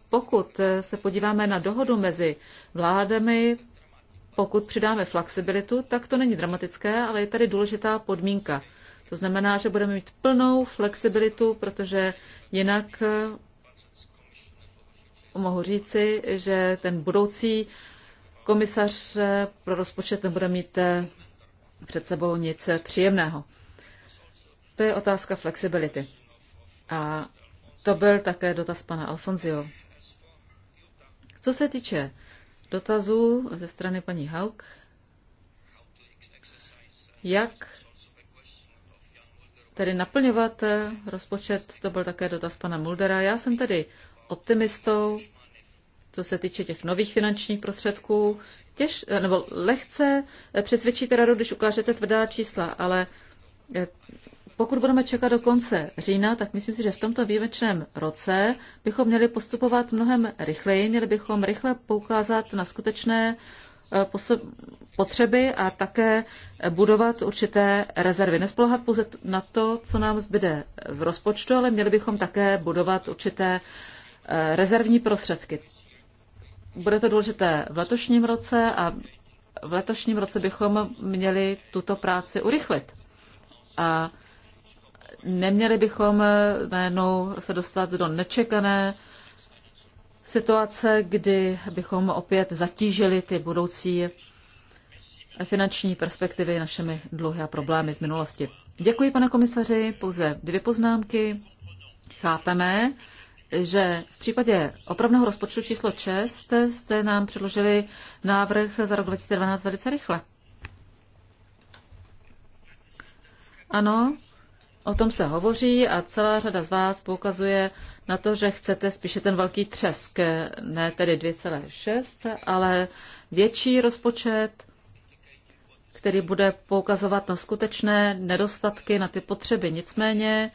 Speaker 2: pokud se podíváme na dohodu mezi vládami, pokud přidáme flexibilitu, tak to není dramatické, ale je tady důležitá podmínka. To znamená, že budeme mít plnou flexibilitu, protože jinak mohu říci, že ten budoucí komisař pro rozpočet nebude mít eh, před sebou nic eh, příjemného to je otázka flexibility. A to byl také dotaz pana Alfonzio. Co se týče dotazů ze strany paní Hauk, jak tedy naplňovat rozpočet, to byl také dotaz pana Muldera. Já jsem tedy optimistou, co se týče těch nových finančních prostředků. Těž, nebo lehce přesvědčíte radu, když ukážete tvrdá čísla, ale pokud budeme čekat do konce října, tak myslím si, že v tomto výjimečném roce bychom měli postupovat mnohem rychleji, měli bychom rychle poukázat na skutečné eh, potřeby a také budovat určité rezervy. Nespolehat pouze na to, co nám zbyde v rozpočtu, ale měli bychom také budovat určité eh, rezervní prostředky. Bude to důležité v letošním roce a v letošním roce bychom měli tuto práci urychlit. A neměli bychom eh, najednou se dostat do nečekané situace, kdy bychom opět zatížili ty budoucí finanční perspektivy našimi dluhy a problémy z minulosti. Děkuji, pane komisaři, pouze dvě poznámky. Chápeme, že v případě opravného rozpočtu číslo 6 jste nám předložili návrh za rok 2012 velice rychle. Ano, O tom se hovoří a celá řada z vás poukazuje na to, že chcete spíše ten velký třesk, ne tedy 2,6, ale větší rozpočet, který bude poukazovat na skutečné nedostatky, na ty potřeby. Nicméně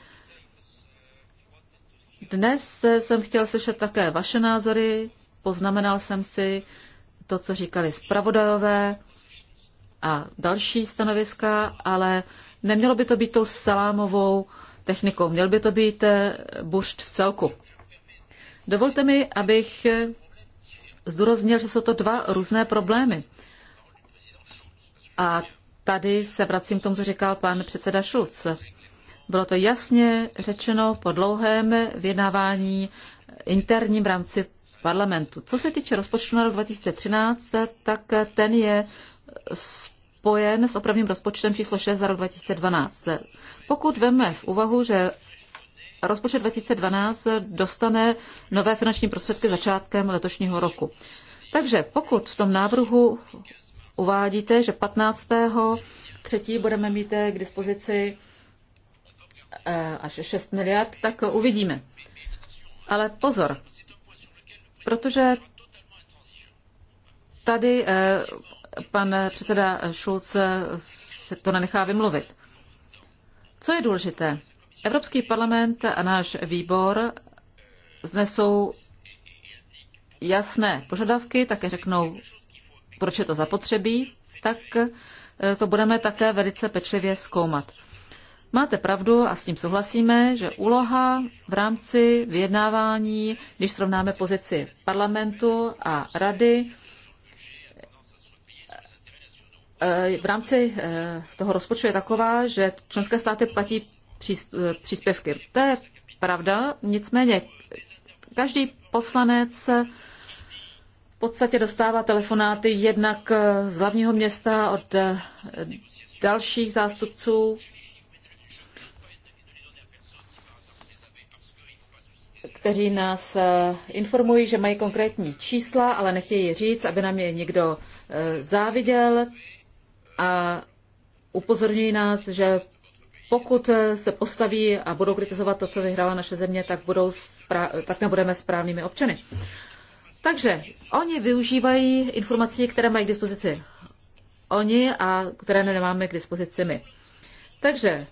Speaker 2: dnes jsem chtěl slyšet také vaše názory, poznamenal jsem si to, co říkali zpravodajové a další stanoviska, ale Nemělo by to být tou salámovou technikou, měl by to být eh, bušt v celku. Dovolte mi, abych eh, zdůraznil, že jsou to dva různé problémy. A tady se vracím k tomu, co říkal pan předseda Šulc. Bylo to jasně řečeno po dlouhém vyjednávání interním v rámci parlamentu. Co se týče rozpočtu na rok 2013, tak ten je spojen s opravným rozpočtem číslo 6 za rok 2012. Pokud veme v úvahu, že rozpočet 2012 dostane nové finanční prostředky začátkem letošního roku. Takže pokud v tom návrhu uvádíte, že 15. třetí budeme mít eh, k dispozici eh, až 6 miliard, tak uvidíme. Ale pozor, protože tady eh, pan předseda Schulz se to nenechá vymluvit. Co je důležité? Evropský parlament a náš výbor znesou jasné požadavky, také řeknou, proč je to zapotřebí, tak eh, to budeme také velice pečlivě zkoumat. Máte pravdu a s tím souhlasíme, že úloha v rámci vyjednávání, když srovnáme pozici parlamentu a rady, Eh, v rámci eh, toho rozpočtu je taková, že členské státy platí eh, příspěvky. To je pravda, nicméně každý poslanec v podstatě dostává telefonáty jednak z hlavního města od dalších zástupců, kteří nás informují, že mají konkrétní čísla, ale nechtějí říct, aby nám je někdo záviděl a upozorňují nás, že pokud se postaví a budou kritizovat to, co vyhrála naše země, tak, budou tak nebudeme správnými občany. Takže oni využívají informací, které mají k dispozici oni a které nemáme k dispozici my. Takže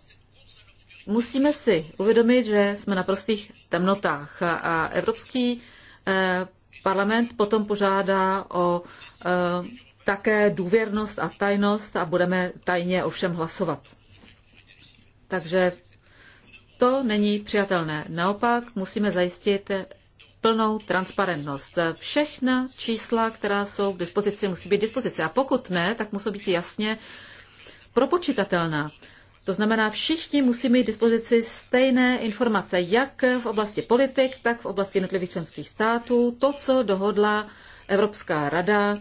Speaker 2: musíme si uvědomit, že jsme na prostých temnotách a Evropský eh, parlament potom požádá o eh, také důvěrnost a tajnost a budeme tajně ovšem hlasovat. Takže to není přijatelné. Naopak musíme zajistit plnou transparentnost. Všechna čísla, která jsou k dispozici, musí být k dispozici. A pokud ne, tak musí být jasně propočitatelná. To znamená, všichni musí mít k dispozici stejné informace, jak v oblasti politik, tak v oblasti jednotlivých členských států. To, co dohodla Evropská rada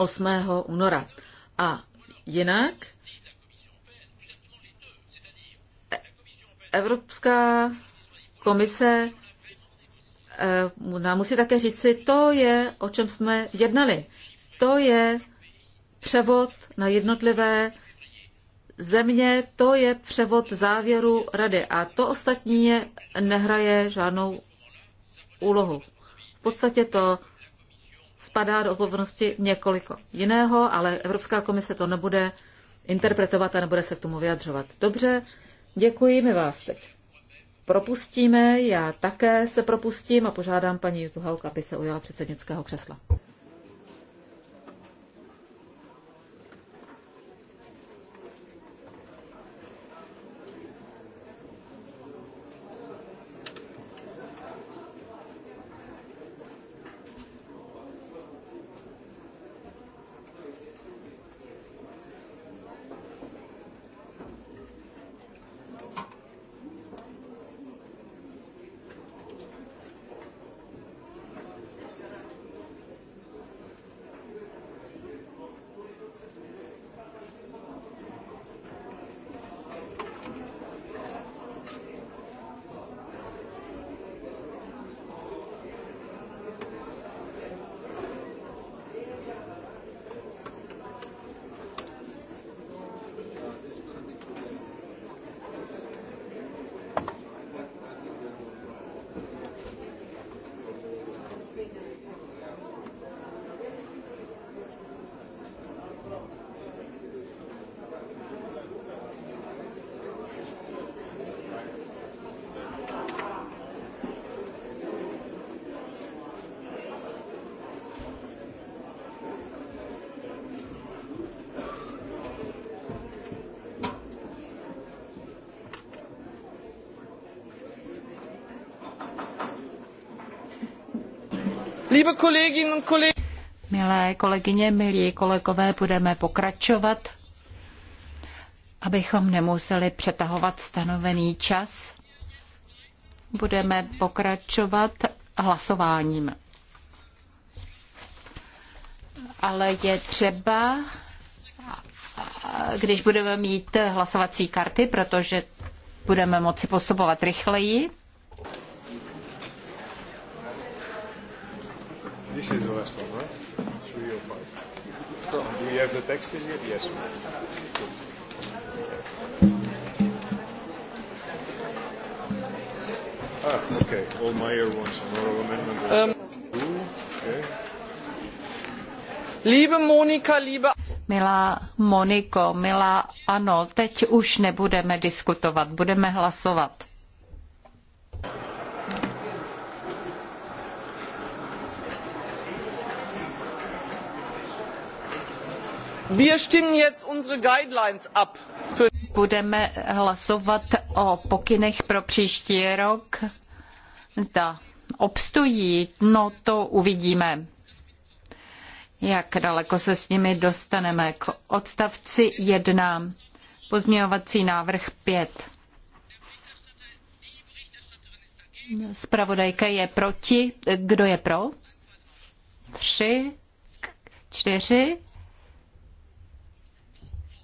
Speaker 2: 8. února. A jinak Evropská komise eh, nám musí také říci, to je, o čem jsme jednali. To je převod na jednotlivé země, to je převod závěru rady a to ostatní je nehraje žádnou úlohu. V podstatě to spadá do odpovědnosti několiko jiného, ale Evropská komise to nebude interpretovat a nebude se k tomu vyjadřovat. Dobře, děkuji, my vás teď propustíme, já také se propustím a požádám paní Jutuhauk, aby se ujala předsednického křesla.
Speaker 1: Liebe Kolleginnen und Kollegen.
Speaker 4: Milé kolegyně, milí kolegové, budeme pokračovat, abychom nemuseli přetahovat stanovený čas. Budeme pokračovat hlasováním. Ale je třeba, když budeme mít hlasovací karty, protože budeme moci postupovat rychleji,
Speaker 1: το τέξι της γειτονιάς μου. Ah, okay. All Meyer wants a moral amendment. Um, okay. Liebe Monika, liebe...
Speaker 4: Milá Moniko, milá Ano, teď už nebudeme diskutovat, budeme hlasovat. Budeme hlasovat o pokynech pro příští rok. Zda obstojí, no to uvidíme. Jak daleko se s nimi dostaneme? K odstavci 1. Pozměňovací návrh 5. Spravodajka je proti. Kdo je pro? Tři, čtyři,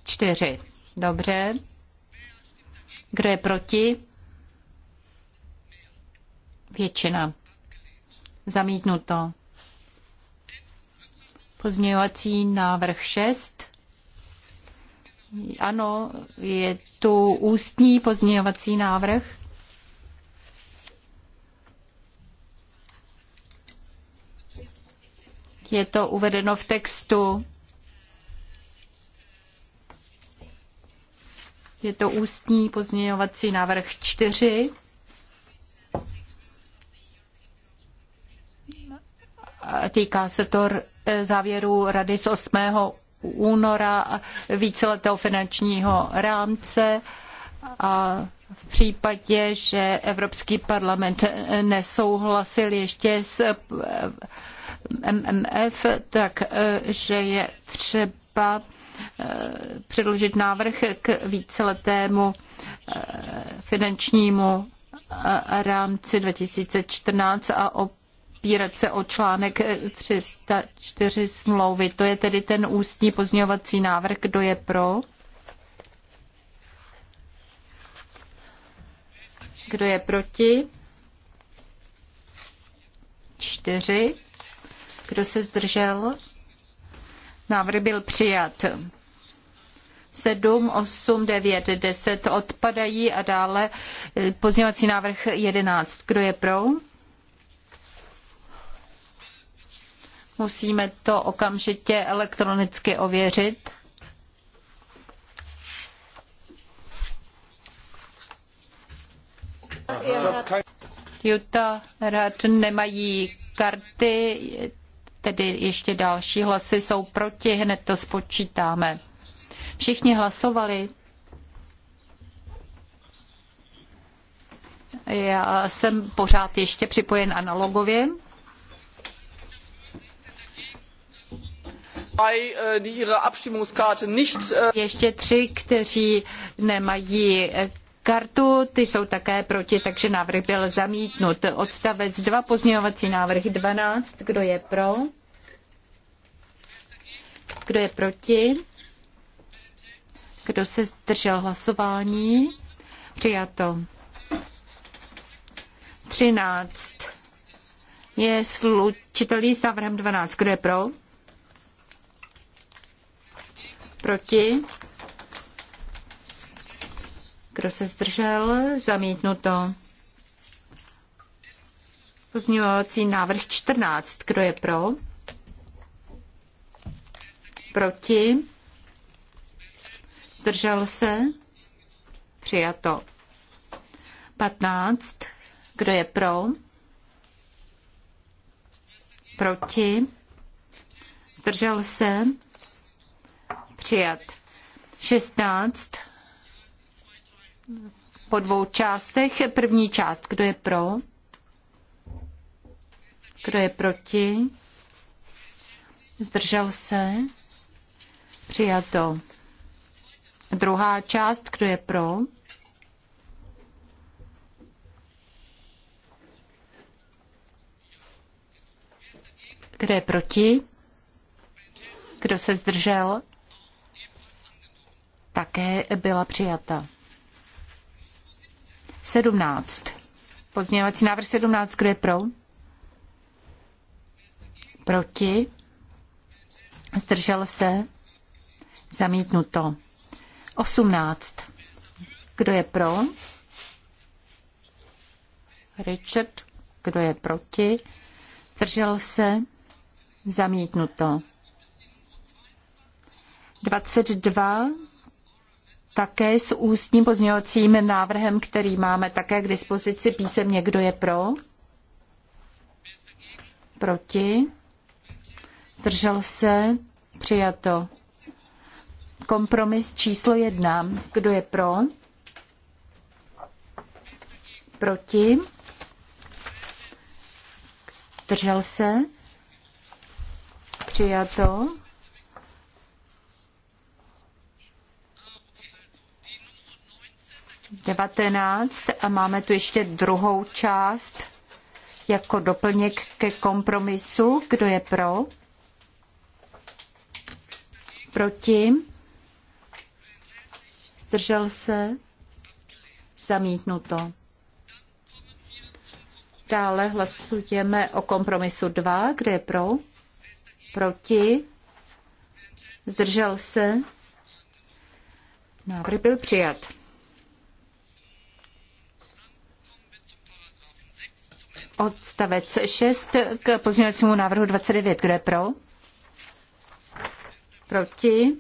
Speaker 4: čtyři, Dobře. Kdo je proti? Většina. Zamítnuto. Pozměňovací návrh 6. Ano, je tu ústní pozměňovací návrh. Je to uvedeno v textu Je to ústní pozměňovací návrh 4. Týká se to závěru Rady z 8. února víceletého finančního rámce a v případě, že Evropský parlament nesouhlasil ještě s MMF, tak eh, že je třeba předložit návrh k víceletému eh, finančnímu eh, rámci 2014 a o opírat se o článek 304 smlouvy. To je tedy ten ústní pozměňovací návrh. Kdo je pro? Kdo je proti? Čtyři. Kdo se zdržel? Návrh byl přijat. 7, 8, 9, 10 odpadají a dále e, pozměňovací návrh 11. Kdo je pro? Musíme to okamžitě elektronicky ověřit. Juta rád nemají karty, tedy ještě další hlasy jsou proti, hned to spočítáme. Všichni hlasovali. Já jsem pořád ještě připojen analogově. Äh, äh, ještě tři, kteří nemají äh, kartu, ty jsou také proti, takže návrh byl zamítnut. Odstavec 2, pozměňovací návrh 12, kdo je pro? Kdo je proti? Kdo se zdržel hlasování? Přijato. 13 je slučitelný s návrhem 12. Kdo je pro? Proti? Kdo se zdržel? Zamítnuto. Pozměňovací návrh 14. Kdo je pro? Proti? Zdržel se? Přijato. 15. Kdo je pro? Proti? Zdržel se? Přijat. 16. Po dvou částech. První část. Kdo je pro? Kdo je proti? Zdržel se? Přijato. Druhá část, kdo je pro? Kdo je proti? Kdo se zdržel? Také byla přijata. 17. Pozměňovací návrh 17, kdo je pro? Proti? Zdržel se? Zamítnuto. 18. Kdo je pro? Richard. Kdo je proti? Držel se? Zamítnuto. 22 také s ústním pozměňovacím návrhem, který máme také k dispozici písemně. Kdo je pro? Proti? Držel se? Přijato. Kompromis číslo jedna. Kdo je pro? Proti? Držel se? Přijato? Devatenáct a máme tu ještě druhou část jako doplněk ke kompromisu. Kdo je pro? Proti? zdržel se, zamítnuto. Dále hlasujeme o kompromisu 2, kde je pro, proti, zdržel se. Návrh byl přijat. Odstavec 6 k pozměňovacímu návrhu 29. Kde je pro? Proti?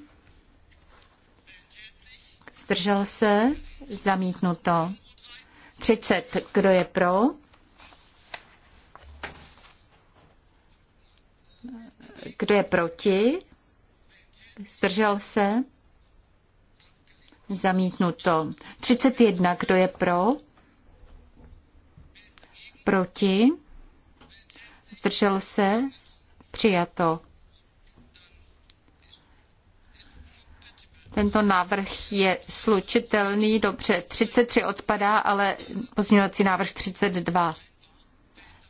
Speaker 4: Zdržel se? Zamítnuto. 30. Kdo je pro? Kdo je proti? Zdržel se? Zamítnuto. 31. Kdo je pro? Proti? Zdržel se? Přijato. Tento návrh je slučitelný, dobře, 33 odpadá, ale pozměňovací návrh 32.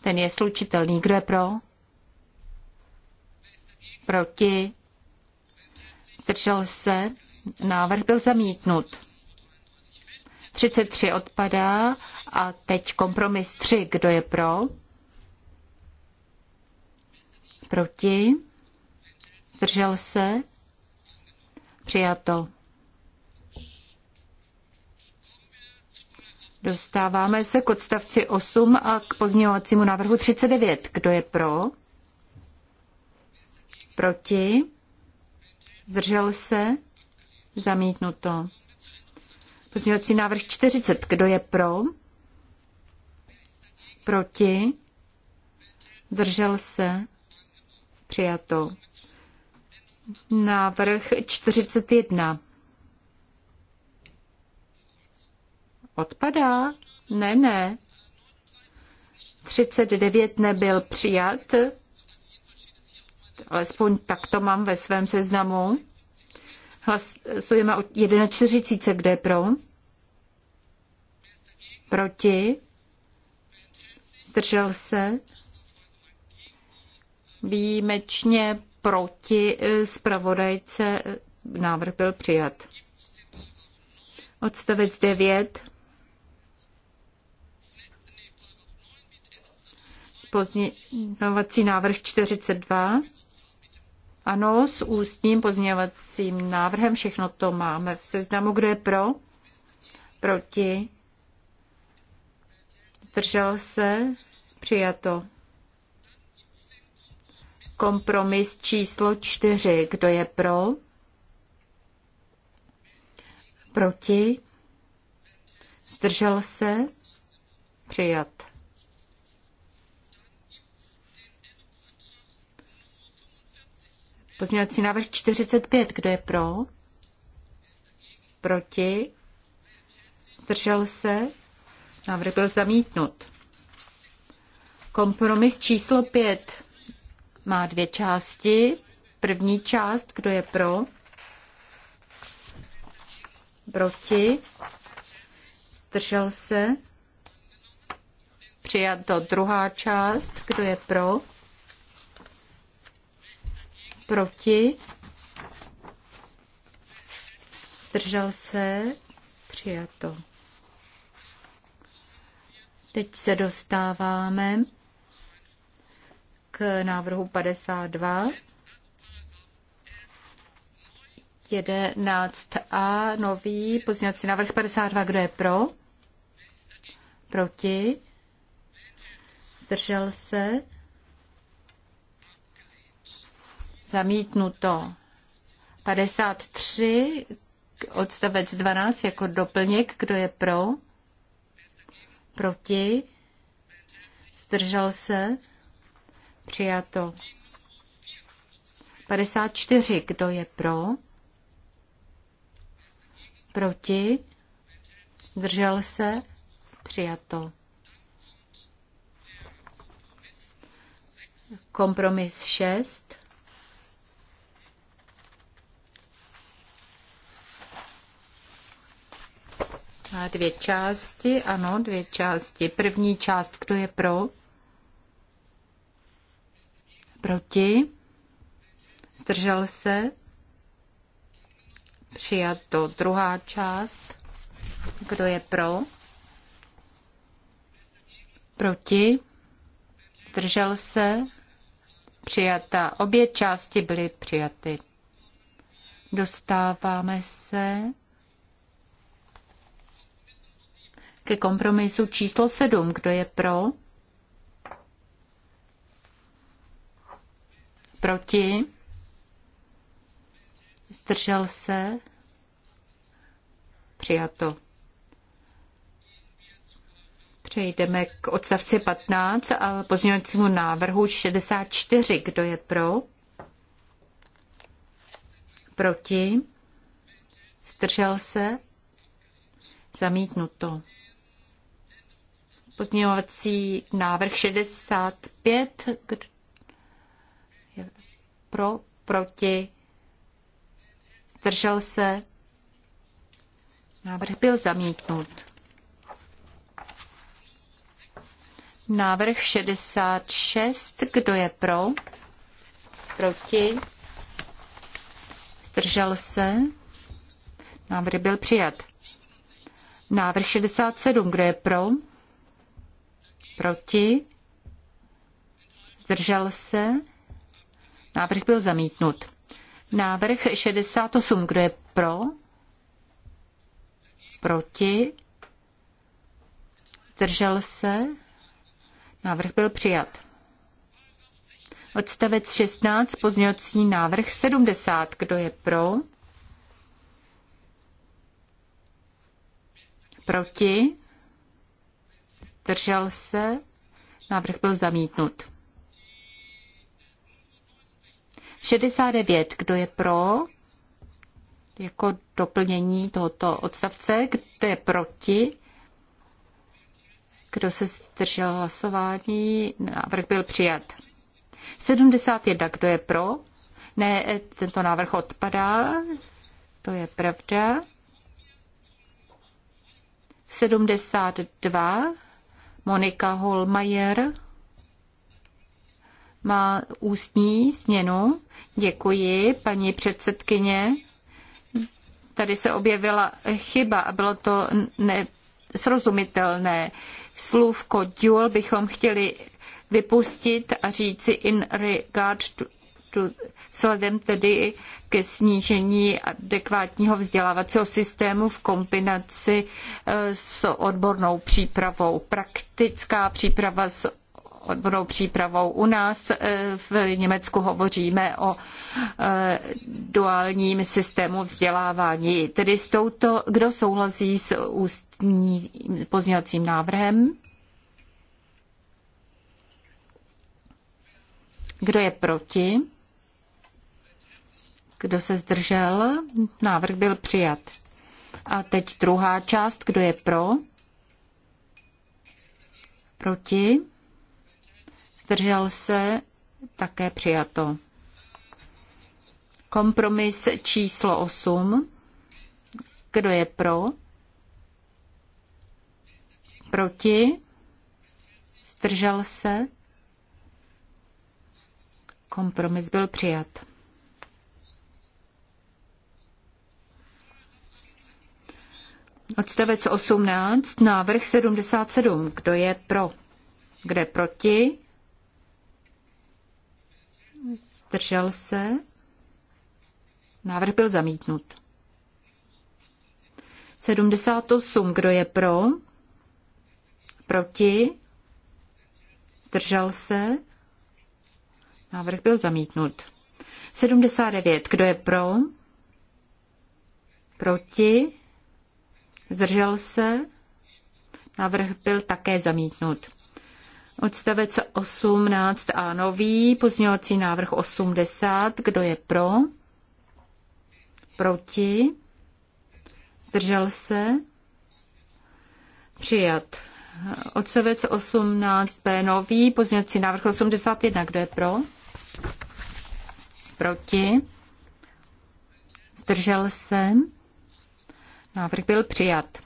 Speaker 4: Ten je slučitelný. Kdo je pro? Proti? Držel se? Návrh byl zamítnut. 33 odpadá a teď kompromis 3. Kdo je pro? Proti? Držel se? Přijato. Dostáváme se k odstavci 8 a k pozměňovacímu návrhu 39. Kdo je pro? Proti? Zdržel se? Zamítnuto. Pozměňovací návrh 40. Kdo je pro? Proti? Zdržel se? Přijato. Návrh 41. Odpadá? Ne, ne. 39 nebyl přijat, alespoň tak to mám ve svém seznamu. Hlasujeme o 41, kde je pro? Proti? Zdržel se? Výjimečně proti eh, zpravodajce. Eh, návrh byl přijat. Odstavec 9. Pozměňovací návrh 42. Ano, s ústním pozměňovacím návrhem všechno to máme v seznamu. Kdo je pro? Proti? Zdržel se? Přijato. Kompromis číslo čtyři. Kdo je pro? Proti? Zdržel se? Přijat. Pozměňovací návrh 45. Kdo je pro? Proti? Zdržel se? Návrh byl zamítnut. Kompromis číslo 5. Má dvě části. První část, kdo je pro? Proti? Držel se? Přijato druhá část, kdo je pro? Proti? Držel se? Přijato. Teď se dostáváme k návrhu 52. 11a, nový pozměňovací návrh 52. Kdo je pro? Proti? Držel se? Zamítnuto. 53, odstavec 12 jako doplněk. Kdo je pro? Proti? Zdržel se? Přijato. 54. Kdo je pro? Proti? Držel se? Přijato. Kompromis 6. A dvě části, ano, dvě části. První část, kdo je pro? Proti? držel se? Přijato druhá část. Kdo je pro? Proti? držel se? Přijata. Obě části byly přijaty. Dostáváme se ke kompromisu číslo 7. Kdo je pro? Proti? Zdržel se? Přijato. Přejdeme k odstavci 15 a pozměňovacímu návrhu 64. Kdo je pro? Proti? Zdržel se? Zamítnuto. Pozměňovací návrh 65 pro, proti, zdržel se. Návrh byl zamítnut. Návrh 66. Kdo je pro? Proti? Zdržel se? Návrh byl přijat. Návrh 67. Kdo je pro? Proti? Zdržel se? Návrh byl zamítnut. Návrh 68. Kdo je pro? Proti? Zdržel se? Návrh byl přijat. Odstavec 16, pozměňovací návrh 70. Kdo je pro? Proti? Zdržel se? Návrh byl zamítnut. 69. Kdo je pro? Jako doplnění tohoto odstavce. Kdo je proti? Kdo se zdržel hlasování? Návrh byl přijat. 71. Kdo je pro? Ne, tento návrh odpadá. To je pravda. 72. Monika Holmajer má ústní změnu. Děkuji, paní předsedkyně. Tady se objevila chyba a bylo to nesrozumitelné. Slůvko dual bychom chtěli vypustit a říci in regard to vzhledem tedy ke snížení adekvátního vzdělávacího systému v kombinaci eh, s odbornou přípravou. Praktická příprava s odbornou přípravou. U nás eh, v Německu hovoříme o eh, duálním systému vzdělávání. Tedy s touto, kdo souhlasí s ústním pozměňovacím návrhem? Kdo je proti? Kdo se zdržel? Návrh byl přijat. A teď druhá část. Kdo je pro? Proti? zdržel se, také přijato. Kompromis číslo 8. Kdo je pro? Proti? Zdržel se? Kompromis byl přijat. Odstavec 18, návrh 77. Kdo je pro? Kde proti? zdržel se, návrh byl zamítnut. 78, kdo je pro, proti, zdržel se, návrh byl zamítnut. 79, kdo je pro, proti, zdržel se, návrh byl také zamítnut. Odstavec 18 a nový pozměňovací návrh 80. Kdo je pro? Proti? Zdržel se? Přijat. Odstavec 18b nový, pozměňovací návrh 81. Kdo je pro? Proti? Zdržel se? Návrh byl přijat.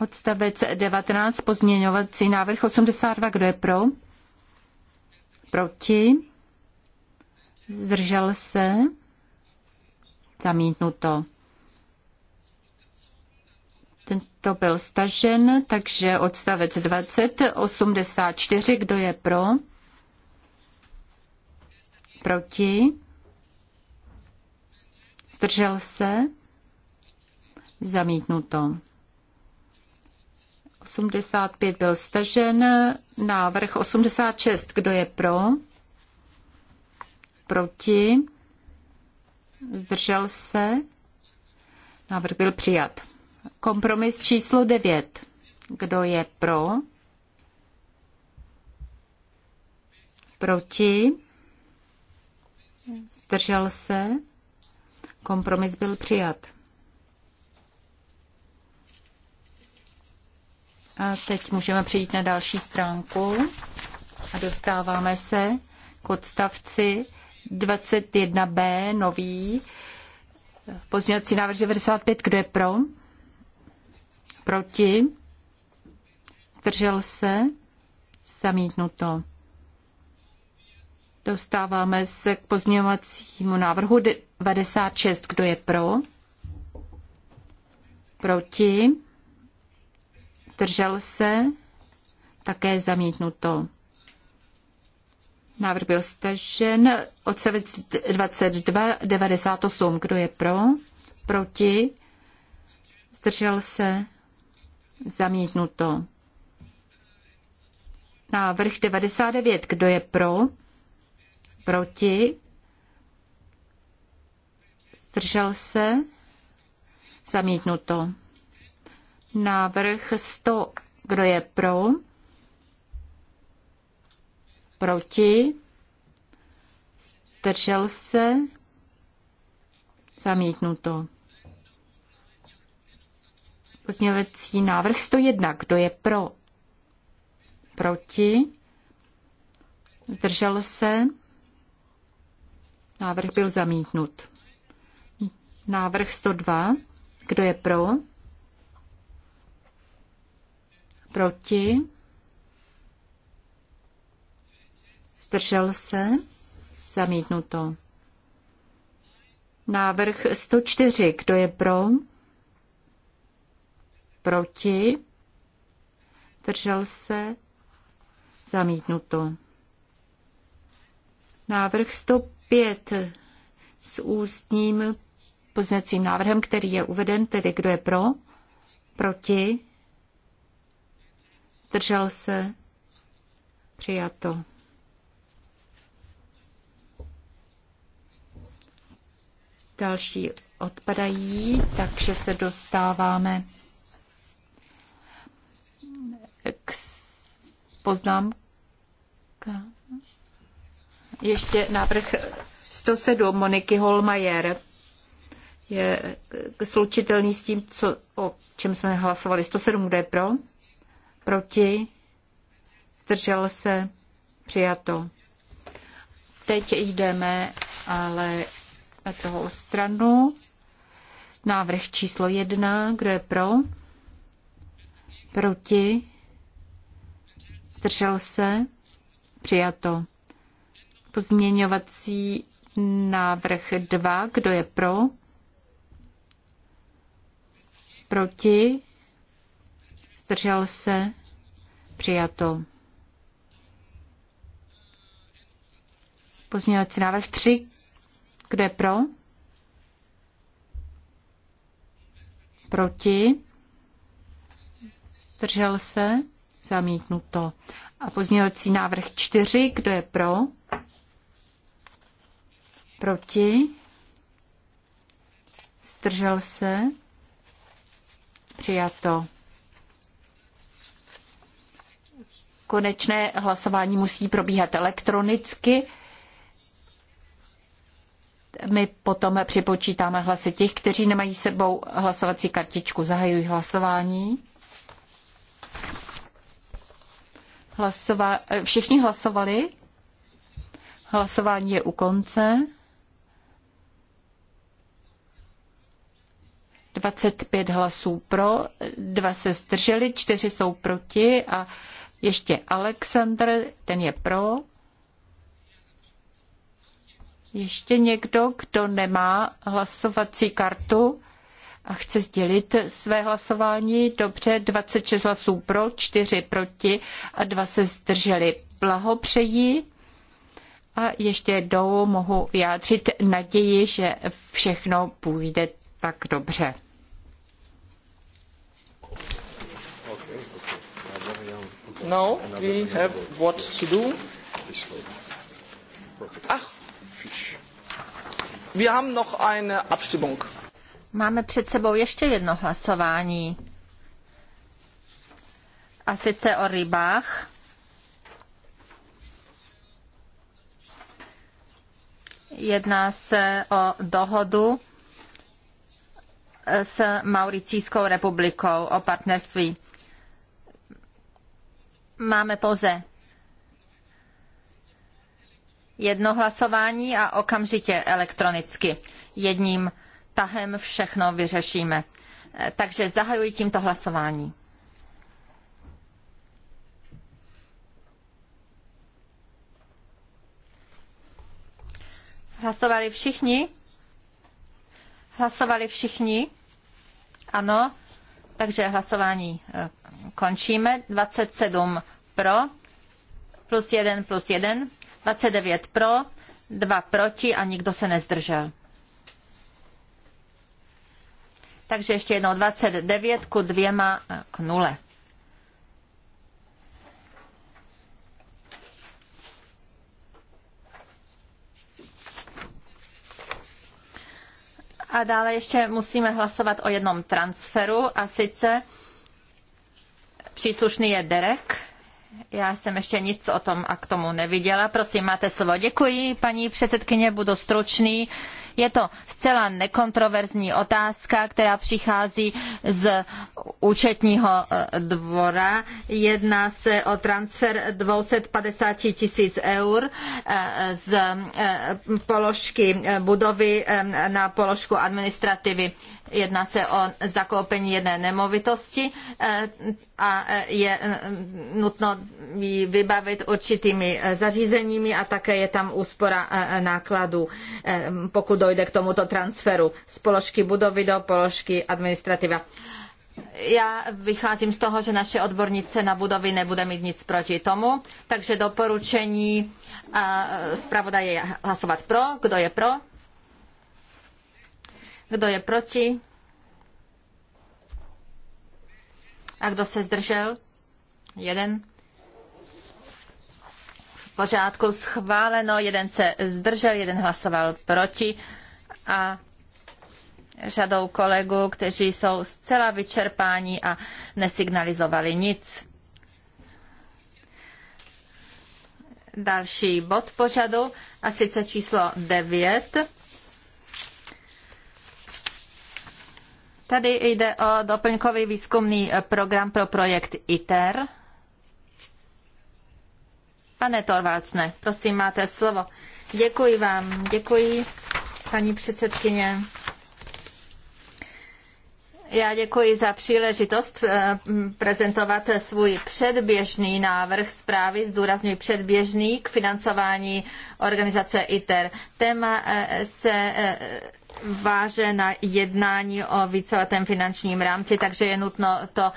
Speaker 4: Odstavec 19, pozměňovací návrh 82, kdo je pro? Proti? Zdržel se? Zamítnuto. Tento byl stažen, takže odstavec 20, 84, kdo je pro? Proti? Zdržel se? Zamítnuto. 85 byl stažen, návrh 86, kdo je pro? Proti? Zdržel se? Návrh byl přijat. Kompromis číslo 9. Kdo je pro? Proti? Zdržel se? Kompromis byl přijat. A teď můžeme přejít na další stránku a dostáváme se k odstavci 21b, nový pozměňovací návrh 95. Kdo je pro? Proti? Zdržel se? Zamítnuto. Dostáváme se k pozměňovacímu návrhu 96. Kdo je pro? Proti? zdržel se, také zamítnuto. Návrh byl stažen. od 22, Kdo je pro? Proti? Zdržel se? Zamítnuto. Návrh 99. Kdo je pro? Proti? Zdržel se? Zamítnuto. Návrh 100. Kdo je pro? Proti? Držel se? Zamítnuto. Pozměňovací návrh 101. Kdo je pro? Proti? Zdržel se? Návrh byl zamítnut. Návrh 102. Kdo je pro? Proti? Zdržel se? Zamítnuto. Návrh 104. Kdo je pro? Proti? Zdržel se? Zamítnuto. Návrh 105 s ústním pozněcím návrhem, který je uveden, tedy kdo je pro, proti, Zdržel se? Přijato. Další odpadají, takže se dostáváme k poznámka. Ještě návrh 107 Moniky Holmajer je eh, slučitelný s tím, co, o čem jsme hlasovali. 107 jde pro, Proti? Zdržel se? Přijato. Teď jdeme ale na druhou stranu. Návrh číslo jedna. Kdo je pro? Proti? Zdržel se? Přijato. Pozměňovací návrh 2. Kdo je pro? Proti? Zdržel se? Přijato. Pozměňovací návrh 3. Kdo je pro? Proti? Držel se? Zamítnuto. A pozměňovací návrh 4. Kdo je pro? Proti? Zdržel se? Přijato. konečné hlasování musí probíhat elektronicky. My potom připočítáme hlasy těch, kteří nemají sebou hlasovací kartičku. Zahajuji hlasování. Hlasova... Všichni hlasovali? Hlasování je u konce. 25 hlasů pro, dva se zdrželi, čtyři jsou proti a ještě Alexandr, ten je pro. Ještě někdo, kdo nemá hlasovací kartu a chce sdělit své hlasování? Dobře, 26 hlasů pro, 4 proti a 2 se zdrželi. Blahopřeji. A ještě jednou mohu vyjádřit naději, že všechno půjde tak dobře.
Speaker 1: now we have what to do. Ach, wir haben noch eine Abstimmung.
Speaker 3: Máme před sebou ještě jedno hlasování. A sice o rybách. Jedná se o dohodu eh, s Mauricijskou republikou o partnerství máme pouze jedno hlasování a okamžitě elektronicky. Jedním tahem všechno vyřešíme. Eh, takže zahajuji tímto hlasování. Hlasovali všichni? Hlasovali všichni? Ano, takže hlasování eh, končíme. 27 pro, plus 1 plus 1, 29 pro, 2 proti a nikdo se nezdržel. Takže ještě jednou 29 ku dvěma eh, k nule. A dále ještě musíme hlasovat o jednom transferu a sice příslušný je Derek. Já jsem ještě nic o tom a k tomu neviděla. Prosím, máte slovo. Děkuji, paní předsedkyně, budu stručný. Je to zcela nekontroverzní otázka, která přichází z účetního e, dvora. Jedná se o transfer 250 tisíc eur e, z e, položky budovy na položku administrativy. Jedná se o zakoupení jedné nemovitosti a je nutno ji vybavit určitými zařízeními a také je tam úspora nákladů, pokud dojde k tomuto transferu z položky budovy do položky administrativa. Já vycházím z toho, že naše odbornice na budovy nebude mít nic proti tomu, takže doporučení zpravodaje je hlasovat pro. Kdo je pro? Kdo je proti? A kdo se zdržel? Jeden. V pořádku schváleno, jeden se zdržel, jeden hlasoval proti a řadou kolegů, kteří jsou zcela vyčerpáni a nesignalizovali nic. Další bod pořadu, a sice číslo 9. Tady jde o doplňkový výzkumný program pro projekt ITER. Pane Torvalcne, prosím, máte slovo. Děkuji vám, děkuji paní předsedkyně. Já děkuji za příležitost eh, prezentovat svůj předběžný návrh zprávy, zdůrazňuji předběžný k financování organizace ITER. Téma eh, se eh, váže na jednání o víceletém finančním rámci, takže je nutno to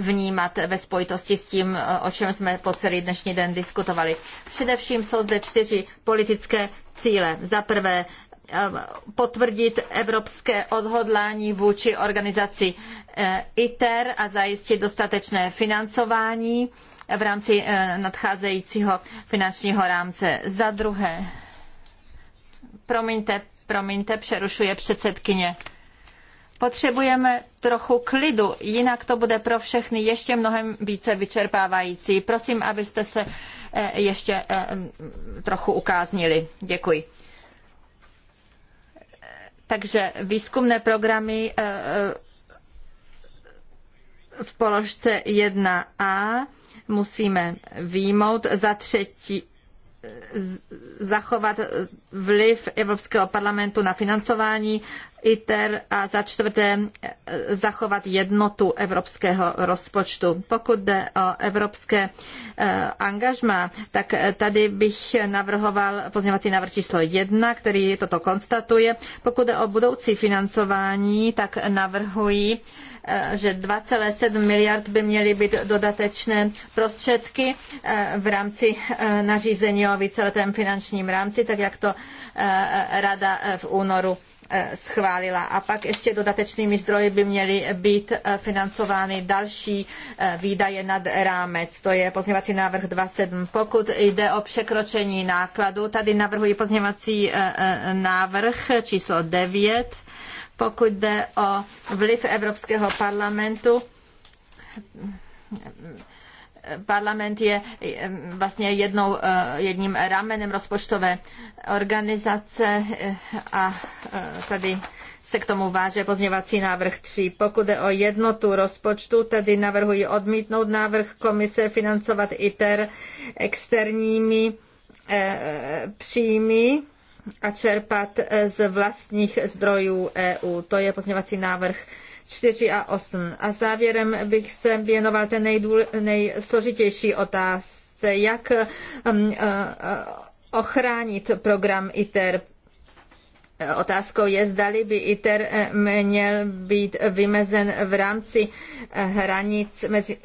Speaker 3: vnímat ve spojitosti s tím, o čem jsme po celý dnešní den diskutovali. Především jsou zde čtyři politické cíle. Za prvé Eh, potvrdit evropské odhodlání vůči organizaci eh, ITER a zajistit dostatečné financování v rámci eh, nadcházejícího finančního rámce. Za druhé, promiňte, promiňte, přerušuje předsedkyně. Potřebujeme trochu klidu, jinak to bude pro všechny ještě mnohem více vyčerpávající. Prosím, abyste se ještě trochu ukáznili. Děkuji. Takže výzkumné programy eh, eh, v položce 1a musíme výjmout. Za třetí, zachovat vliv Evropského parlamentu na financování ITER a za čtvrté eh, zachovat jednotu evropského rozpočtu. Pokud jde o evropské Eh, angažma, tak eh, tady bych navrhoval pozměňovací návrh číslo 1, který toto konstatuje. Pokud jde o budoucí financování, tak navrhuji eh, že 2,7 miliard by měly být dodatečné prostředky v rámci nařízení o víceletém finančním rámci, tak jak to Rada v únoru Eh, schválila. A pak ještě dodatečnými zdroji by měly být eh, financovány další eh, výdaje nad rámec. To je pozměvací návrh 27. Pokud jde o překročení nákladu, tady navrhuji pozměvací návrh číslo 9. Pokud jde o vliv Evropského parlamentu, parlament je vlastně jednou, eh, jedním ramenem rozpočtové organizace eh, a eh, tady se k tomu váže pozměvací návrh 3. Pokud je o jednotu rozpočtu, tedy navrhuji odmítnout návrh komise financovat ITER externími příjmy a čerpat z vlastních zdrojů EU. To je pozměvací návrh 4 a 8. A závěrem bych se věnoval té nejdůle, nejsložitější otázce, jak um, uh, uh, ochránit program ITER Otázkou je, zdali by ITER eh, měl být vymezen v rámci eh, hranic mezi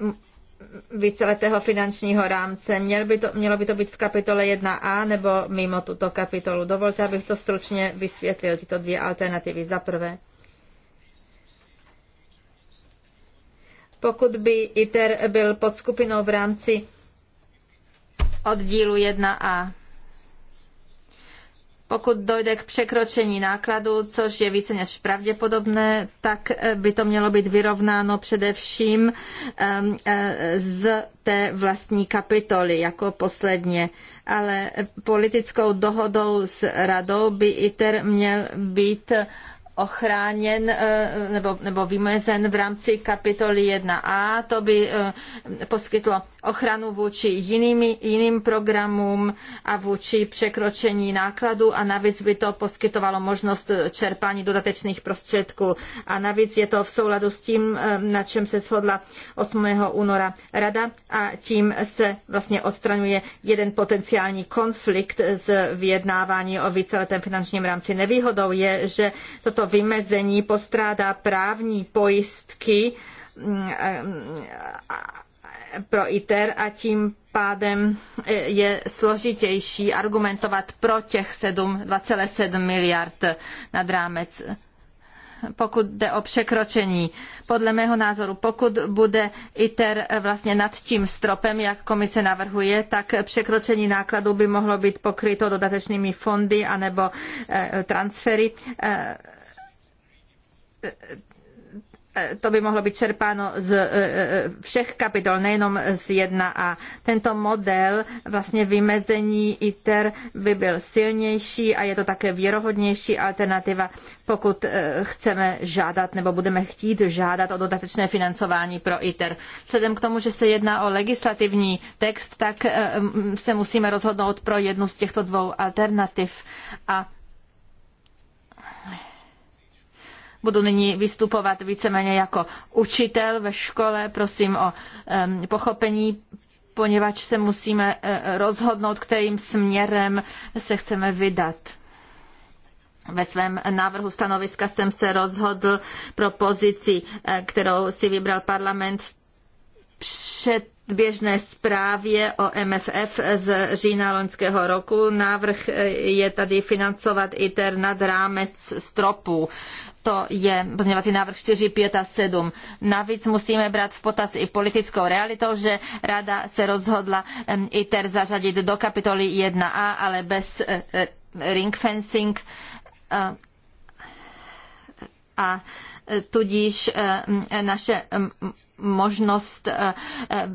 Speaker 3: víceletého finančního rámce. Měl by to, mělo by to být v kapitole 1a nebo mimo tuto kapitolu. Dovolte, abych to stručně vysvětlil, tyto dvě alternativy. Za prvé, pokud by ITER byl pod skupinou v rámci oddílu 1a. Pokud dojde k překročení nákladů, což je více než pravděpodobné, tak eh, by to mělo být vyrovnáno především ehm, eh, z té vlastní kapitoly jako posledně. Ale politickou dohodou s radou by ITER měl být ochráněn eh, nebo, nebo vymezen v rámci kapitoly 1a. To by eh, poskytlo ochranu vůči jiným, jiným programům a vůči překročení nákladu a navíc by to poskytovalo možnost čerpání dodatečných prostředků. A navíc je to v souladu s tím, eh, na čem se shodla 8. února Rada a tím se vlastně odstraňuje jeden potenciální konflikt z vyjednávání o víceletém finančním rámci. Nevýhodou je, že toto vymezení postrádá právní pojistky mm, pro ITER a tím pádem e, je složitější argumentovat pro těch 2,7 miliard nad rámec pokud jde o překročení. Podle mého názoru, pokud bude ITER vlastně nad tím stropem, jak komise navrhuje, tak překročení nákladů by mohlo být pokryto dodatečnými fondy anebo e, transfery. E, to by mohlo být čerpáno z eh, eh, všech kapitol, nejenom z jedna a Tento model vlastně vymezení ITER by byl silnější a je to také věrohodnější alternativa, pokud eh, chceme žádat nebo budeme chtít žádat o dodatečné financování pro ITER. Vzhledem k tomu, že se jedná o legislativní text, tak se musíme rozhodnout pro jednu z těchto dvou alternativ. A Budu nyní vystupovat víceméně jako učitel ve škole. Prosím o pochopení, poněvadž se musíme e, rozhodnout, kterým směrem se chceme vydat. Ve svém návrhu stanoviska jsem se rozhodl pro pozici, e, kterou si vybral parlament v předběžné zprávě o MFF z října loňského roku. Návrh e, je tady financovat ITER nad rámec stropu to je pozměňovací návrh 4, 5 a 7. Navíc musíme brát v potaz i politickou realitou, že rada se rozhodla ITER zařadit do kapitoly 1a, ale bez e, e, ring fencing a e, tudíž naše možnost eh, eh,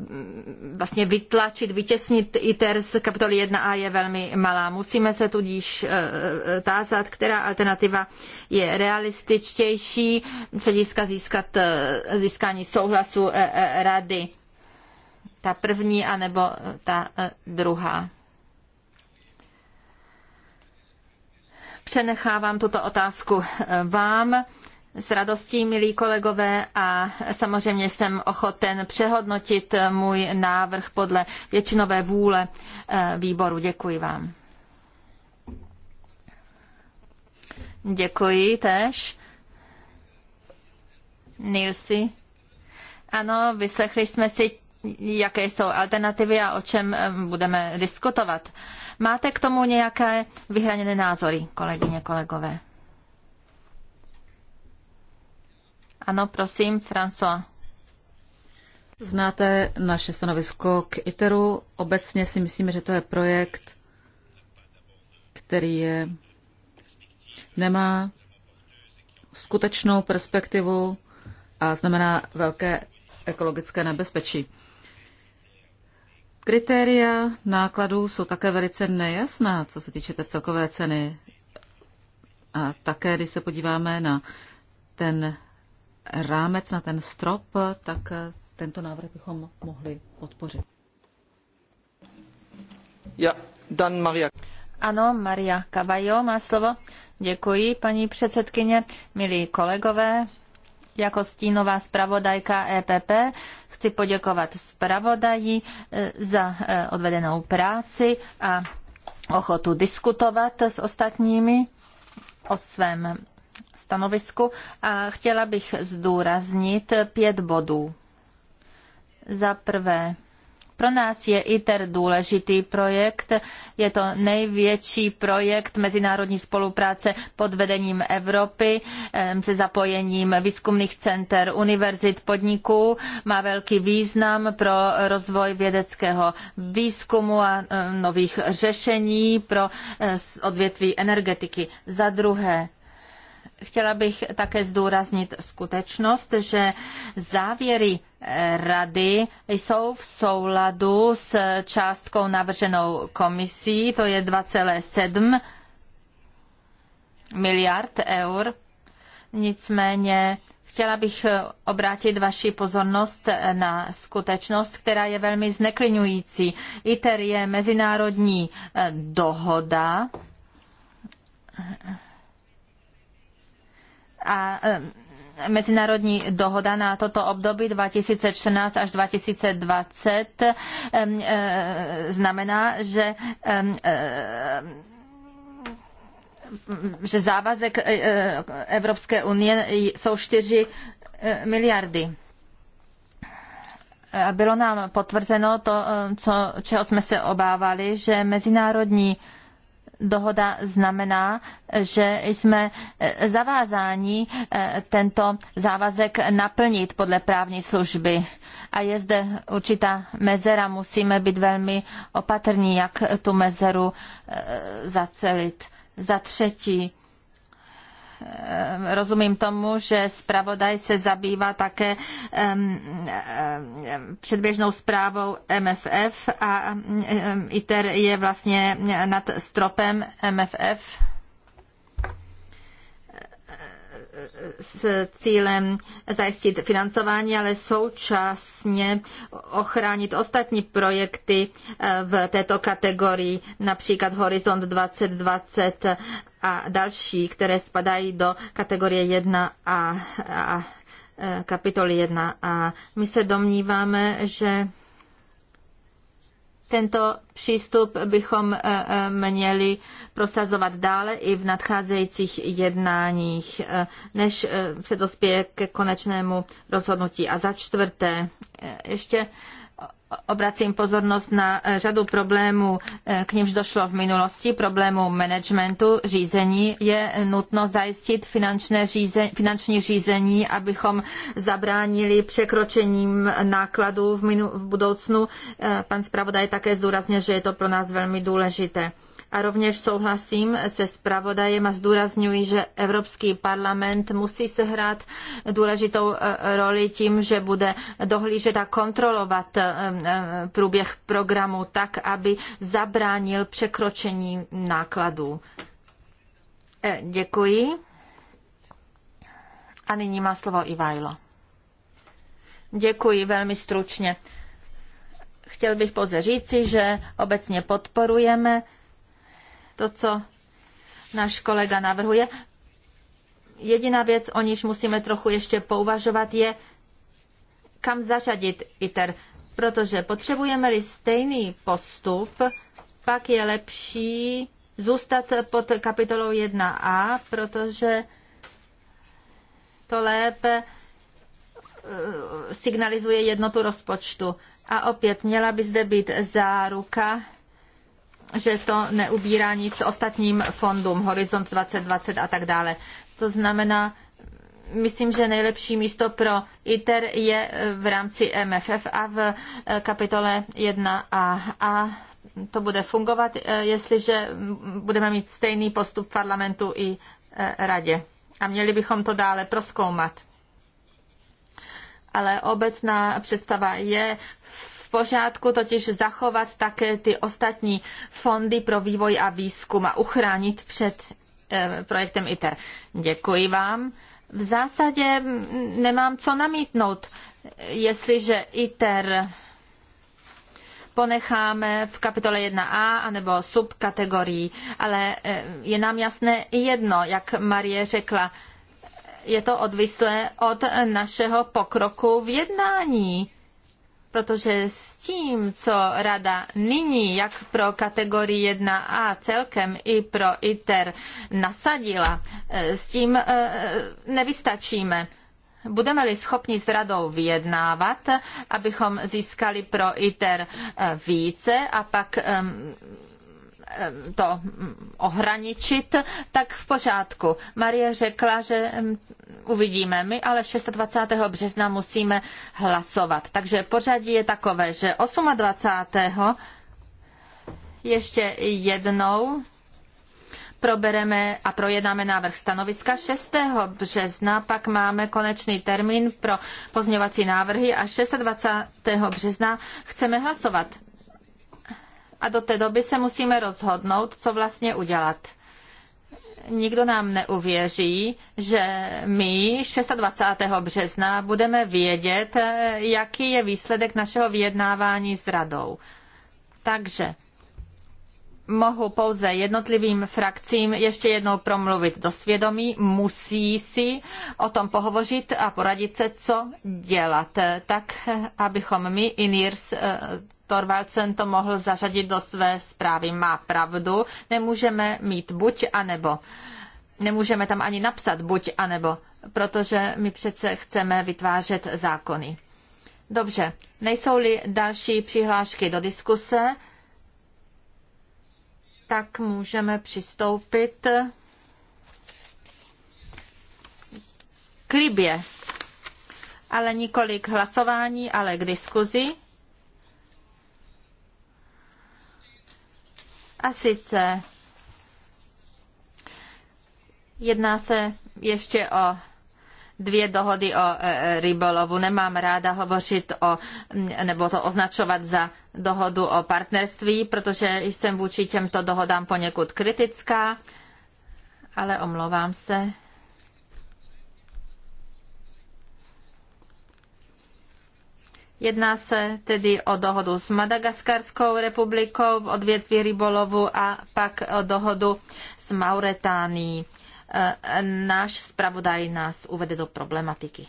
Speaker 3: vlastně vytlačit, vytěsnit ITER z kapitoly 1a je velmi malá. Musíme se tudíž eh, tázat, která alternativa je realističtější z hlediska získat, získání souhlasu rady. Ta první anebo ta druhá. Přenechávám tuto otázku vám s radostí, milí kolegové, a samozřejmě jsem ochoten přehodnotit můj návrh podle většinové vůle eh, výboru. Děkuji vám. Děkuji tež. Nilsi. Ano, vyslechli jsme si, jaké jsou alternativy a o čem eh, budeme diskutovat. Máte k tomu nějaké vyhraněné názory, kolegyně, kolegové?
Speaker 2: Ano, prosím, François. Znáte naše stanovisko k ITERu. Obecně si myslíme, že to je projekt, který je, nemá skutečnou perspektivu a znamená velké ekologické nebezpečí. Kritéria nákladů jsou také velice nejasná, co se týče té celkové ceny. A také, když se podíváme na ten rámec, na ten strop, tak eh, tento návrh bychom mohli podpořit.
Speaker 1: Ja, Dan Maria.
Speaker 3: Ano, Maria Cavajo má slovo. Děkuji, paní předsedkyně, milí kolegové. Jako stínová zpravodajka EPP chci poděkovat zpravodaji eh, za eh, odvedenou práci a ochotu diskutovat s ostatními o svém stanovisku a chtěla bych zdůraznit pět bodů. Za prvé, pro nás je ITER důležitý projekt. Je to největší projekt mezinárodní spolupráce pod vedením Evropy se zapojením výzkumných center, univerzit, podniků. Má velký význam pro rozvoj vědeckého výzkumu a nových řešení pro eh, odvětví energetiky. Za druhé, Chtěla bych také zdůraznit skutečnost, že závěry eh, rady jsou v souladu s částkou navrženou komisí, to je 2,7 miliard eur. Nicméně chtěla bych obrátit vaši pozornost eh, na skutečnost, která je velmi zneklinující. ITER je mezinárodní eh, dohoda, a eh, mezinárodní dohoda na toto období 2014 až 2020 eh, eh, znamená, že že závazek Evropské unie jsou 4 miliardy. Bylo nám potvrzeno to, co, čeho jsme se obávali, že mezinárodní dohoda znamená, že jsme eh, zavázáni eh, tento závazek naplnit podle právní služby. A je zde určitá mezera, musíme být velmi opatrní, jak tu mezeru eh, zacelit. Za třetí, Eh, rozumím tomu, že zpravodaj se zabývá také předběžnou zprávou MFF a ITER je vlastně nad stropem MFF s cílem zajistit financování, ale současně ochránit ostatní projekty eh, v této kategorii, například Horizont 2020 a další, které spadají do kategorie 1 a, a eh, kapitoly 1. A my se domníváme, že tento přístup bychom eh, eh, měli prosazovat dále i v nadcházejících jednáních, eh, než se dospěje ke konečnému rozhodnutí. A za čtvrté, ještě obracím pozornost na řadu problémů, k nimž došlo v minulosti, problémů managementu, řízení. Je nutno zajistit řízení, finanční řízení, abychom zabránili překročením nákladů v, minu, v budoucnu. Pan zpravodaj také zdůraznil, že je to pro nás velmi důležité. A rovněž souhlasím se zpravodajem a zdůrazňuji, že Evropský parlament musí sehrát důležitou e, roli tím, že bude dohlížet a kontrolovat e, e, průběh programu tak, aby zabránil překročení nákladů. Děkuji. A nyní má slovo Ivajlo. Děkuji velmi stručně. Chtěl bych pouze říci, že obecně podporujeme to, co náš kolega navrhuje. Jediná věc, o níž musíme trochu ještě pouvažovat, je, kam zařadit ITER, protože potřebujeme-li stejný postup, pak je lepší zůstat pod kapitolou 1a, protože to lépe e, signalizuje jednotu rozpočtu. A opět měla by zde být záruka, že to neubírá nic ostatním fondům, Horizont 2020 a tak dále. To znamená, myslím, že nejlepší místo pro ITER je eh, v rámci MFF a v eh, kapitole 1a. A to bude fungovat, eh, jestliže budeme mít stejný postup parlamentu i radě. A měli bychom to dále proskoumat. Ale obecná představa je v pořádku totiž zachovat také ty ostatní fondy pro vývoj a výzkum a uchránit před eh, projektem ITER. Děkuji vám. V zásadě nemám co namítnout, jestliže ITER ponecháme v kapitole 1a anebo subkategorii, ale eh, je nám jasné jedno, jak Marie řekla, je to odvislé od našeho pokroku v jednání protože s tím, co rada nyní, jak pro kategorii 1A celkem i pro ITER nasadila, e, s tím e, nevystačíme. Budeme-li schopni s radou vyjednávat, abychom získali pro ITER e, více a pak Eh, to ohraničit, tak v pořádku. Marie řekla, že mm, uvidíme my, ale 26. března musíme hlasovat. Takže pořadí je takové, že 28. ještě jednou probereme a projednáme návrh stanoviska. 6. března pak máme konečný termín pro pozměňovací návrhy a 26. března chceme hlasovat a do té doby se musíme rozhodnout, co vlastně udělat. Nikdo nám neuvěří, že my 26. března budeme vědět, jaký je výsledek našeho vyjednávání s radou. Takže mohu pouze jednotlivým frakcím ještě jednou promluvit do svědomí, musí si o tom pohovořit a poradit se, co dělat, tak abychom my, INIRS, eh, Torvalcen to mohl zařadit do své zprávy. Má pravdu, nemůžeme mít buď a nebo. Nemůžeme tam ani napsat buď a nebo, protože my přece chceme vytvářet zákony. Dobře, nejsou-li další přihlášky do diskuse, tak můžeme přistoupit k Libě. Ale nikoli k hlasování, ale k diskuzi. A sice jedná se ještě o dvě dohody o e, e, rybolovu. Nemám ráda hovořit o, nebo to označovat za dohodu o partnerství, protože jsem vůči těmto dohodám poněkud kritická, ale omlouvám se. Jedná se tedy o dohodu s Madagaskarskou republikou v odvětví rybolovu a pak o dohodu s Mauretánií. E, náš zpravodaj nás uvede do problematiky.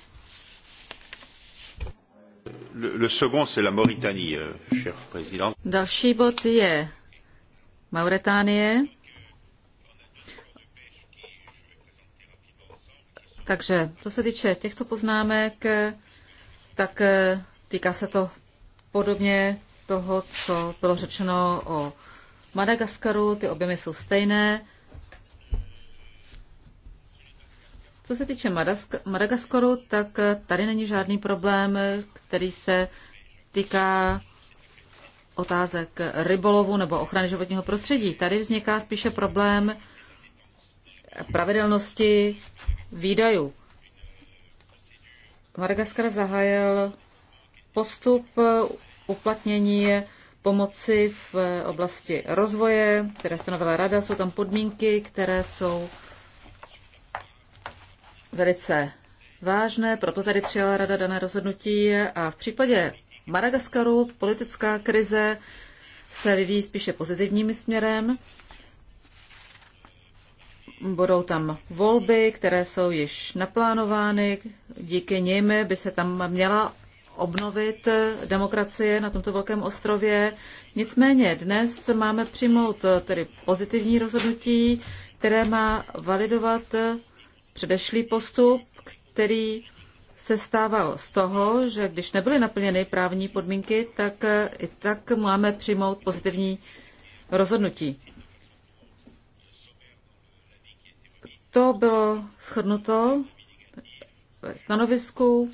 Speaker 1: Le, second, c'est la Mauritanie, euh, cher président.
Speaker 2: Další bod je Mauretánie. Takže co se týče těchto poznámek, tak Týká se to podobně toho, co bylo řečeno o Madagaskaru, ty objemy jsou stejné. Co se týče Madagaskaru, tak tady není žádný problém, který se týká otázek rybolovu nebo ochrany životního prostředí. Tady vzniká spíše problém pravidelnosti výdajů. Madagaskar zahájil postup eh, uplatnění pomoci v eh, oblasti rozvoje, které stanovila rada. Jsou tam podmínky, které jsou velice vážné, proto tady přijala rada dané rozhodnutí a v případě Madagaskaru politická krize se vyvíjí spíše pozitivním směrem. Budou tam volby, které jsou již naplánovány. Díky nimi by se tam měla obnovit demokracie na tomto velkém ostrově. Nicméně dnes máme přijmout eh, tedy pozitivní rozhodnutí, které má validovat eh, předešlý postup, který se stával z toho, že když nebyly naplněny právní podmínky, tak eh, i tak máme přijmout pozitivní rozhodnutí. To bylo shrnuto ve stanovisku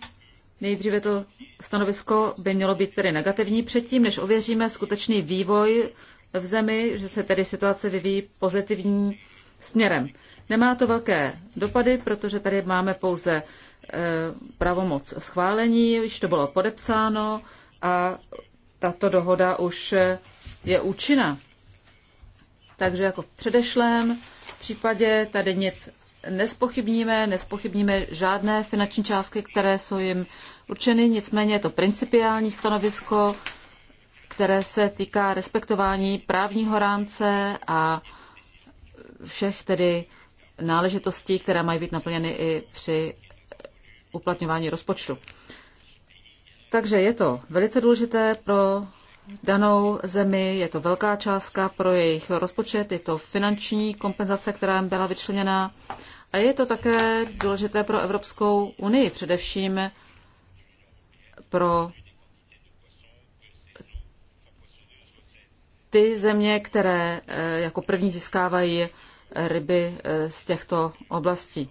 Speaker 2: Nejdříve to stanovisko by mělo být tedy negativní předtím, než ověříme skutečný vývoj v zemi, že se tedy situace vyvíjí pozitivní směrem. Nemá to velké dopady, protože tady máme pouze e, pravomoc schválení, již to bylo podepsáno a tato dohoda už je účinná. Takže jako v předešlém případě tady nic nespochybníme, nespochybníme žádné finanční částky, které jsou jim určeny, nicméně je to principiální stanovisko, které se týká respektování právního rámce a všech tedy náležitostí, které mají být naplněny i při uplatňování rozpočtu. Takže je to velice důležité pro danou zemi, je to velká částka pro jejich rozpočet, je to finanční kompenzace, která jim byla vyčleněna a je to také důležité pro Evropskou unii, především pro ty země, které eh, jako první získávají eh, ryby eh, z těchto oblastí.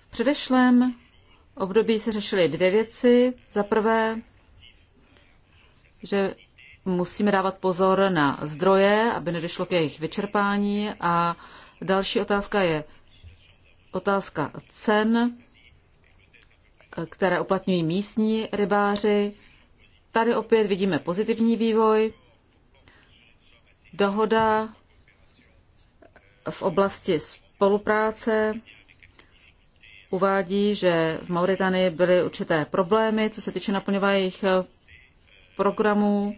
Speaker 2: V předešlém období se řešily dvě věci. Za prvé, že musíme dávat pozor na zdroje, aby nedošlo k jejich vyčerpání. A další otázka je otázka cen které uplatňují místní rybáři. Tady opět vidíme pozitivní vývoj. Dohoda v oblasti spolupráce uvádí, že v Mauritánii byly určité problémy, co se týče naplňování jejich eh, programů.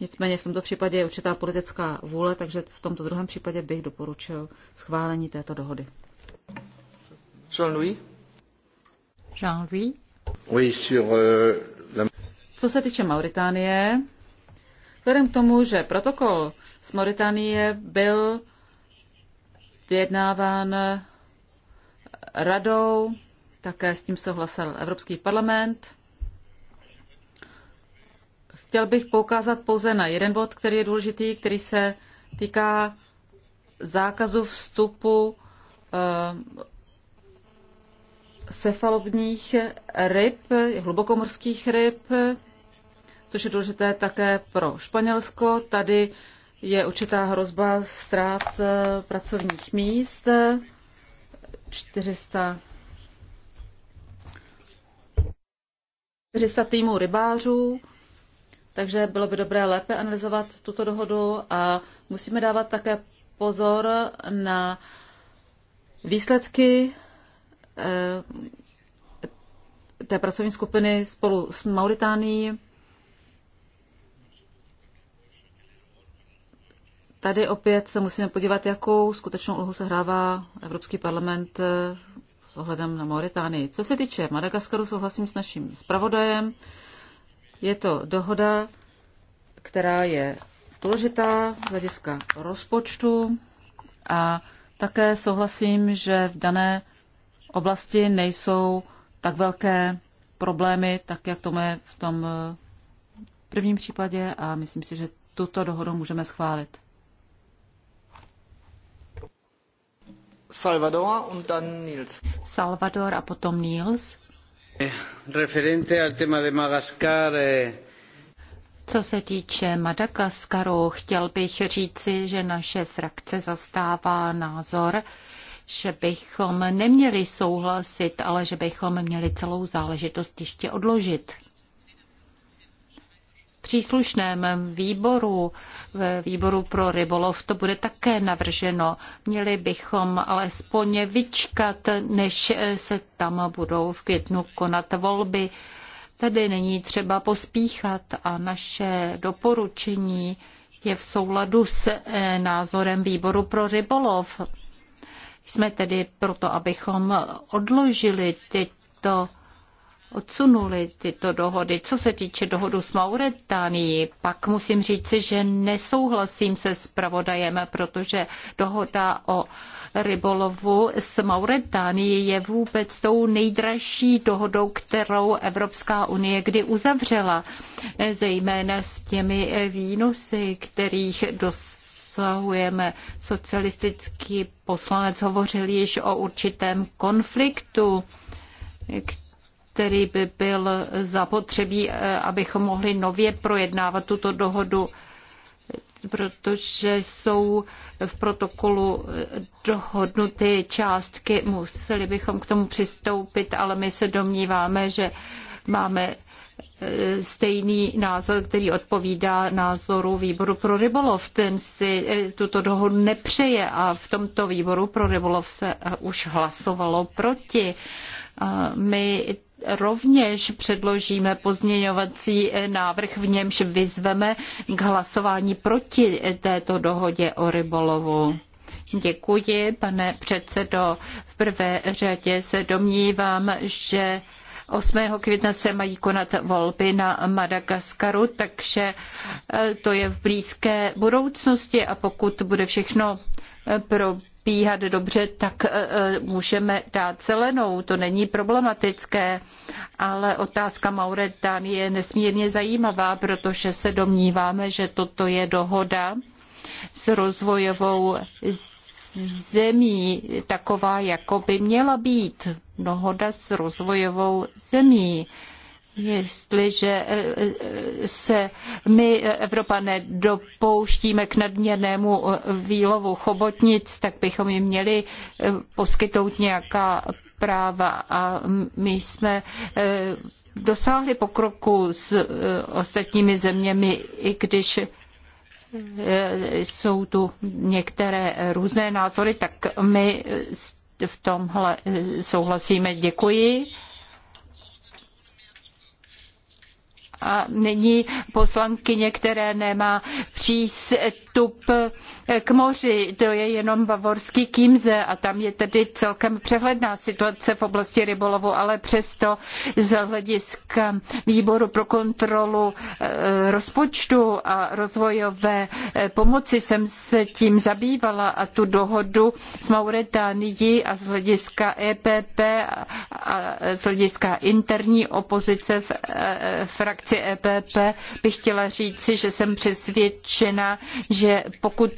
Speaker 2: Nicméně v tomto případě je určitá politická vůle, takže v tomto druhém případě bych doporučil schválení této dohody. Jean-Louis? Jean-Louis?
Speaker 1: Euh,
Speaker 2: Co se týče Mauritánie, vzhledem k tomu, že protokol z Mauritánie byl vyjednáván radou, také s tím souhlasil Evropský parlament. Chtěl bych poukázat pouze na jeden bod, který je důležitý, který se týká zákazu vstupu eh, cefalobních ryb, hlubokomorských ryb, což je důležité také pro Španělsko. Tady je určitá hrozba ztrát eh, pracovních míst. 400 400 týmů rybářů, takže bylo by dobré lépe analyzovat tuto dohodu a musíme dávat také pozor na výsledky Eh, té pracovní skupiny spolu s Mauritánií. Tady opět se musíme podívat, jakou skutečnou úlohu se hrává Evropský parlament eh, s ohledem na Mauritánii. Co se týče Madagaskaru, souhlasím s naším zpravodajem. Je to dohoda, která je důležitá z hlediska rozpočtu a také souhlasím, že v dané oblasti nejsou tak velké problémy, tak jak tomu je v tom eh, prvním případě a myslím si, že tuto dohodu můžeme schválit.
Speaker 1: Salvador und dann Nils.
Speaker 4: Salvador a potom Nils.
Speaker 1: Eh, referente al tema de Madagascar, eh.
Speaker 4: co se týče Madagaskaru, chtěl bych říci, že naše frakce zastává názor, že bychom neměli souhlasit, ale že bychom měli celou záležitost ještě odložit. V příslušném výboru, ve výboru pro rybolov, to bude také navrženo. Měli bychom alespoň vyčkat, než se tam budou v květnu konat volby. Tady není třeba pospíchat a naše doporučení je v souladu s eh, názorem výboru pro rybolov. Jsme tedy proto, abychom odložili tyto odsunuli tyto dohody. Co se týče dohodu s Mauretánií, pak musím říci, že nesouhlasím se pravodajem, protože dohoda o rybolovu s Mauretánií je vůbec tou nejdražší dohodou, kterou Evropská unie kdy uzavřela, zejména s těmi výnosy, kterých dosáhla obsahujeme. Socialistický poslanec hovořil již o určitém konfliktu, který by byl zapotřebí, eh, abychom mohli nově projednávat tuto dohodu protože jsou v protokolu eh, dohodnuty částky, museli bychom k tomu přistoupit, ale my se domníváme, že máme stejný názor, který odpovídá názoru výboru pro rybolov. Ten si eh, tuto dohodu nepřeje a v tomto výboru pro rybolov se eh, už hlasovalo proti. My rovněž předložíme pozměňovací eh, návrh, v němž vyzveme k hlasování proti této dohodě o rybolovu. Děkuji, pane předsedo. V prvé řadě se domnívám, že 8. května se mají konat volby na Madagaskaru, takže e, to je v blízké budoucnosti a pokud bude všechno e, probíhat dobře, tak e, můžeme dát zelenou. To není problematické, ale otázka Mauritánie je nesmírně zajímavá, protože se domníváme, že toto je dohoda s rozvojovou zemí taková, jako by měla být dohoda s rozvojovou zemí. Jestliže eh, eh, se my, eh, Evropané, dopouštíme k nadměrnému výlovu chobotnic, tak bychom jim měli poskytnout nějaká práva. A my jsme dosáhli pokroku s ostatními zeměmi, i když jsou tu některé různé názory, tak my v tomhle souhlasíme. Děkuji. a nyní poslankyně, které nemá přístup k moři. To je jenom bavorský Kýmze a tam je tedy celkem přehledná situace v oblasti rybolovu, ale přesto z hlediska výboru pro kontrolu eh, rozpočtu a rozvojové eh, pomoci jsem se tím zabývala a tu dohodu s Mauretánií a z hlediska EPP a z hlediska interní opozice v eh, frakci frakci EPP bych chtěla říci, že jsem přesvědčena, že pokud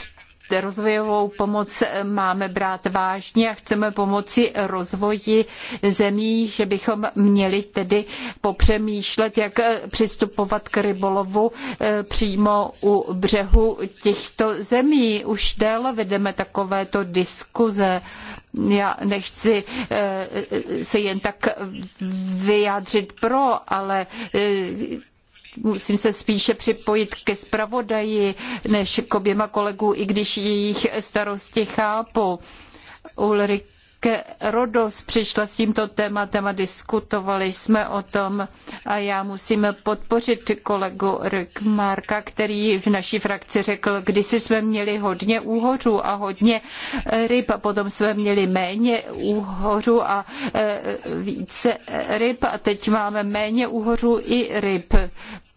Speaker 4: rozvojovou pomoc máme brát vážně a chceme pomoci rozvoji zemí, že bychom měli tedy popřemýšlet, jak přistupovat k rybolovu eh, přímo u břehu těchto zemí. Už déle vedeme takovéto diskuze. Já nechci eh, se jen tak vyjádřit pro, ale eh, musím se spíše připojit ke zpravodaji než k oběma kolegů, i když jejich starosti chápu. Ulrike Rodos přišla s tímto tématem a diskutovali jsme o tom a já musím podpořit kolegu Rick Marka, který v naší frakci řekl, kdysi jsme měli hodně úhořů a hodně ryb a potom jsme měli méně úhořů a e, více ryb a teď máme méně úhořů i ryb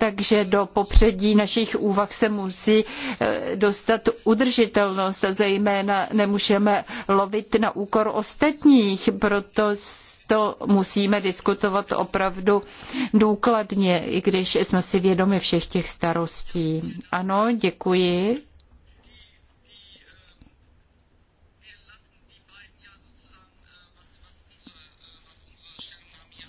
Speaker 4: takže do popředí našich úvah se musí eh, dostat udržitelnost a zejména nemůžeme lovit na úkor ostatních, proto to musíme diskutovat opravdu důkladně, i když jsme si vědomi všech těch starostí. Ano, děkuji.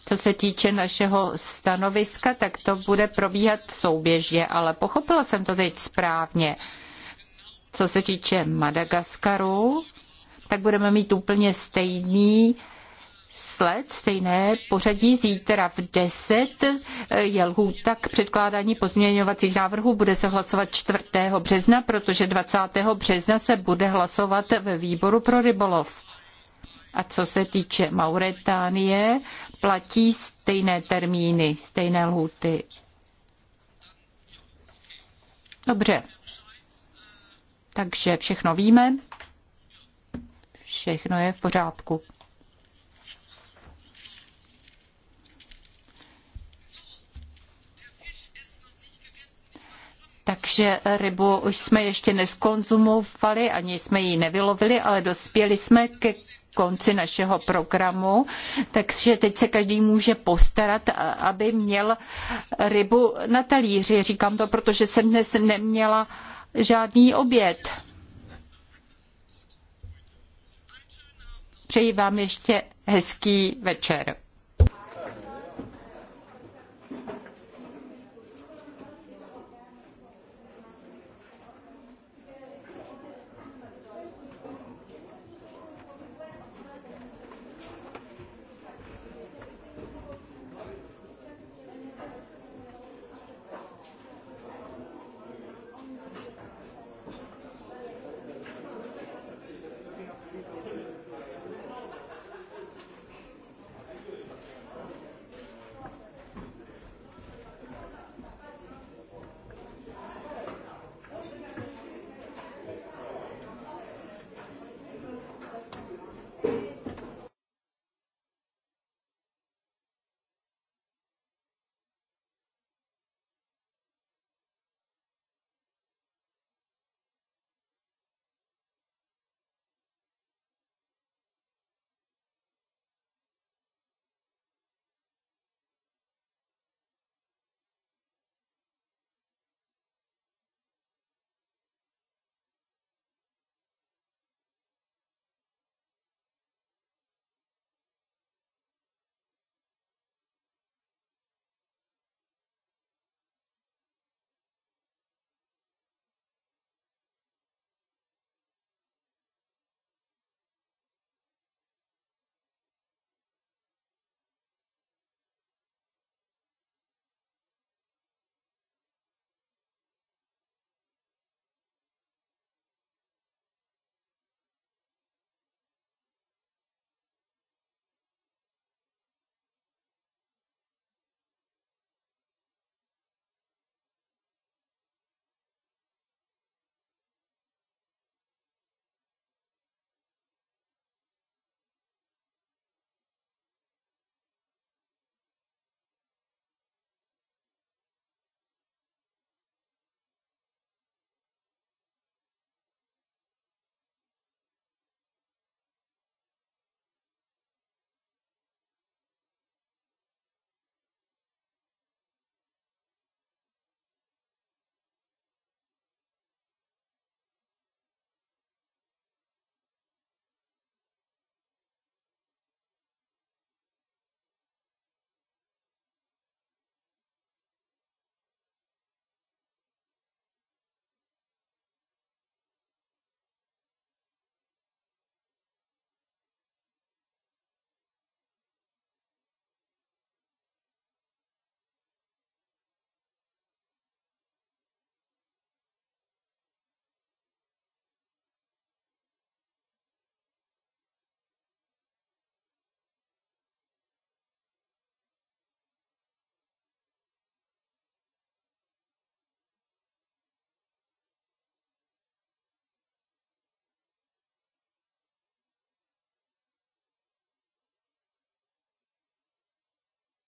Speaker 4: Co se týče našeho stanoviska, tak to bude probíhat souběžně, ale pochopila jsem to teď správně. Co se týče Madagaskaru, tak budeme mít úplně stejný sled, stejné pořadí zítra v 10 je lhůta k předkládání pozměňovacích návrhů. Bude se hlasovat 4. března, protože 20. března se bude hlasovat ve výboru pro rybolov. A co se týče Mauretánie, platí stejné termíny, stejné lhuty. Dobře. Takže všechno víme. Všechno je v pořádku. Takže rybu už jsme ještě neskonzumovali, ani jsme ji nevylovili, ale dospěli jsme ke konci našeho programu, takže teď se každý může postarat, aby měl rybu na talíři. Říkám to, protože jsem dnes neměla žádný oběd. Přeji vám ještě hezký večer.